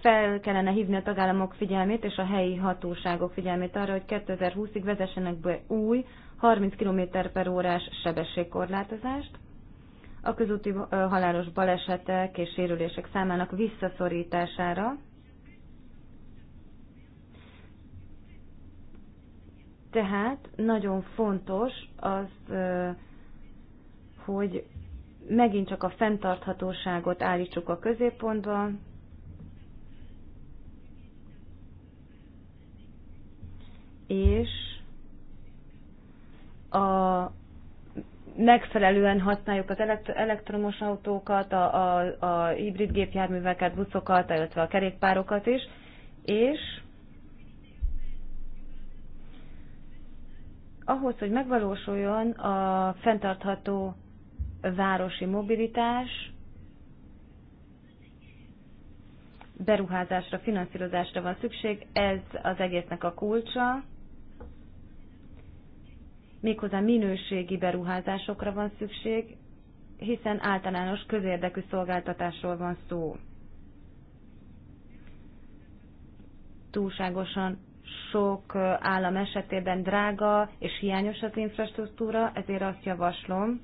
fel kellene hívni a tagállamok figyelmét és a helyi hatóságok figyelmét arra, hogy 2020-ig vezessenek be új 30 km per órás sebességkorlátozást. A közúti halálos balesetek és sérülések számának visszaszorítására Tehát nagyon fontos az, hogy megint csak a fenntarthatóságot állítsuk a középpontba, és a megfelelően használjuk az elektromos autókat, a, a, a hibrid gépjárműveket, buszokat, illetve a kerékpárokat is, és ahhoz, hogy megvalósuljon a fenntartható városi mobilitás, beruházásra, finanszírozásra van szükség, ez az egésznek a kulcsa. Méghozzá minőségi beruházásokra van szükség, hiszen általános közérdekű szolgáltatásról van szó. Túlságosan sok állam esetében drága és hiányos az infrastruktúra, ezért azt javaslom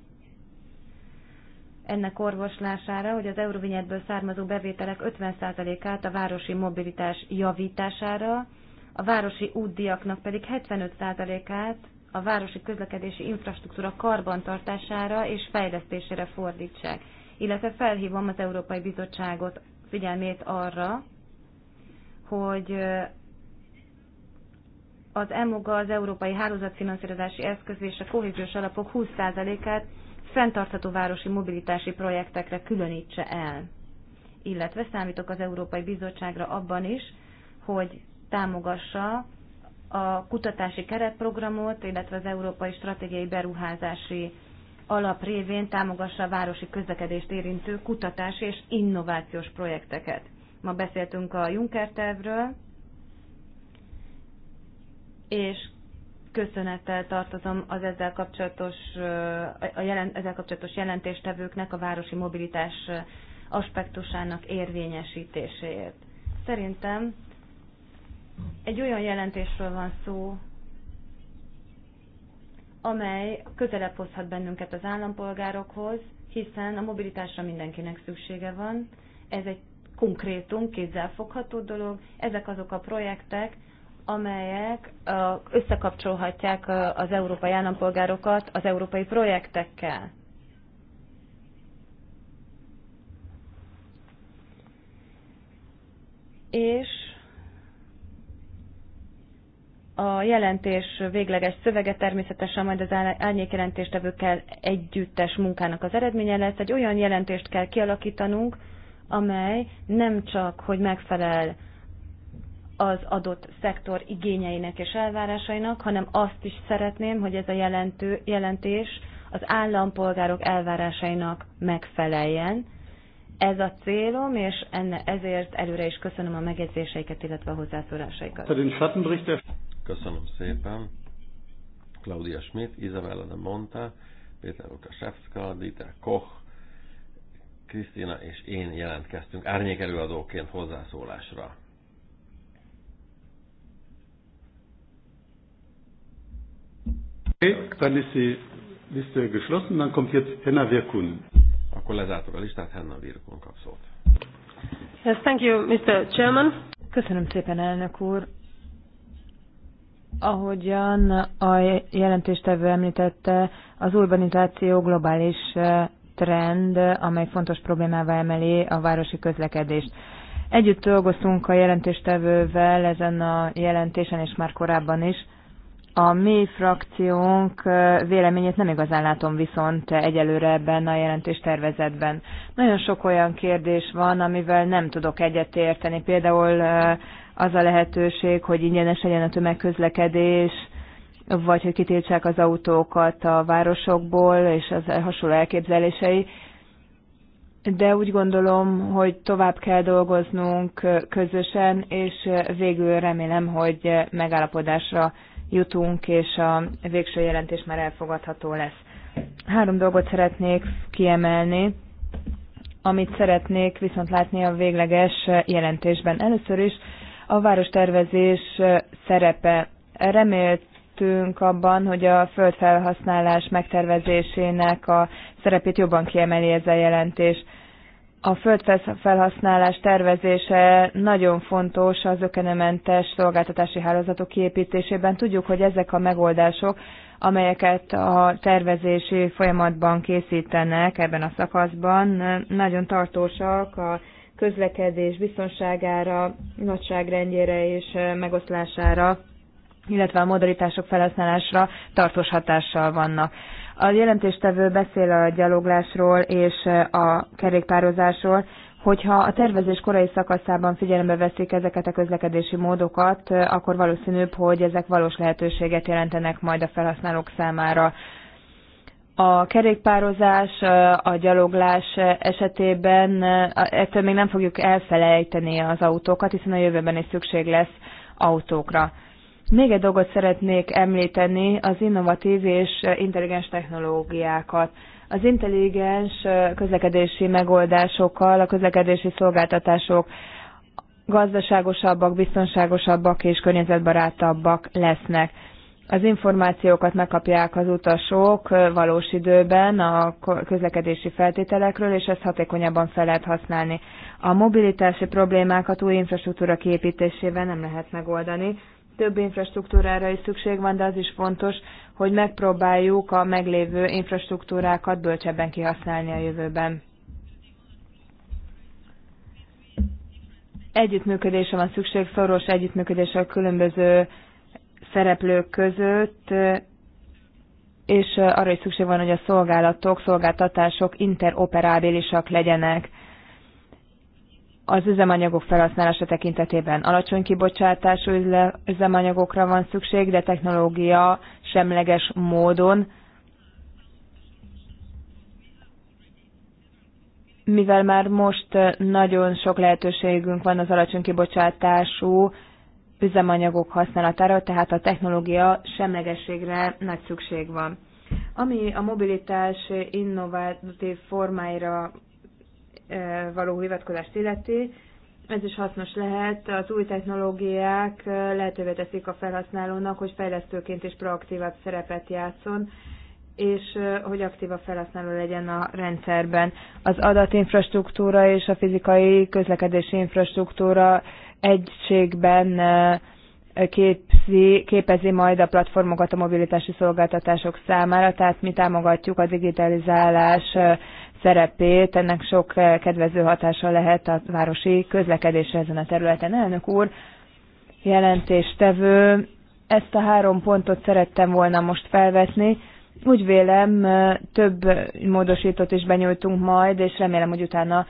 ennek orvoslására, hogy az Euróvinyetből származó bevételek 50%-át a városi mobilitás javítására, a városi útdiaknak pedig 75%-át a városi közlekedési infrastruktúra karbantartására és fejlesztésére fordítsák. Illetve felhívom az Európai Bizottságot figyelmét arra, hogy az EMOGA, az Európai Hálózatfinanszírozási Eszköz és a kohéziós alapok 20%-át fenntartható városi mobilitási projektekre különítse el. Illetve számítok az Európai Bizottságra abban is, hogy támogassa a kutatási keretprogramot, illetve az Európai Stratégiai Beruházási Alap révén támogassa a városi közlekedést érintő kutatási és innovációs projekteket. Ma beszéltünk a Juncker tervről, és köszönettel tartozom az ezzel kapcsolatos, a jelen, ezzel kapcsolatos jelentéstevőknek a városi mobilitás aspektusának érvényesítéséért. Szerintem egy olyan jelentésről van szó, amely közelebb hozhat bennünket az állampolgárokhoz, hiszen a mobilitásra mindenkinek szüksége van. Ez egy konkrétum, kézzelfogható dolog. Ezek azok a projektek, amelyek összekapcsolhatják az európai állampolgárokat az európai projektekkel. És a jelentés végleges szövege természetesen majd az árnyékjelentéstevőkkel együttes munkának az eredménye lesz. Egy olyan jelentést kell kialakítanunk, amely nem csak, hogy megfelel az adott szektor igényeinek és elvárásainak, hanem azt is szeretném, hogy ez a jelentő, jelentés az állampolgárok elvárásainak megfeleljen. Ez a célom, és enne, ezért előre is köszönöm a megjegyzéseiket, illetve a hozzászólásaikat. Köszönöm szépen. Claudia Schmidt, Izabella de Monta, Péter Lukaszewska, Dieter Koch, Krisztina és én jelentkeztünk előadóként hozzászólásra. Okay, dann ist die Liste geschlossen, dann kommt jetzt Henna Wirkun. Akkor lezártuk a listát, Henna Virkun kap szót. Yes, thank you, Mr. Chairman. Köszönöm szépen, elnök úr. Ahogyan a jelentéstevő említette, az urbanizáció globális eh, trend, amely fontos problémává emeli a városi közlekedést. Együtt dolgoztunk a jelentéstevővel ezen a jelentésen, és már korábban is. A mi frakciónk véleményét nem igazán látom viszont egyelőre ebben a jelentés tervezetben. Nagyon sok olyan kérdés van, amivel nem tudok egyetérteni. Például az a lehetőség, hogy ingyenes legyen a tömegközlekedés, vagy hogy kitiltsák az autókat a városokból, és az hasonló elképzelései. De úgy gondolom, hogy tovább kell dolgoznunk közösen, és végül remélem, hogy megállapodásra jutunk, és a végső jelentés már elfogadható lesz. Három dolgot szeretnék kiemelni, amit szeretnék viszont látni a végleges jelentésben. Először is a várostervezés szerepe. Reméltünk abban, hogy a földfelhasználás megtervezésének a szerepét jobban kiemeli ez a jelentés a földfelhasználás tervezése nagyon fontos az ökenementes szolgáltatási hálózatok kiépítésében. Tudjuk, hogy ezek a megoldások, amelyeket a tervezési folyamatban készítenek ebben a szakaszban, nagyon tartósak a közlekedés biztonságára, nagyságrendjére és megoszlására, illetve a modalitások felhasználásra tartós hatással vannak. A jelentéstevő beszél a gyaloglásról és a kerékpározásról, hogyha a tervezés korai szakaszában figyelembe veszik ezeket a közlekedési módokat, akkor valószínűbb, hogy ezek valós lehetőséget jelentenek majd a felhasználók számára. A kerékpározás, a gyaloglás esetében ettől még nem fogjuk elfelejteni az autókat, hiszen a jövőben is szükség lesz autókra. Még egy dolgot szeretnék említeni, az innovatív és intelligens technológiákat. Az intelligens közlekedési megoldásokkal a közlekedési szolgáltatások gazdaságosabbak, biztonságosabbak és környezetbarátabbak lesznek. Az információkat megkapják az utasok valós időben a közlekedési feltételekről, és ezt hatékonyabban fel lehet használni. A mobilitási problémákat új infrastruktúra kiépítésével nem lehet megoldani, több infrastruktúrára is szükség van, de az is fontos, hogy megpróbáljuk a meglévő infrastruktúrákat bölcsebben kihasználni a jövőben. Együttműködésre van szükség, szoros együttműködés a különböző szereplők között, és arra is szükség van, hogy a szolgálatok, szolgáltatások interoperábilisak legyenek az üzemanyagok felhasználása tekintetében alacsony kibocsátású üzemanyagokra van szükség, de technológia semleges módon, mivel már most nagyon sok lehetőségünk van az alacsony kibocsátású üzemanyagok használatára, tehát a technológia semlegességre nagy szükség van. Ami a mobilitás innovatív formáira való hivatkozást illeti. Ez is hasznos lehet. Az új technológiák lehetővé teszik a felhasználónak, hogy fejlesztőként is proaktívabb szerepet játszon, és hogy aktív a felhasználó legyen a rendszerben. Az adatinfrastruktúra és a fizikai közlekedési infrastruktúra egységben képzi, képezi majd a platformokat a mobilitási szolgáltatások számára, tehát mi támogatjuk a digitalizálás szerepét, ennek sok eh, kedvező hatása lehet a városi közlekedésre ezen a területen. Elnök úr, jelentéstevő, ezt a három pontot szerettem volna most felvetni. Úgy vélem, eh, több módosítót is benyújtunk majd, és remélem, hogy utána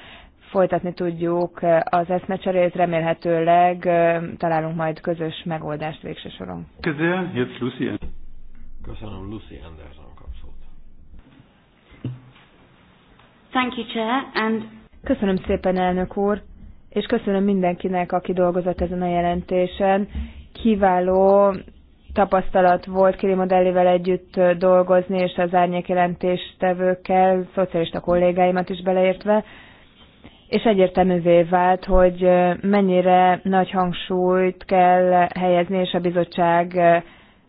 folytatni tudjuk eh, az eszmecserét, remélhetőleg találunk majd közös megoldást végső soron. Köszönöm, Lucy Anderson. Thank you, Chair, and... Köszönöm szépen, elnök úr, és köszönöm mindenkinek, aki dolgozott ezen a jelentésen. Kiváló tapasztalat volt Kiri Modellivel együtt dolgozni, és az árnyék jelentéstevőkkel, szocialista kollégáimat is beleértve, és egyértelművé vált, hogy mennyire nagy hangsúlyt kell helyezni, és a bizottság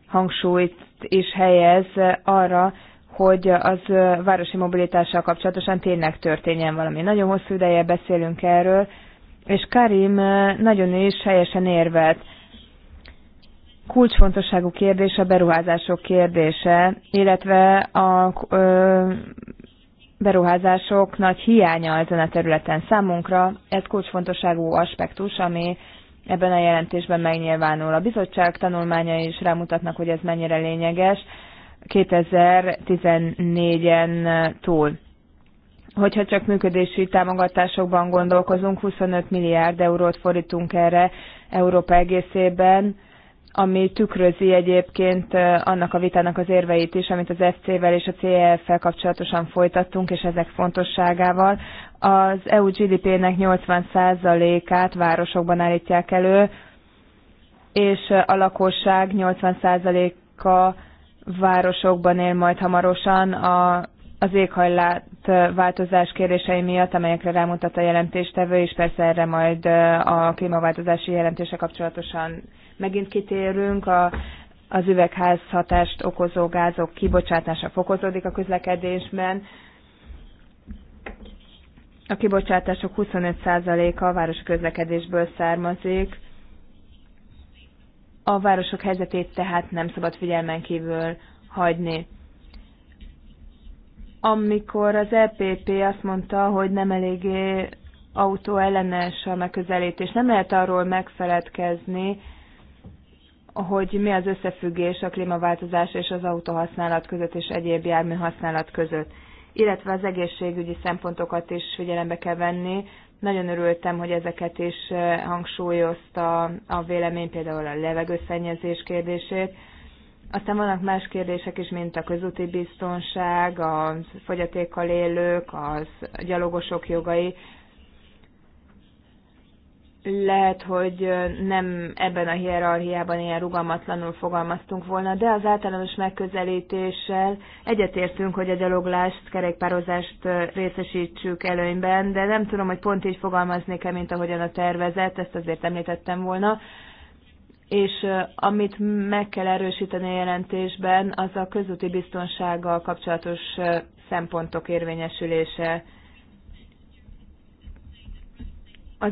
hangsúlyt is helyez arra, hogy az városi mobilitással kapcsolatosan tényleg történjen valami. Nagyon hosszú ideje beszélünk erről, és Karim nagyon is helyesen érvelt. Kulcsfontosságú kérdés a beruházások kérdése, illetve a ö, beruházások nagy hiánya ezen a területen számunkra. Ez kulcsfontosságú aspektus, ami ebben a jelentésben megnyilvánul. A bizottság tanulmányai is rámutatnak, hogy ez mennyire lényeges. 2014-en túl. Hogyha csak működési támogatásokban gondolkozunk, 25 milliárd eurót fordítunk erre Európa egészében, ami tükrözi egyébként annak a vitának az érveit is, amit az FC-vel és a CEF-fel kapcsolatosan folytattunk, és ezek fontosságával. Az EU GDP-nek 80%-át városokban állítják elő, és a lakosság 80%-a városokban él majd hamarosan a, az éghajlát változás kérdései miatt, amelyekre rámutat a jelentéstevő, és persze erre majd a klímaváltozási jelentése kapcsolatosan megint kitérünk. A, az üvegházhatást okozó gázok kibocsátása fokozódik a közlekedésben. A kibocsátások 25%-a a városi közlekedésből származik. A városok helyzetét tehát nem szabad figyelmen kívül hagyni. Amikor az EPP azt mondta, hogy nem eléggé autóellenes a megközelítés, nem lehet arról megfeledkezni, hogy mi az összefüggés a klímaváltozás és az autóhasználat között és egyéb jármű használat között illetve az egészségügyi szempontokat is figyelembe kell venni, nagyon örültem, hogy ezeket is eh, hangsúlyozta a vélemény, például a levegőszennyezés kérdését. Aztán vannak más kérdések is, mint a közúti biztonság, a fogyatékkal élők, a gyalogosok jogai lehet, hogy nem ebben a hierarchiában ilyen rugalmatlanul fogalmaztunk volna, de az általános megközelítéssel egyetértünk, hogy a gyaloglást, kerékpározást részesítsük előnyben, de nem tudom, hogy pont így fogalmaznék-e, mint ahogyan a tervezet, ezt azért említettem volna. És amit meg kell erősíteni a jelentésben, az a közúti biztonsággal kapcsolatos szempontok érvényesülése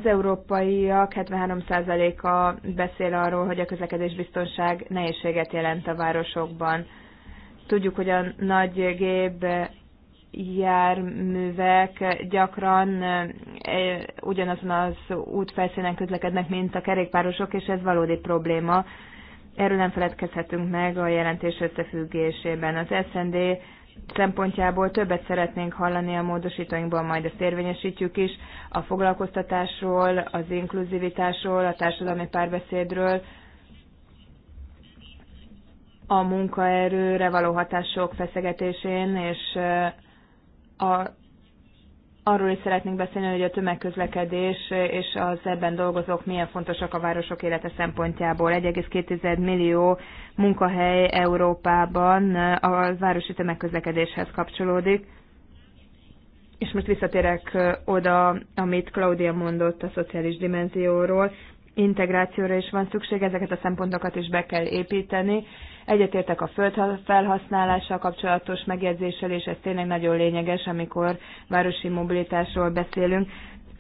Az európaiak 73%-a beszél arról, hogy a biztonság nehézséget jelent a városokban. Tudjuk, hogy a nagy gép járművek gyakran e, ugyanazon az útfelszínen közlekednek, mint a kerékpárosok, és ez valódi probléma. Erről nem feledkezhetünk meg a jelentés összefüggésében. Az SND szempontjából többet szeretnénk hallani a módosítóinkból, majd ezt érvényesítjük is, a foglalkoztatásról, az inkluzivitásról, a társadalmi párbeszédről, a munkaerőre való hatások feszegetésén, és a Arról is szeretnénk beszélni, hogy a tömegközlekedés és az ebben dolgozók milyen fontosak a városok élete szempontjából. 1,2 millió munkahely Európában a városi tömegközlekedéshez kapcsolódik. És most visszatérek oda, amit Claudia mondott a szociális dimenzióról integrációra is van szükség, ezeket a szempontokat is be kell építeni. Egyetértek a föld felhasználással kapcsolatos megjegyzéssel, és ez tényleg nagyon lényeges, amikor városi mobilitásról beszélünk,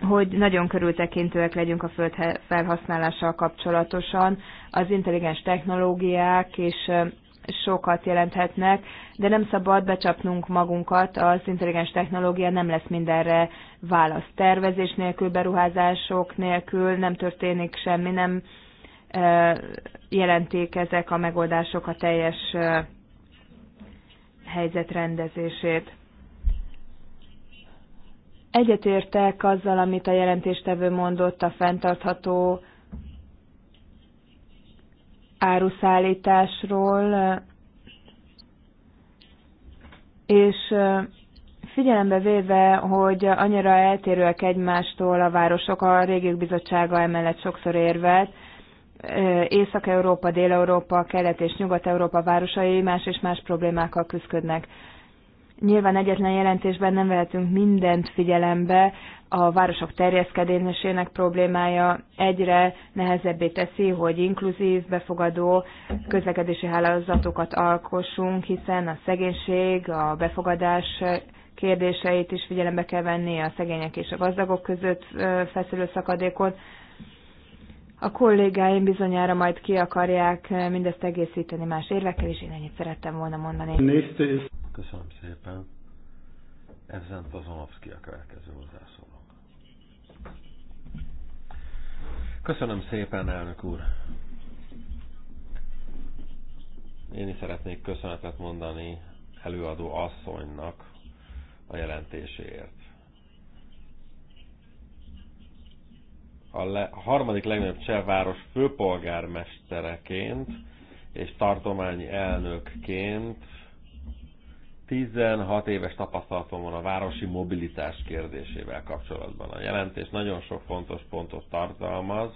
hogy nagyon körültekintőek legyünk a föld felhasználással kapcsolatosan. Az intelligens technológiák és sokat jelenthetnek, de nem szabad becsapnunk magunkat, az intelligens technológia nem lesz mindenre válasz. Tervezés nélkül, beruházások nélkül nem történik semmi, nem jelenték ezek a megoldások a teljes helyzet rendezését. Egyetértek azzal, amit a jelentéstevő mondott a fenntartható áruszállításról, és figyelembe véve, hogy annyira eltérőek egymástól a városok, a régiók bizottsága emellett sokszor érvelt, Észak-Európa, Dél-Európa, Kelet és Nyugat-Európa városai más és más problémákkal küzdködnek. Nyilván egyetlen jelentésben nem vehetünk mindent figyelembe, a városok terjeszkedésének problémája egyre nehezebbé teszi, hogy inkluzív, befogadó közlekedési hálózatokat alkossunk, hiszen a szegénység, a befogadás kérdéseit is figyelembe kell venni, a szegények és a gazdagok között feszülő szakadékot. A kollégáim bizonyára majd ki akarják mindezt egészíteni más érvekkel, és én ennyit szerettem volna mondani. Köszönöm szépen. Ezen Pozonovszki a következő hozzászól. Köszönöm szépen, elnök úr. Én is szeretnék köszönetet mondani előadó asszonynak a jelentéséért. A le, harmadik legnagyobb cseváros főpolgármestereként és tartományi elnökként 16 éves tapasztalatom van a városi mobilitás kérdésével kapcsolatban. A jelentés nagyon sok fontos pontot tartalmaz,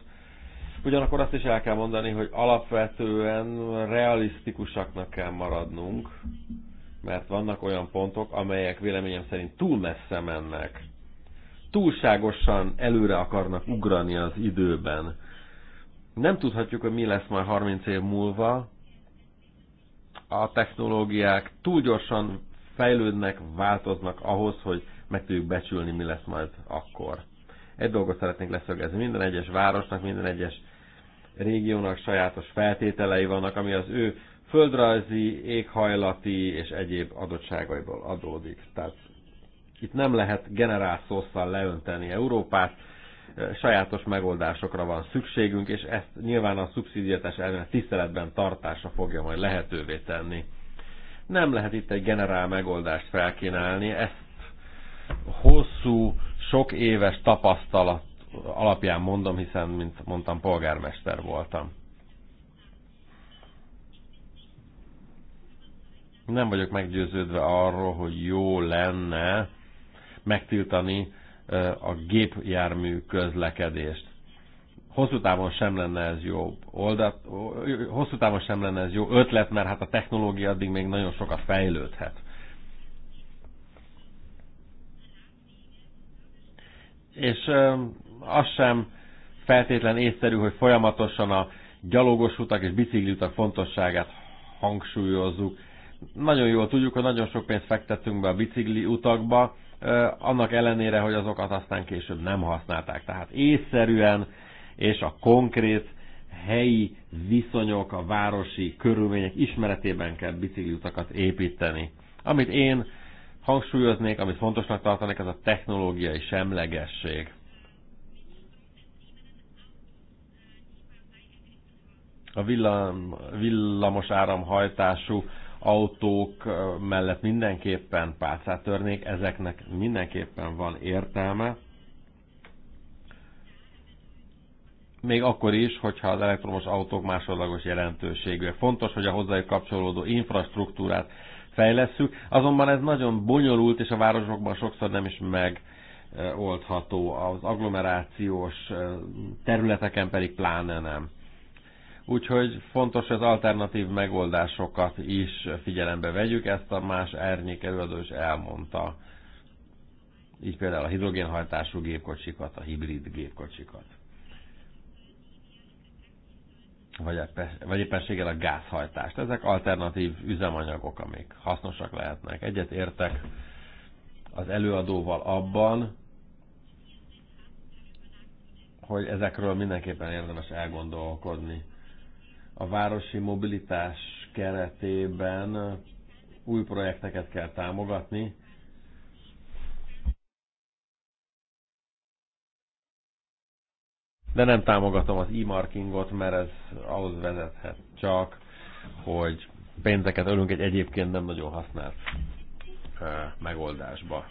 Ugyanakkor azt is el kell mondani, hogy alapvetően realisztikusaknak kell maradnunk, mert vannak olyan pontok, amelyek véleményem szerint túl messze mennek. Túlságosan előre akarnak ugrani az időben. Nem tudhatjuk, hogy mi lesz majd 30 év múlva. A technológiák túl gyorsan fejlődnek, változnak ahhoz, hogy meg tudjuk becsülni, mi lesz majd akkor. Egy dolgot szeretnénk leszögezni. Minden egyes városnak, minden egyes régiónak sajátos feltételei vannak, ami az ő földrajzi, éghajlati és egyéb adottságaiból adódik. Tehát itt nem lehet generál szószal leönteni Európát, e, sajátos megoldásokra van szükségünk, és ezt nyilván a szubszidiatás elmélet tiszteletben tartása fogja majd lehetővé tenni. Nem lehet itt egy generál megoldást felkínálni, ezt hosszú, sok éves tapasztalat alapján mondom, hiszen, mint mondtam, polgármester voltam. Nem vagyok meggyőződve arról, hogy jó lenne megtiltani a gépjármű közlekedést hosszú távon sem lenne ez jó oldat, hosszú távon sem lenne ez jó ötlet, mert hát a technológia addig még nagyon sokat fejlődhet. És az sem feltétlen észszerű, hogy folyamatosan a gyalogos utak és utak fontosságát hangsúlyozzuk. Nagyon jól tudjuk, hogy nagyon sok pénzt fektettünk be a bicikli utakba, annak ellenére, hogy azokat aztán később nem használták. Tehát észszerűen és a konkrét helyi viszonyok, a városi körülmények ismeretében kell bicikliutakat építeni. Amit én hangsúlyoznék, amit fontosnak tartanék, az a technológiai semlegesség. A villam, villamos áramhajtású autók eh, mellett mindenképpen pálcát törnék, ezeknek mindenképpen van értelme, még akkor is, hogyha az elektromos autók másodlagos jelentőségűek. Fontos, hogy a hozzájuk kapcsolódó infrastruktúrát fejlesszük, azonban ez nagyon bonyolult, és a városokban sokszor nem is megoldható, az agglomerációs területeken pedig pláne nem. Úgyhogy fontos az alternatív megoldásokat is figyelembe vegyük, ezt a más árnyék előadó is elmondta. Így például a hidrogénhajtású gépkocsikat, a hibrid gépkocsikat vagy, vagy éppenséggel a gázhajtást. Ezek alternatív üzemanyagok, amik hasznosak lehetnek. Egyet értek az előadóval abban, hogy ezekről mindenképpen érdemes elgondolkodni. A városi mobilitás keretében új projekteket kell támogatni, De nem támogatom az e-markingot, mert ez ahhoz vezethet csak, hogy pénzeket ölünk egy egyébként nem nagyon használt megoldásba.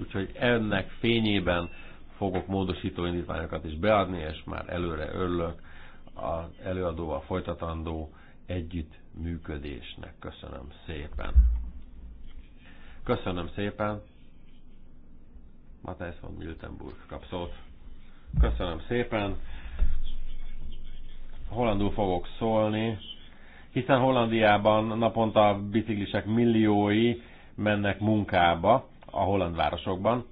Úgyhogy ennek fényében fogok módosító indítványokat is beadni, és már előre örülök az előadóval folytatandó együttműködésnek. Köszönöm szépen. Köszönöm szépen. Matthijs von Miltenburg kapszolt. Köszönöm szépen. Hollandul fogok szólni, hiszen Hollandiában naponta biciklisek milliói mennek munkába a holland városokban.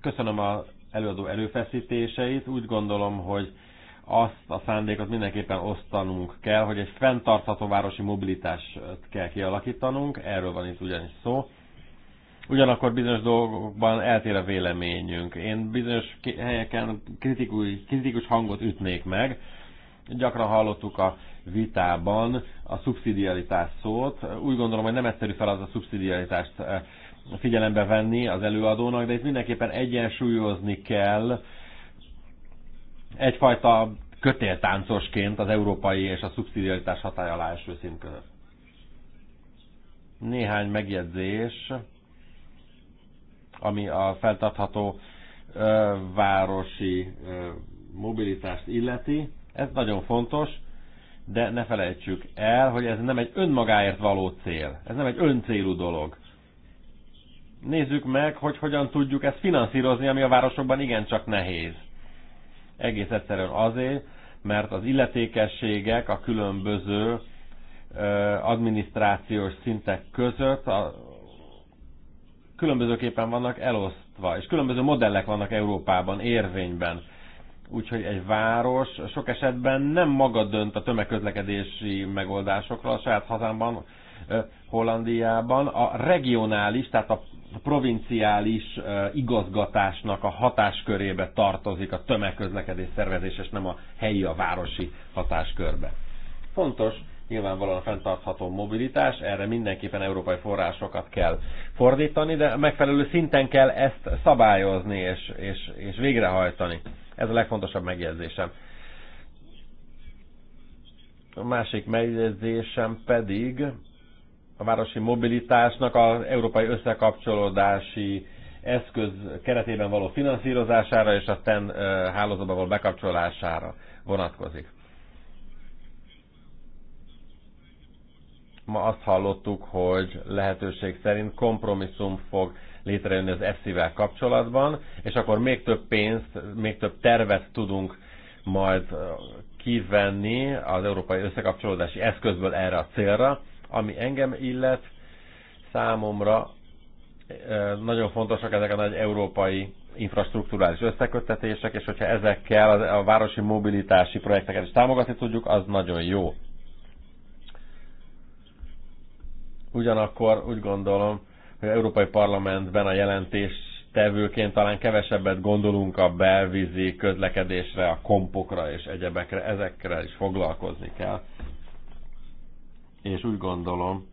Köszönöm az előadó előfeszítéseit. Úgy gondolom, hogy azt a szándékot mindenképpen osztanunk kell, hogy egy fenntartható városi mobilitást kell kialakítanunk, erről van itt ugyanis szó. Ugyanakkor bizonyos dolgokban eltér a véleményünk. Én bizonyos helyeken kritikus, kritikus hangot ütnék meg. Gyakran hallottuk a vitában a szubszidiaritás szót. Úgy gondolom, hogy nem egyszerű fel az a szubszidiaritást eh, figyelembe venni az előadónak, de itt mindenképpen egyensúlyozni kell egyfajta kötéltáncosként az európai és a szubszidiaritás hatája alá eső szint között. Néhány megjegyzés ami a feltartható városi mobilitást illeti. Ez nagyon fontos, de ne felejtsük el, hogy ez nem egy önmagáért való cél. Ez nem egy öncélú dolog. Nézzük meg, hogy hogyan tudjuk ezt finanszírozni, ami a városokban igencsak nehéz. Egész egyszerűen azért, mert az illetékességek a különböző adminisztrációs szintek között, különbözőképpen vannak elosztva, és különböző modellek vannak Európában, érvényben. Úgyhogy egy város sok esetben nem maga dönt a tömegközlekedési megoldásokra a saját hazámban, Hollandiában. A regionális, tehát a provinciális igazgatásnak a hatáskörébe tartozik a tömegközlekedés szervezés, és nem a helyi, a városi hatáskörbe. Fontos nyilvánvalóan a fenntartható mobilitás, erre mindenképpen európai forrásokat kell fordítani, de megfelelő szinten kell ezt szabályozni és, és, és végrehajtani. Ez a legfontosabb megjegyzésem. A másik megjegyzésem pedig a városi mobilitásnak az európai összekapcsolódási eszköz keretében való finanszírozására és a TEN hálózatba való bekapcsolására vonatkozik. ma azt hallottuk, hogy lehetőség szerint kompromisszum fog létrejönni az EFSZ-vel kapcsolatban, és akkor még több pénzt, még több tervet tudunk majd kivenni az európai összekapcsolódási eszközből erre a célra, ami engem illet, számomra nagyon fontosak ezek a nagy európai infrastruktúrális összeköttetések, és hogyha ezekkel a városi mobilitási projekteket is támogatni tudjuk, az nagyon jó. Ugyanakkor úgy gondolom, hogy az Európai Parlamentben a jelentés tevőként talán kevesebbet gondolunk a belvízi közlekedésre, a kompokra és egyebekre, ezekre is foglalkozni kell. És úgy gondolom,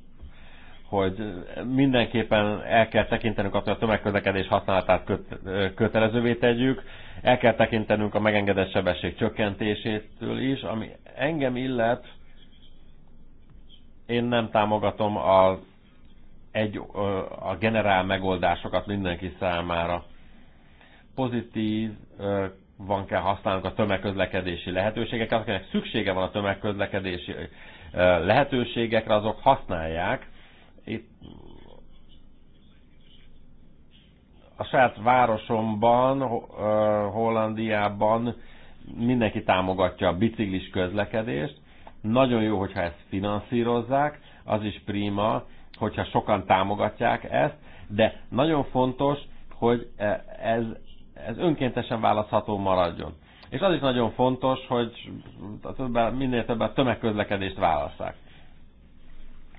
hogy mindenképpen el kell tekintenünk attól, hogy a tömegközlekedés használatát kötelezővé tegyük, el kell tekintenünk a megengedett sebesség csökkentésétől is, ami engem illet, én nem támogatom a, egy, a generál megoldásokat mindenki számára. Pozitív van kell használnunk a tömegközlekedési lehetőségeket, akinek szüksége van a tömegközlekedési lehetőségekre, azok használják. Itt a saját városomban, Hollandiában mindenki támogatja a biciklis közlekedést, nagyon jó, hogyha ezt finanszírozzák, az is prima, hogyha sokan támogatják ezt, de nagyon fontos, hogy e, ez, ez önkéntesen választható maradjon. És az is nagyon fontos, hogy minél többet tömegközlekedést válasszák.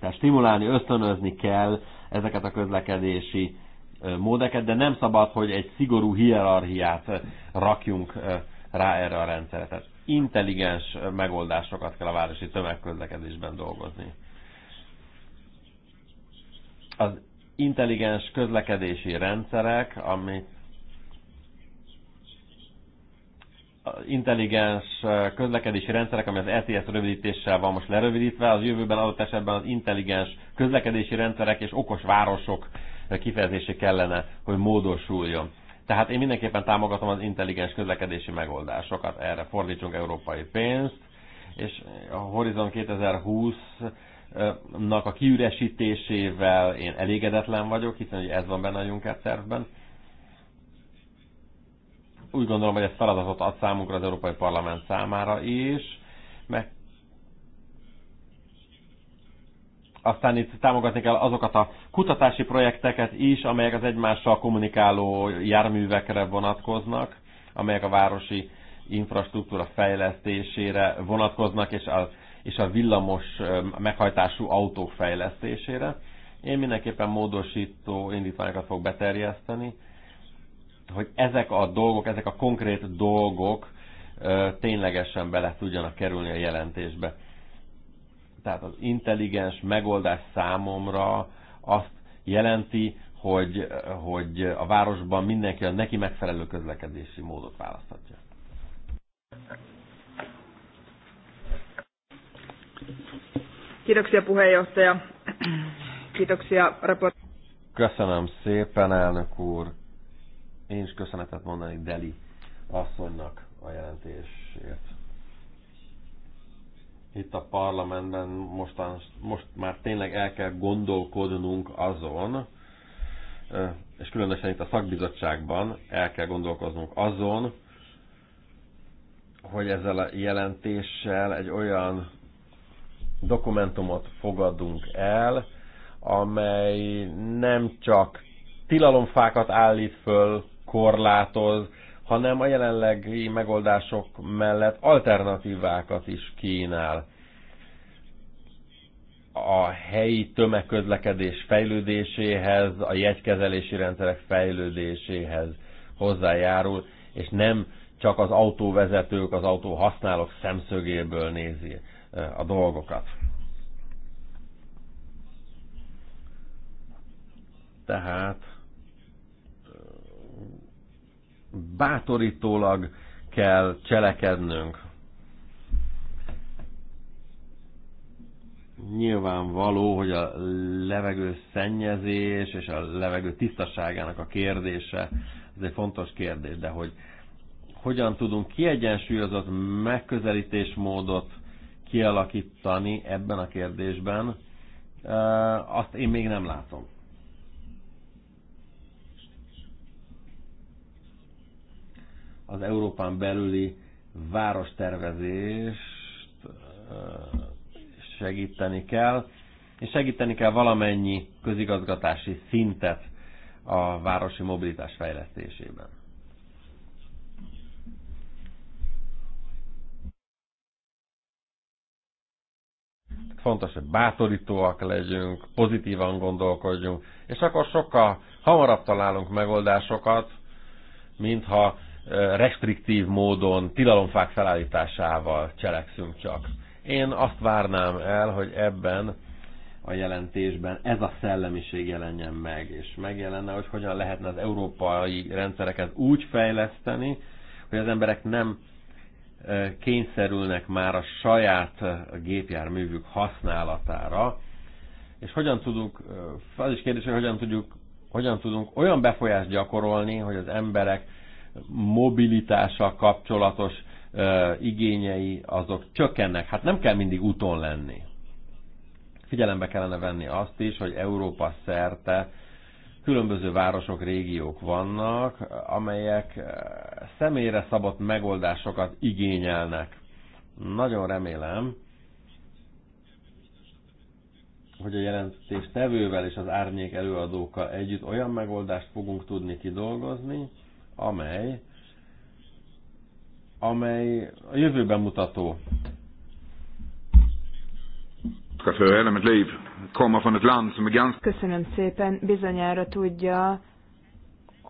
Tehát stimulálni, ösztönözni kell ezeket a közlekedési e, módeket, de nem szabad, hogy egy szigorú hierarchiát e, rakjunk rá erre a rendszeretet intelligens megoldásokat kell a városi tömegközlekedésben dolgozni. Az intelligens közlekedési rendszerek, ami intelligens közlekedési rendszerek, ami az ETS rövidítéssel van most lerövidítve, az jövőben adott esetben az intelligens közlekedési rendszerek és okos városok kifejezése kellene, hogy módosuljon. Tehát én mindenképpen támogatom az intelligens közlekedési megoldásokat, erre fordítsunk európai pénzt, és a Horizon 2020-nak a kiüresítésével én elégedetlen vagyok, hiszen hogy ez van benne a Juncker tervben. Úgy gondolom, hogy ez feladatot ad számunkra az Európai Parlament számára is, meg Aztán itt támogatni kell azokat a kutatási projekteket is, amelyek az egymással kommunikáló járművekre vonatkoznak, amelyek a városi infrastruktúra fejlesztésére vonatkoznak, és a, és a villamos meghajtású autók fejlesztésére. Én mindenképpen módosító indítványokat fog beterjeszteni, hogy ezek a dolgok, ezek a konkrét dolgok ténylegesen bele tudjanak kerülni a jelentésbe. Tehát az intelligens megoldás számomra azt jelenti, hogy, hogy a városban mindenki a neki megfelelő közlekedési módot választhatja. Kiitoksia puheenjohtaja. Kiitoksia raport. Köszönöm szépen, elnök úr. Én is köszönetet mondani Deli asszonynak a jelentésért itt a parlamentben mostan, most már tényleg el kell gondolkodnunk azon, és különösen itt a szakbizottságban el kell gondolkoznunk azon, hogy ezzel a jelentéssel egy olyan dokumentumot fogadunk el, amely nem csak tilalomfákat állít föl, korlátoz, hanem a jelenlegi megoldások mellett alternatívákat is kínál. A helyi tömegközlekedés fejlődéséhez, a jegykezelési rendszerek fejlődéséhez hozzájárul, és nem csak az autóvezetők, az autóhasználók szemszögéből nézi e, a dolgokat. Tehát bátorítólag kell cselekednünk. Nyilvánvaló, hogy a levegő szennyezés és a levegő tisztaságának a kérdése, ez egy fontos kérdés, de hogy hogyan tudunk kiegyensúlyozott megközelítésmódot kialakítani ebben a kérdésben, azt én még nem látom. az Európán belüli várostervezést segíteni kell, és segíteni kell valamennyi közigazgatási szintet a városi mobilitás fejlesztésében. fontos, hogy bátorítóak legyünk, pozitívan gondolkodjunk, és akkor sokkal hamarabb találunk megoldásokat, mintha restriktív módon, tilalomfák felállításával cselekszünk csak. Én azt várnám el, hogy ebben a jelentésben ez a szellemiség jelenjen meg, és megjelenne, hogy hogyan lehetne az európai rendszereket úgy fejleszteni, hogy az emberek nem kényszerülnek már a saját gépjárművük használatára, és hogyan tudunk, az is kérdés, hogy hogyan, tudjuk, hogyan tudunk olyan befolyást gyakorolni, hogy az emberek mobilitással kapcsolatos igényei, azok csökkennek. Hát nem kell mindig úton lenni. Figyelembe kellene venni azt is, hogy Európa szerte különböző városok, régiók vannak, amelyek személyre szabott megoldásokat igényelnek. Nagyon remélem, hogy a jelentés tevővel és az árnyék előadókkal együtt olyan megoldást fogunk tudni kidolgozni, amely amely a jövőben mutató. Köszönöm szépen, bizonyára tudja,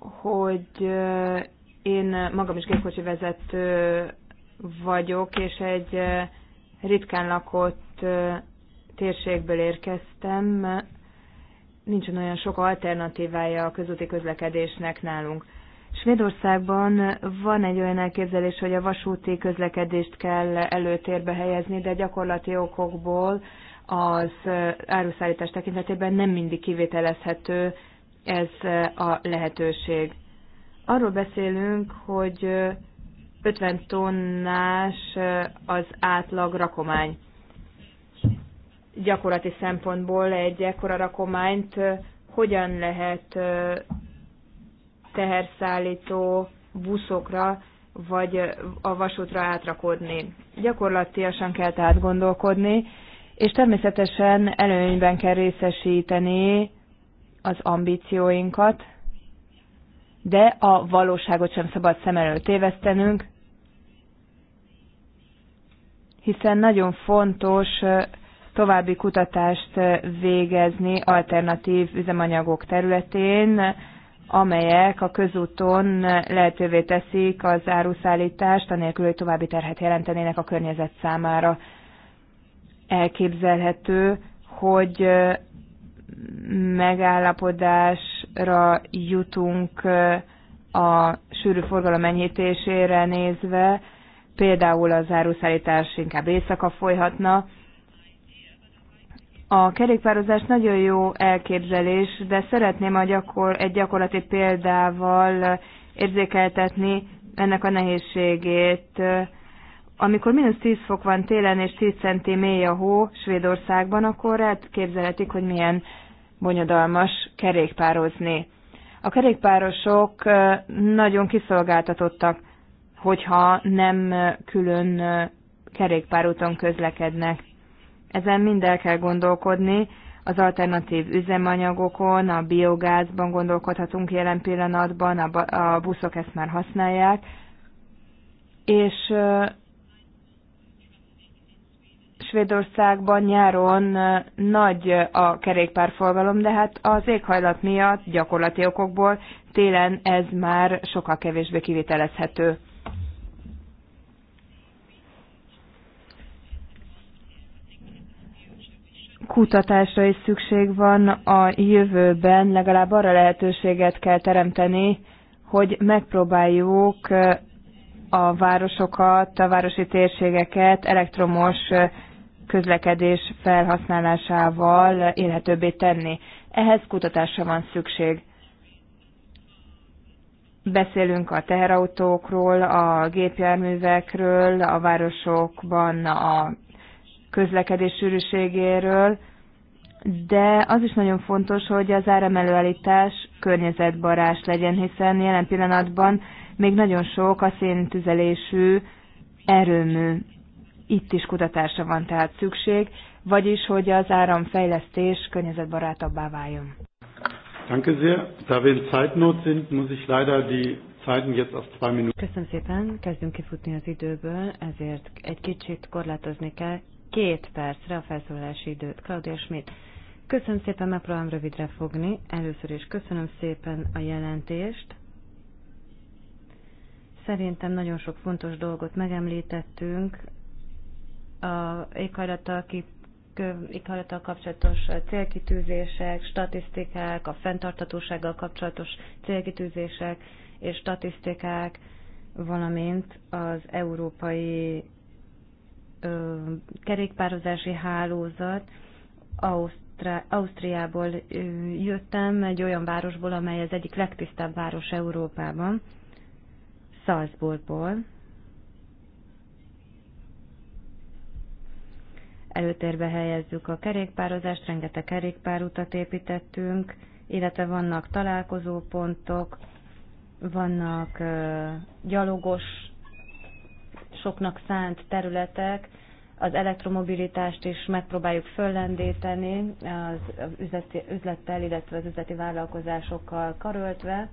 hogy eh, én magam is gépkocsi vezető vagyok, és egy eh, ritkán lakott eh, térségből érkeztem. Nincs olyan sok alternatívája a közúti közlekedésnek nálunk. Svédországban van egy olyan elképzelés, hogy a vasúti közlekedést kell előtérbe helyezni, de gyakorlati okokból az áruszállítás tekintetében nem mindig kivételezhető ez a lehetőség. Arról beszélünk, hogy 50 tonnás az átlag rakomány. Gyakorlati szempontból egy ekkora rakományt hogyan lehet teherszállító buszokra vagy a vasútra átrakodni. Gyakorlatilag kell tehát gondolkodni, és természetesen előnyben kell részesíteni az ambícióinkat, de a valóságot sem szabad szem előtt tévesztenünk, hiszen nagyon fontos további kutatást végezni alternatív üzemanyagok területén, amelyek a közúton lehetővé teszik az áruszállítást, anélkül, hogy további terhet jelentenének a környezet számára. Elképzelhető, hogy megállapodásra jutunk a sűrű forgalom enyhítésére nézve, például az áruszállítás inkább éjszaka folyhatna, a kerékpározás nagyon jó elképzelés, de szeretném a gyakor, egy gyakorlati példával érzékeltetni ennek a nehézségét. Amikor mínusz 10 fok van télen és 10 centi mély a hó Svédországban, akkor elképzelhetik, hát hogy milyen bonyodalmas kerékpározni. A kerékpárosok nagyon kiszolgáltatottak, hogyha nem külön kerékpárúton közlekednek. Ezen mind el kell gondolkodni, az alternatív üzemanyagokon, a biogázban gondolkodhatunk jelen pillanatban, a, buszok ezt már használják, és Svédországban nyáron nagy a kerékpárforgalom, de hát az éghajlat miatt gyakorlati okokból télen ez már sokkal kevésbé kivitelezhető. kutatásra is szükség van a jövőben, legalább arra lehetőséget kell teremteni, hogy megpróbáljuk a városokat, a városi térségeket elektromos közlekedés felhasználásával élhetőbbé tenni. Ehhez kutatásra van szükség. Beszélünk a teherautókról, a gépjárművekről, a városokban a közlekedés sűrűségéről, de az is nagyon fontos, hogy az áramelőállítás környezetbarás legyen, hiszen jelen pillanatban még nagyon sok a széntüzelésű erőmű. Itt is kutatásra van tehát szükség, vagyis hogy az áramfejlesztés környezetbarátabbá váljon. Danke sehr. Da wir in Zeitnot sind, muss ich leider die Zeiten jetzt auf zwei Minuten. Köszönöm szépen, kezdünk kifutni az időből, ezért egy kicsit korlátozni kell, két percre a felszólalási időt. Claudia Schmidt. Köszönöm szépen, megpróbálom rövidre fogni. Először is köszönöm szépen a jelentést. Szerintem nagyon sok fontos dolgot megemlítettünk. A éghajlattal, ki, éghajlattal kapcsolatos célkitűzések, statisztikák, a fenntartatósággal kapcsolatos célkitűzések és statisztikák, valamint az európai ö, kerékpározási hálózat. Ausztri- Ausztriából ö, jöttem, egy olyan városból, amely az egyik legtisztább város Európában, Salzburgból. Előtérbe helyezzük a kerékpározást, rengeteg kerékpárutat építettünk, illetve vannak találkozópontok, vannak gyalogos soknak szánt területek, az elektromobilitást is megpróbáljuk föllendíteni az üzleti, üzlettel, illetve az üzleti vállalkozásokkal karöltve.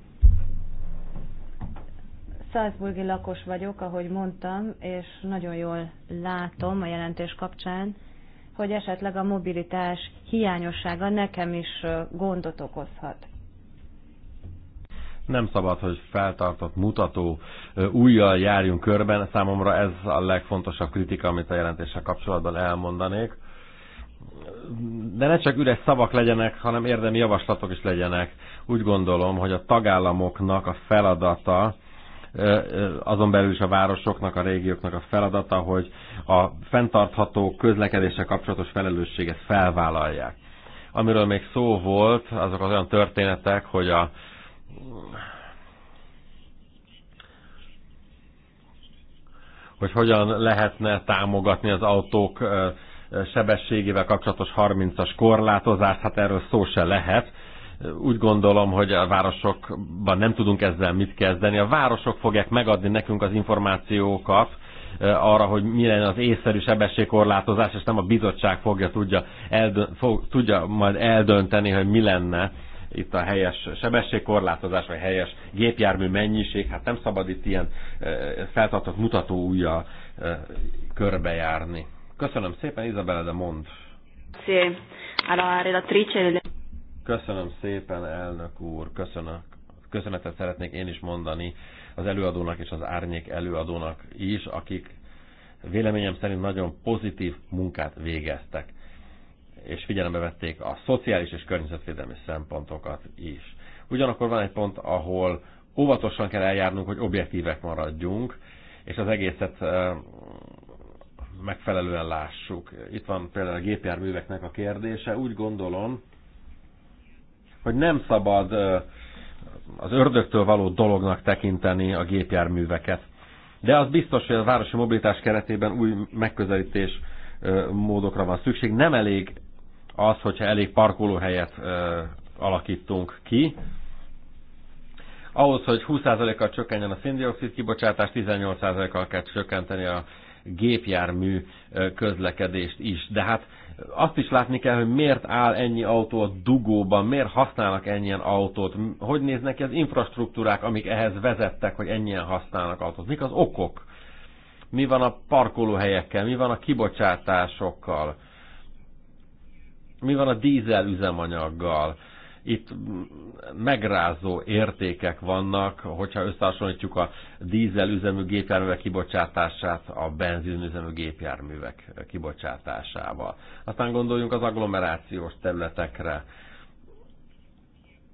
Salzburgi lakos vagyok, ahogy mondtam, és nagyon jól látom a jelentés kapcsán, hogy esetleg a mobilitás hiányossága nekem is gondot okozhat. Nem szabad, hogy feltartott mutató újjal járjunk körben. Számomra ez a legfontosabb kritika, amit a jelentéssel kapcsolatban elmondanék. De ne csak üres szavak legyenek, hanem érdemi javaslatok is legyenek. Úgy gondolom, hogy a tagállamoknak a feladata, azon belül is a városoknak, a régióknak a feladata, hogy a fenntartható közlekedéssel kapcsolatos felelősséget felvállalják. Amiről még szó volt, azok az olyan történetek, hogy a hogy hogyan lehetne támogatni az autók sebességével kapcsolatos 30-as korlátozást, hát erről szó se lehet. Úgy gondolom, hogy a városokban nem tudunk ezzel mit kezdeni. A városok fogják megadni nekünk az információkat, arra, hogy mi lenne az észszerű sebességkorlátozás, és nem a bizottság fogja tudja, eldö- fog, tudja majd eldönteni, hogy mi lenne itt a helyes sebességkorlátozás, vagy helyes gépjármű mennyiség, hát nem szabad itt ilyen feltartott mutató újra körbejárni. Köszönöm szépen, Izabella, de mond. Köszönöm szépen, elnök úr, köszönöm. Köszönetet szeretnék én is mondani az előadónak és az árnyék előadónak is, akik véleményem szerint nagyon pozitív munkát végeztek és figyelembe vették a szociális és környezetvédelmi szempontokat is. Ugyanakkor van egy pont, ahol óvatosan kell eljárnunk, hogy objektívek maradjunk, és az egészet megfelelően lássuk. Itt van például a gépjárműveknek a kérdése. Úgy gondolom, hogy nem szabad az ördögtől való dolognak tekinteni a gépjárműveket. De az biztos, hogy a városi mobilitás keretében új megközelítés módokra van szükség. Nem elég az, hogyha elég parkolóhelyet alakítunk ki, ahhoz, hogy 20%-kal csökkenjen a széndiokszid kibocsátás, 18%-kal kell csökkenteni a gépjármű közlekedést is. De hát azt is látni kell, hogy miért áll ennyi autó a dugóban, miért használnak ennyien autót, hogy néznek ki az infrastruktúrák, amik ehhez vezettek, hogy ennyien használnak autót, mik az okok, mi van a parkolóhelyekkel, mi van a kibocsátásokkal, mi van a dízel üzemanyaggal? Itt megrázó értékek vannak, hogyha összehasonlítjuk a üzemű gépjárművek kibocsátását a benzin üzemű gépjárművek kibocsátásával. Aztán gondoljunk az agglomerációs területekre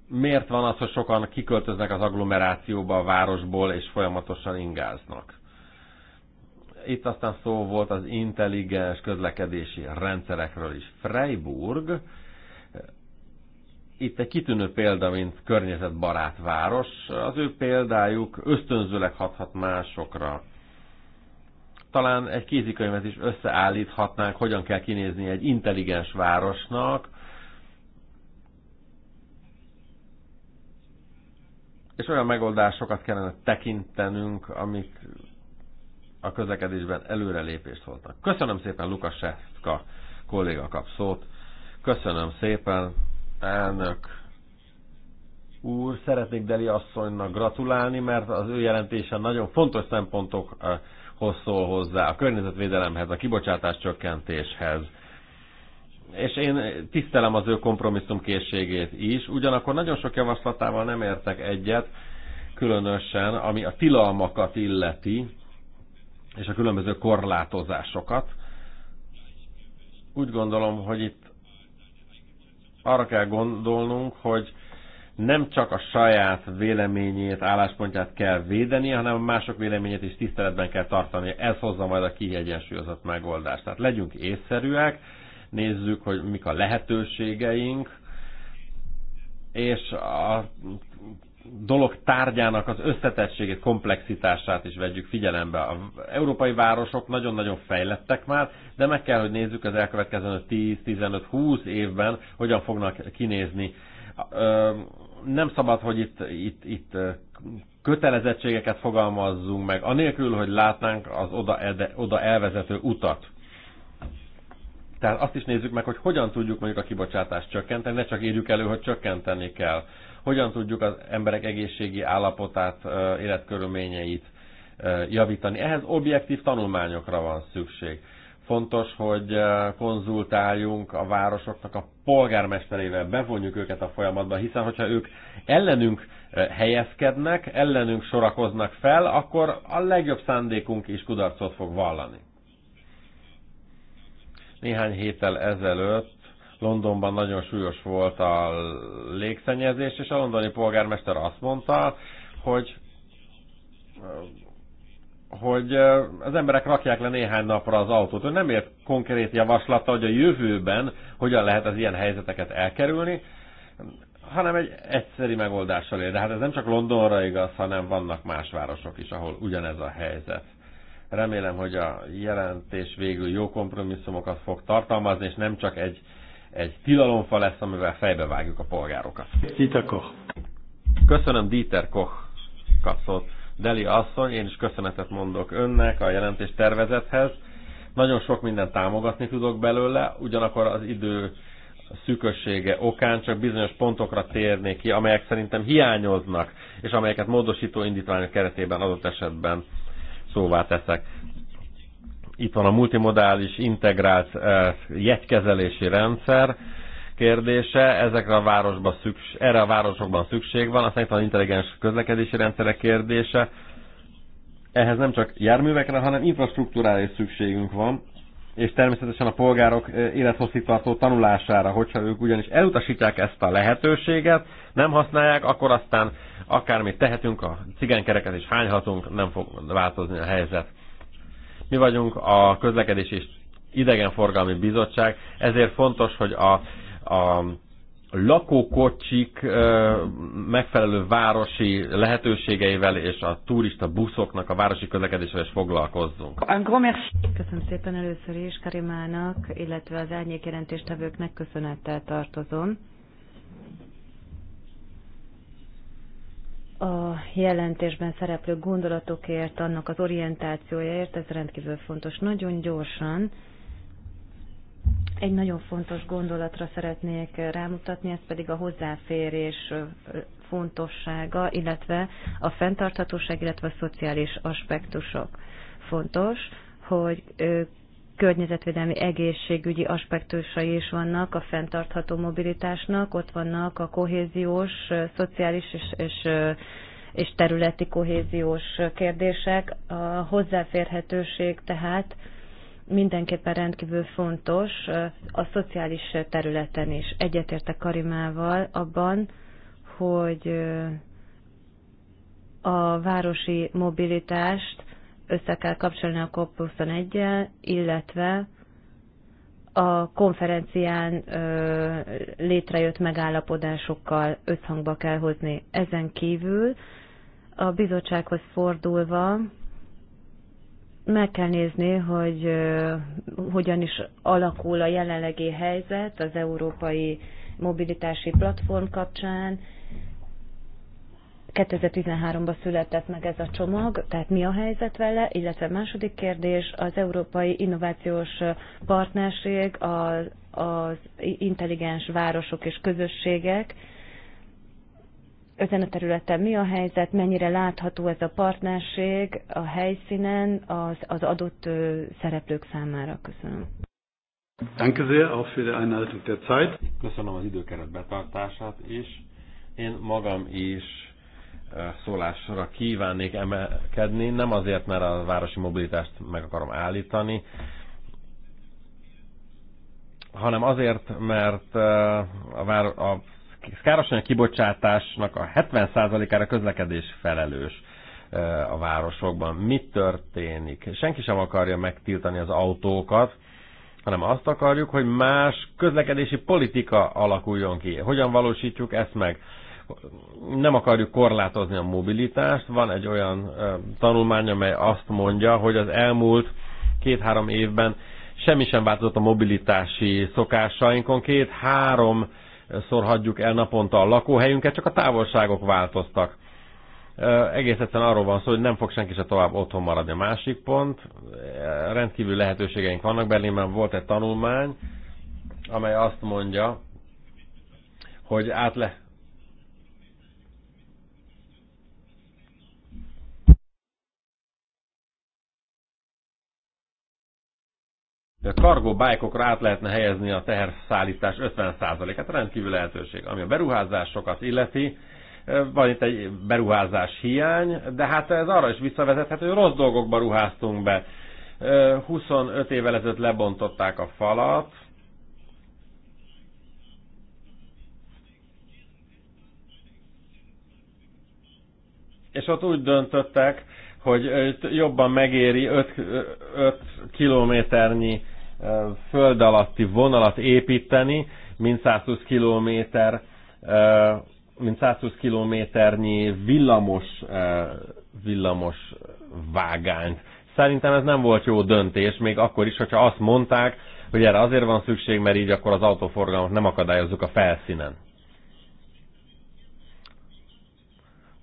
miért van az, hogy sokan kiköltöznek az agglomerációba a városból, és folyamatosan ingáznak? Itt aztán szó volt az intelligens közlekedési rendszerekről is. Freiburg, itt egy kitűnő példa, mint környezetbarát város, az ő példájuk ösztönzőleg hathat másokra. Talán egy kézikönyvet is összeállíthatnánk, hogyan kell kinézni egy intelligens városnak, és olyan megoldásokat kellene tekintenünk, amik a közlekedésben előrelépést hoztak. Köszönöm szépen Lukasevka kolléga kap szót. Köszönöm szépen, elnök úr, szeretnék Deli asszonynak gratulálni, mert az ő jelentése nagyon fontos szempontokhoz szól hozzá, a környezetvédelemhez, a kibocsátás csökkentéshez. És én tisztelem az ő kompromisszumkészségét is, ugyanakkor nagyon sok javaslatával nem értek egyet, különösen, ami a tilalmakat illeti, és a különböző korlátozásokat. Úgy gondolom, hogy itt arra kell gondolnunk, hogy nem csak a saját véleményét, álláspontját kell védeni, hanem a mások véleményét is tiszteletben kell tartani. Ez hozza majd a kiegyensúlyozott megoldást. Tehát legyünk észszerűek, nézzük, hogy mik a lehetőségeink, és a dolog tárgyának az összetettségét, komplexitását is vegyük figyelembe. A európai városok nagyon-nagyon fejlettek már, de meg kell, hogy nézzük az elkövetkező 10-15-20 évben, hogyan fognak kinézni. Nem szabad, hogy itt, itt, itt kötelezettségeket fogalmazzunk meg, anélkül, hogy látnánk az oda, oda elvezető utat. Tehát azt is nézzük meg, hogy hogyan tudjuk mondjuk a kibocsátást csökkenteni, ne csak írjuk elő, hogy csökkenteni kell hogyan tudjuk az emberek egészségi állapotát, életkörülményeit javítani. Ehhez objektív tanulmányokra van szükség. Fontos, hogy konzultáljunk a városoknak a polgármesterével, bevonjuk őket a folyamatba, hiszen hogyha ők ellenünk helyezkednek, ellenünk sorakoznak fel, akkor a legjobb szándékunk is kudarcot fog vallani néhány héttel ezelőtt Londonban nagyon súlyos volt a légszennyezés, és a londoni polgármester azt mondta, hogy hogy az emberek rakják le néhány napra az autót. Ő nem ért konkrét javaslata, hogy a jövőben hogyan lehet az ilyen helyzeteket elkerülni, hanem egy egyszeri megoldással ér. De hát ez nem csak Londonra igaz, hanem vannak más városok is, ahol ugyanez a helyzet. Remélem, hogy a jelentés végül jó kompromisszumokat fog tartalmazni, és nem csak egy egy tilalomfa lesz, amivel vágjuk a polgárokat. Dieter Koch. Köszönöm Dieter Koch kapszót. Deli asszony, én is köszönetet mondok önnek a jelentés tervezethez. Nagyon sok mindent támogatni tudok belőle, ugyanakkor az idő szűkössége okán csak bizonyos pontokra térnék ki, amelyek szerintem hiányoznak, és amelyeket módosító indítványok keretében adott esetben szóvá teszek itt van a multimodális integrált eh, jegykezelési rendszer kérdése, ezekre a városban szükség, erre a városokban szükség van, aztán itt van intelligens közlekedési rendszerek kérdése. Ehhez nem csak járművekre, hanem infrastruktúrális szükségünk van, és természetesen a polgárok eh, élethosszígtartó tanulására, hogyha ők ugyanis elutasítják ezt a lehetőséget, nem használják, akkor aztán akármit tehetünk, a cigánykereket is hányhatunk, nem fog változni a helyzet. Mi vagyunk a közlekedés és idegenforgalmi bizottság, ezért fontos, hogy a, a lakókocsik megfelelő városi lehetőségeivel és a turista buszoknak a városi közlekedésével is foglalkozzunk. Köszönöm szépen először is Karimának, illetve az árnyék jelentéstevőknek köszönettel tartozom. a jelentésben szereplő gondolatokért, annak az orientációjáért, ez rendkívül fontos. Nagyon gyorsan egy nagyon fontos gondolatra szeretnék rámutatni, ez pedig a hozzáférés fontossága, illetve a fenntarthatóság, illetve a szociális aspektusok. Fontos, hogy környezetvédelmi egészségügyi aspektusai is vannak a fenntartható mobilitásnak, ott vannak a kohéziós, szociális és, és, és területi kohéziós kérdések. A hozzáférhetőség tehát mindenképpen rendkívül fontos a szociális területen is. Egyetértek Karimával abban, hogy a városi mobilitást össze kell kapcsolni a COP21-el, illetve a konferencián ö, létrejött megállapodásokkal összhangba kell hozni. Ezen kívül a bizottsághoz fordulva meg kell nézni, hogy ö, hogyan is alakul a jelenlegi helyzet az európai mobilitási platform kapcsán, 2013-ban született meg ez a csomag, tehát mi a helyzet vele, illetve második kérdés, az Európai Innovációs Partnerség, az, az intelligens városok és közösségek, ezen a területen mi a helyzet, mennyire látható ez a partnerség a helyszínen az, az adott szereplők számára. Köszönöm. Danke sehr auch für die Einhaltung der Zeit. Köszönöm az időkeret betartását is. Én magam is szólásra kívánnék emelkedni, nem azért, mert a városi mobilitást meg akarom állítani, hanem azért, mert a, vár, a károsanyag kibocsátásnak a 70%-ára közlekedés felelős a városokban. Mi történik? Senki sem akarja megtiltani az autókat, hanem azt akarjuk, hogy más közlekedési politika alakuljon ki. Hogyan valósítjuk ezt meg? nem akarjuk korlátozni a mobilitást. Van egy olyan tanulmány, amely azt mondja, hogy az elmúlt két-három évben semmi sem változott a mobilitási szokásainkon. Két-három szor hagyjuk el naponta a lakóhelyünket, csak a távolságok változtak. Egész egyszerűen arról van szó, hogy nem fog senki se tovább otthon maradni. A másik pont, rendkívül lehetőségeink vannak. Berlinben volt egy tanulmány, amely azt mondja, hogy át le, kargó bájkokra át lehetne helyezni a teherszállítás 50%-át, hát rendkívül lehetőség. Ami a beruházásokat illeti, van itt egy beruházás hiány, de hát ez arra is visszavezethető, hogy rossz dolgokba ruháztunk be. 25 évvel ezelőtt lebontották a falat, és ott úgy döntöttek, hogy jobban megéri 5, 5 kilométernyi föld alatti vonalat építeni, mint 120 kilométer mint 120 kilométernyi villamos, villamos vágányt. Szerintem ez nem volt jó döntés, még akkor is, hogyha azt mondták, hogy erre azért van szükség, mert így akkor az autóforgalmat nem akadályozzuk a felszínen.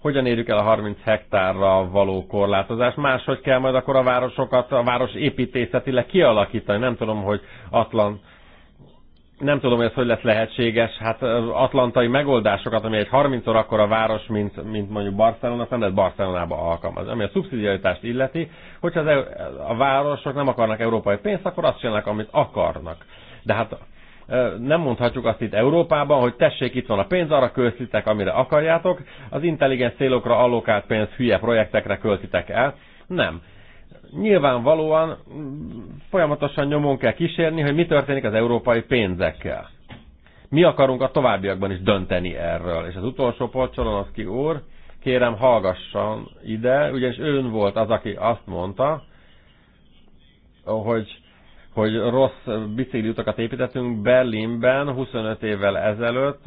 hogyan érjük el a 30 hektárra való korlátozást. Máshogy kell majd akkor a városokat, a város építészetileg kialakítani. Nem tudom, hogy Atlan, nem tudom, hogy ez hogy lesz lehetséges. Hát atlantai megoldásokat, ami egy 30-szor akkora város, mint, mint mondjuk Barcelona, nem lehet Barcelonába alkalmazni. Ami a szubszidiaritást illeti, hogyha az, e- a városok nem akarnak európai pénzt, akkor azt csinálnak, amit akarnak. De hát nem mondhatjuk azt itt Európában, hogy tessék, itt van a pénz, arra költitek, amire akarjátok, az intelligens célokra allokált pénz hülye projektekre költitek el. Nem. Nyilvánvalóan mm, folyamatosan nyomon kell kísérni, hogy mi történik az európai pénzekkel. Mi akarunk a továbbiakban is dönteni erről. És az utolsó az ki úr, kérem hallgasson ide, ugyanis ön volt az, aki azt mondta, hogy hogy rossz utakat építettünk Berlinben 25 évvel ezelőtt,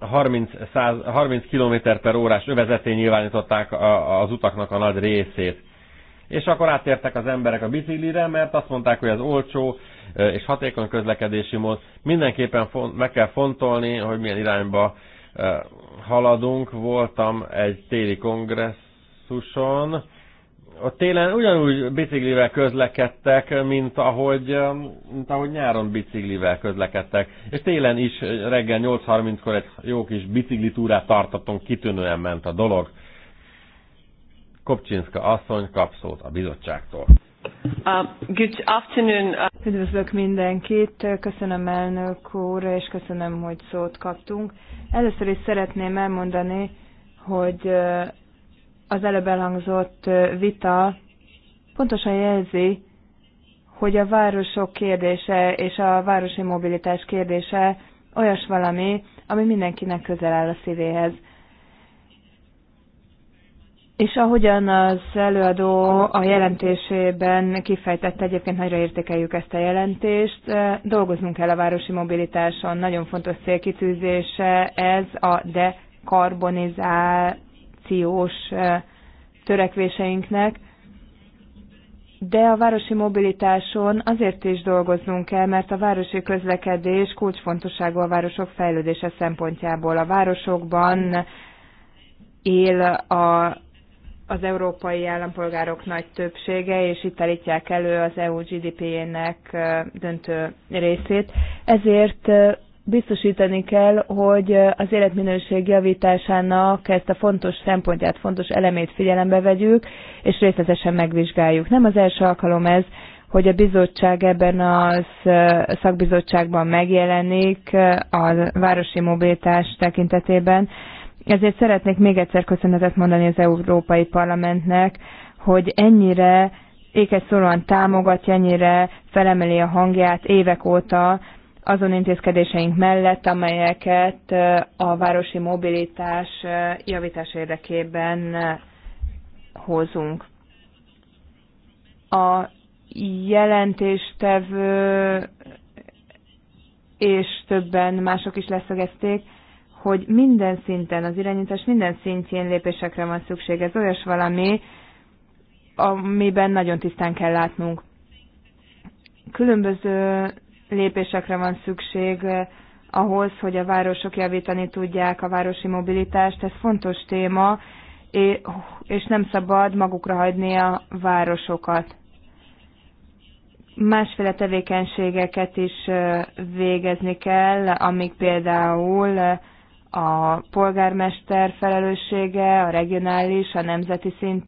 30, 100, 30 km per órás övezetén nyilvánították az utaknak a nagy részét. És akkor átértek az emberek a biciklire, mert azt mondták, hogy ez olcsó és hatékony közlekedési mód. Mindenképpen meg kell fontolni, hogy milyen irányba haladunk. Voltam egy téli kongresszuson, a télen ugyanúgy biciklivel közlekedtek, mint ahogy, mint ahogy nyáron biciklivel közlekedtek. És télen is reggel 8.30-kor egy jó kis biciklitúrát tartottunk, kitűnően ment a dolog. Kopcsinszka asszony kap szót a bizottságtól. Uh, good afternoon. Uh, Üdvözlök mindenkit, köszönöm elnök úr, és köszönöm, hogy szót kaptunk. Először is szeretném elmondani, hogy az előbb elhangzott vita pontosan jelzi, hogy a városok kérdése és a városi mobilitás kérdése olyas valami, ami mindenkinek közel áll a szívéhez. És ahogyan az előadó a jelentésében kifejtette, egyébként nagyra értékeljük ezt a jelentést, Dolgozunk el a városi mobilitáson, nagyon fontos célkitűzése ez a dekarbonizál innovációs törekvéseinknek, de a városi mobilitáson azért is dolgoznunk kell, mert a városi közlekedés kulcsfontosságú a városok fejlődése szempontjából. A városokban él a, az európai állampolgárok nagy többsége, és itt állítják elő az EU gdp ének döntő részét. Ezért biztosítani kell, hogy az életminőség javításának ezt a fontos szempontját, fontos elemét figyelembe vegyük, és részletesen megvizsgáljuk. Nem az első alkalom ez, hogy a bizottság ebben a szakbizottságban megjelenik a városi mobilitás tekintetében. Ezért szeretnék még egyszer köszönetet mondani az Európai Parlamentnek, hogy ennyire ékes szólóan támogatja, ennyire felemeli a hangját évek óta azon intézkedéseink mellett, amelyeket a városi mobilitás javítás érdekében hozunk. A jelentéstevő és többen mások is leszögezték, hogy minden szinten, az irányítás minden szintjén lépésekre van szükség. Ez olyas valami, amiben nagyon tisztán kell látnunk. Különböző lépésekre van szükség eh, ahhoz, hogy a városok javítani tudják a városi mobilitást. Ez fontos téma, és nem szabad magukra hagyni a városokat. Másféle tevékenységeket is eh, végezni kell, amik például eh, a polgármester felelőssége, a regionális, a nemzeti szint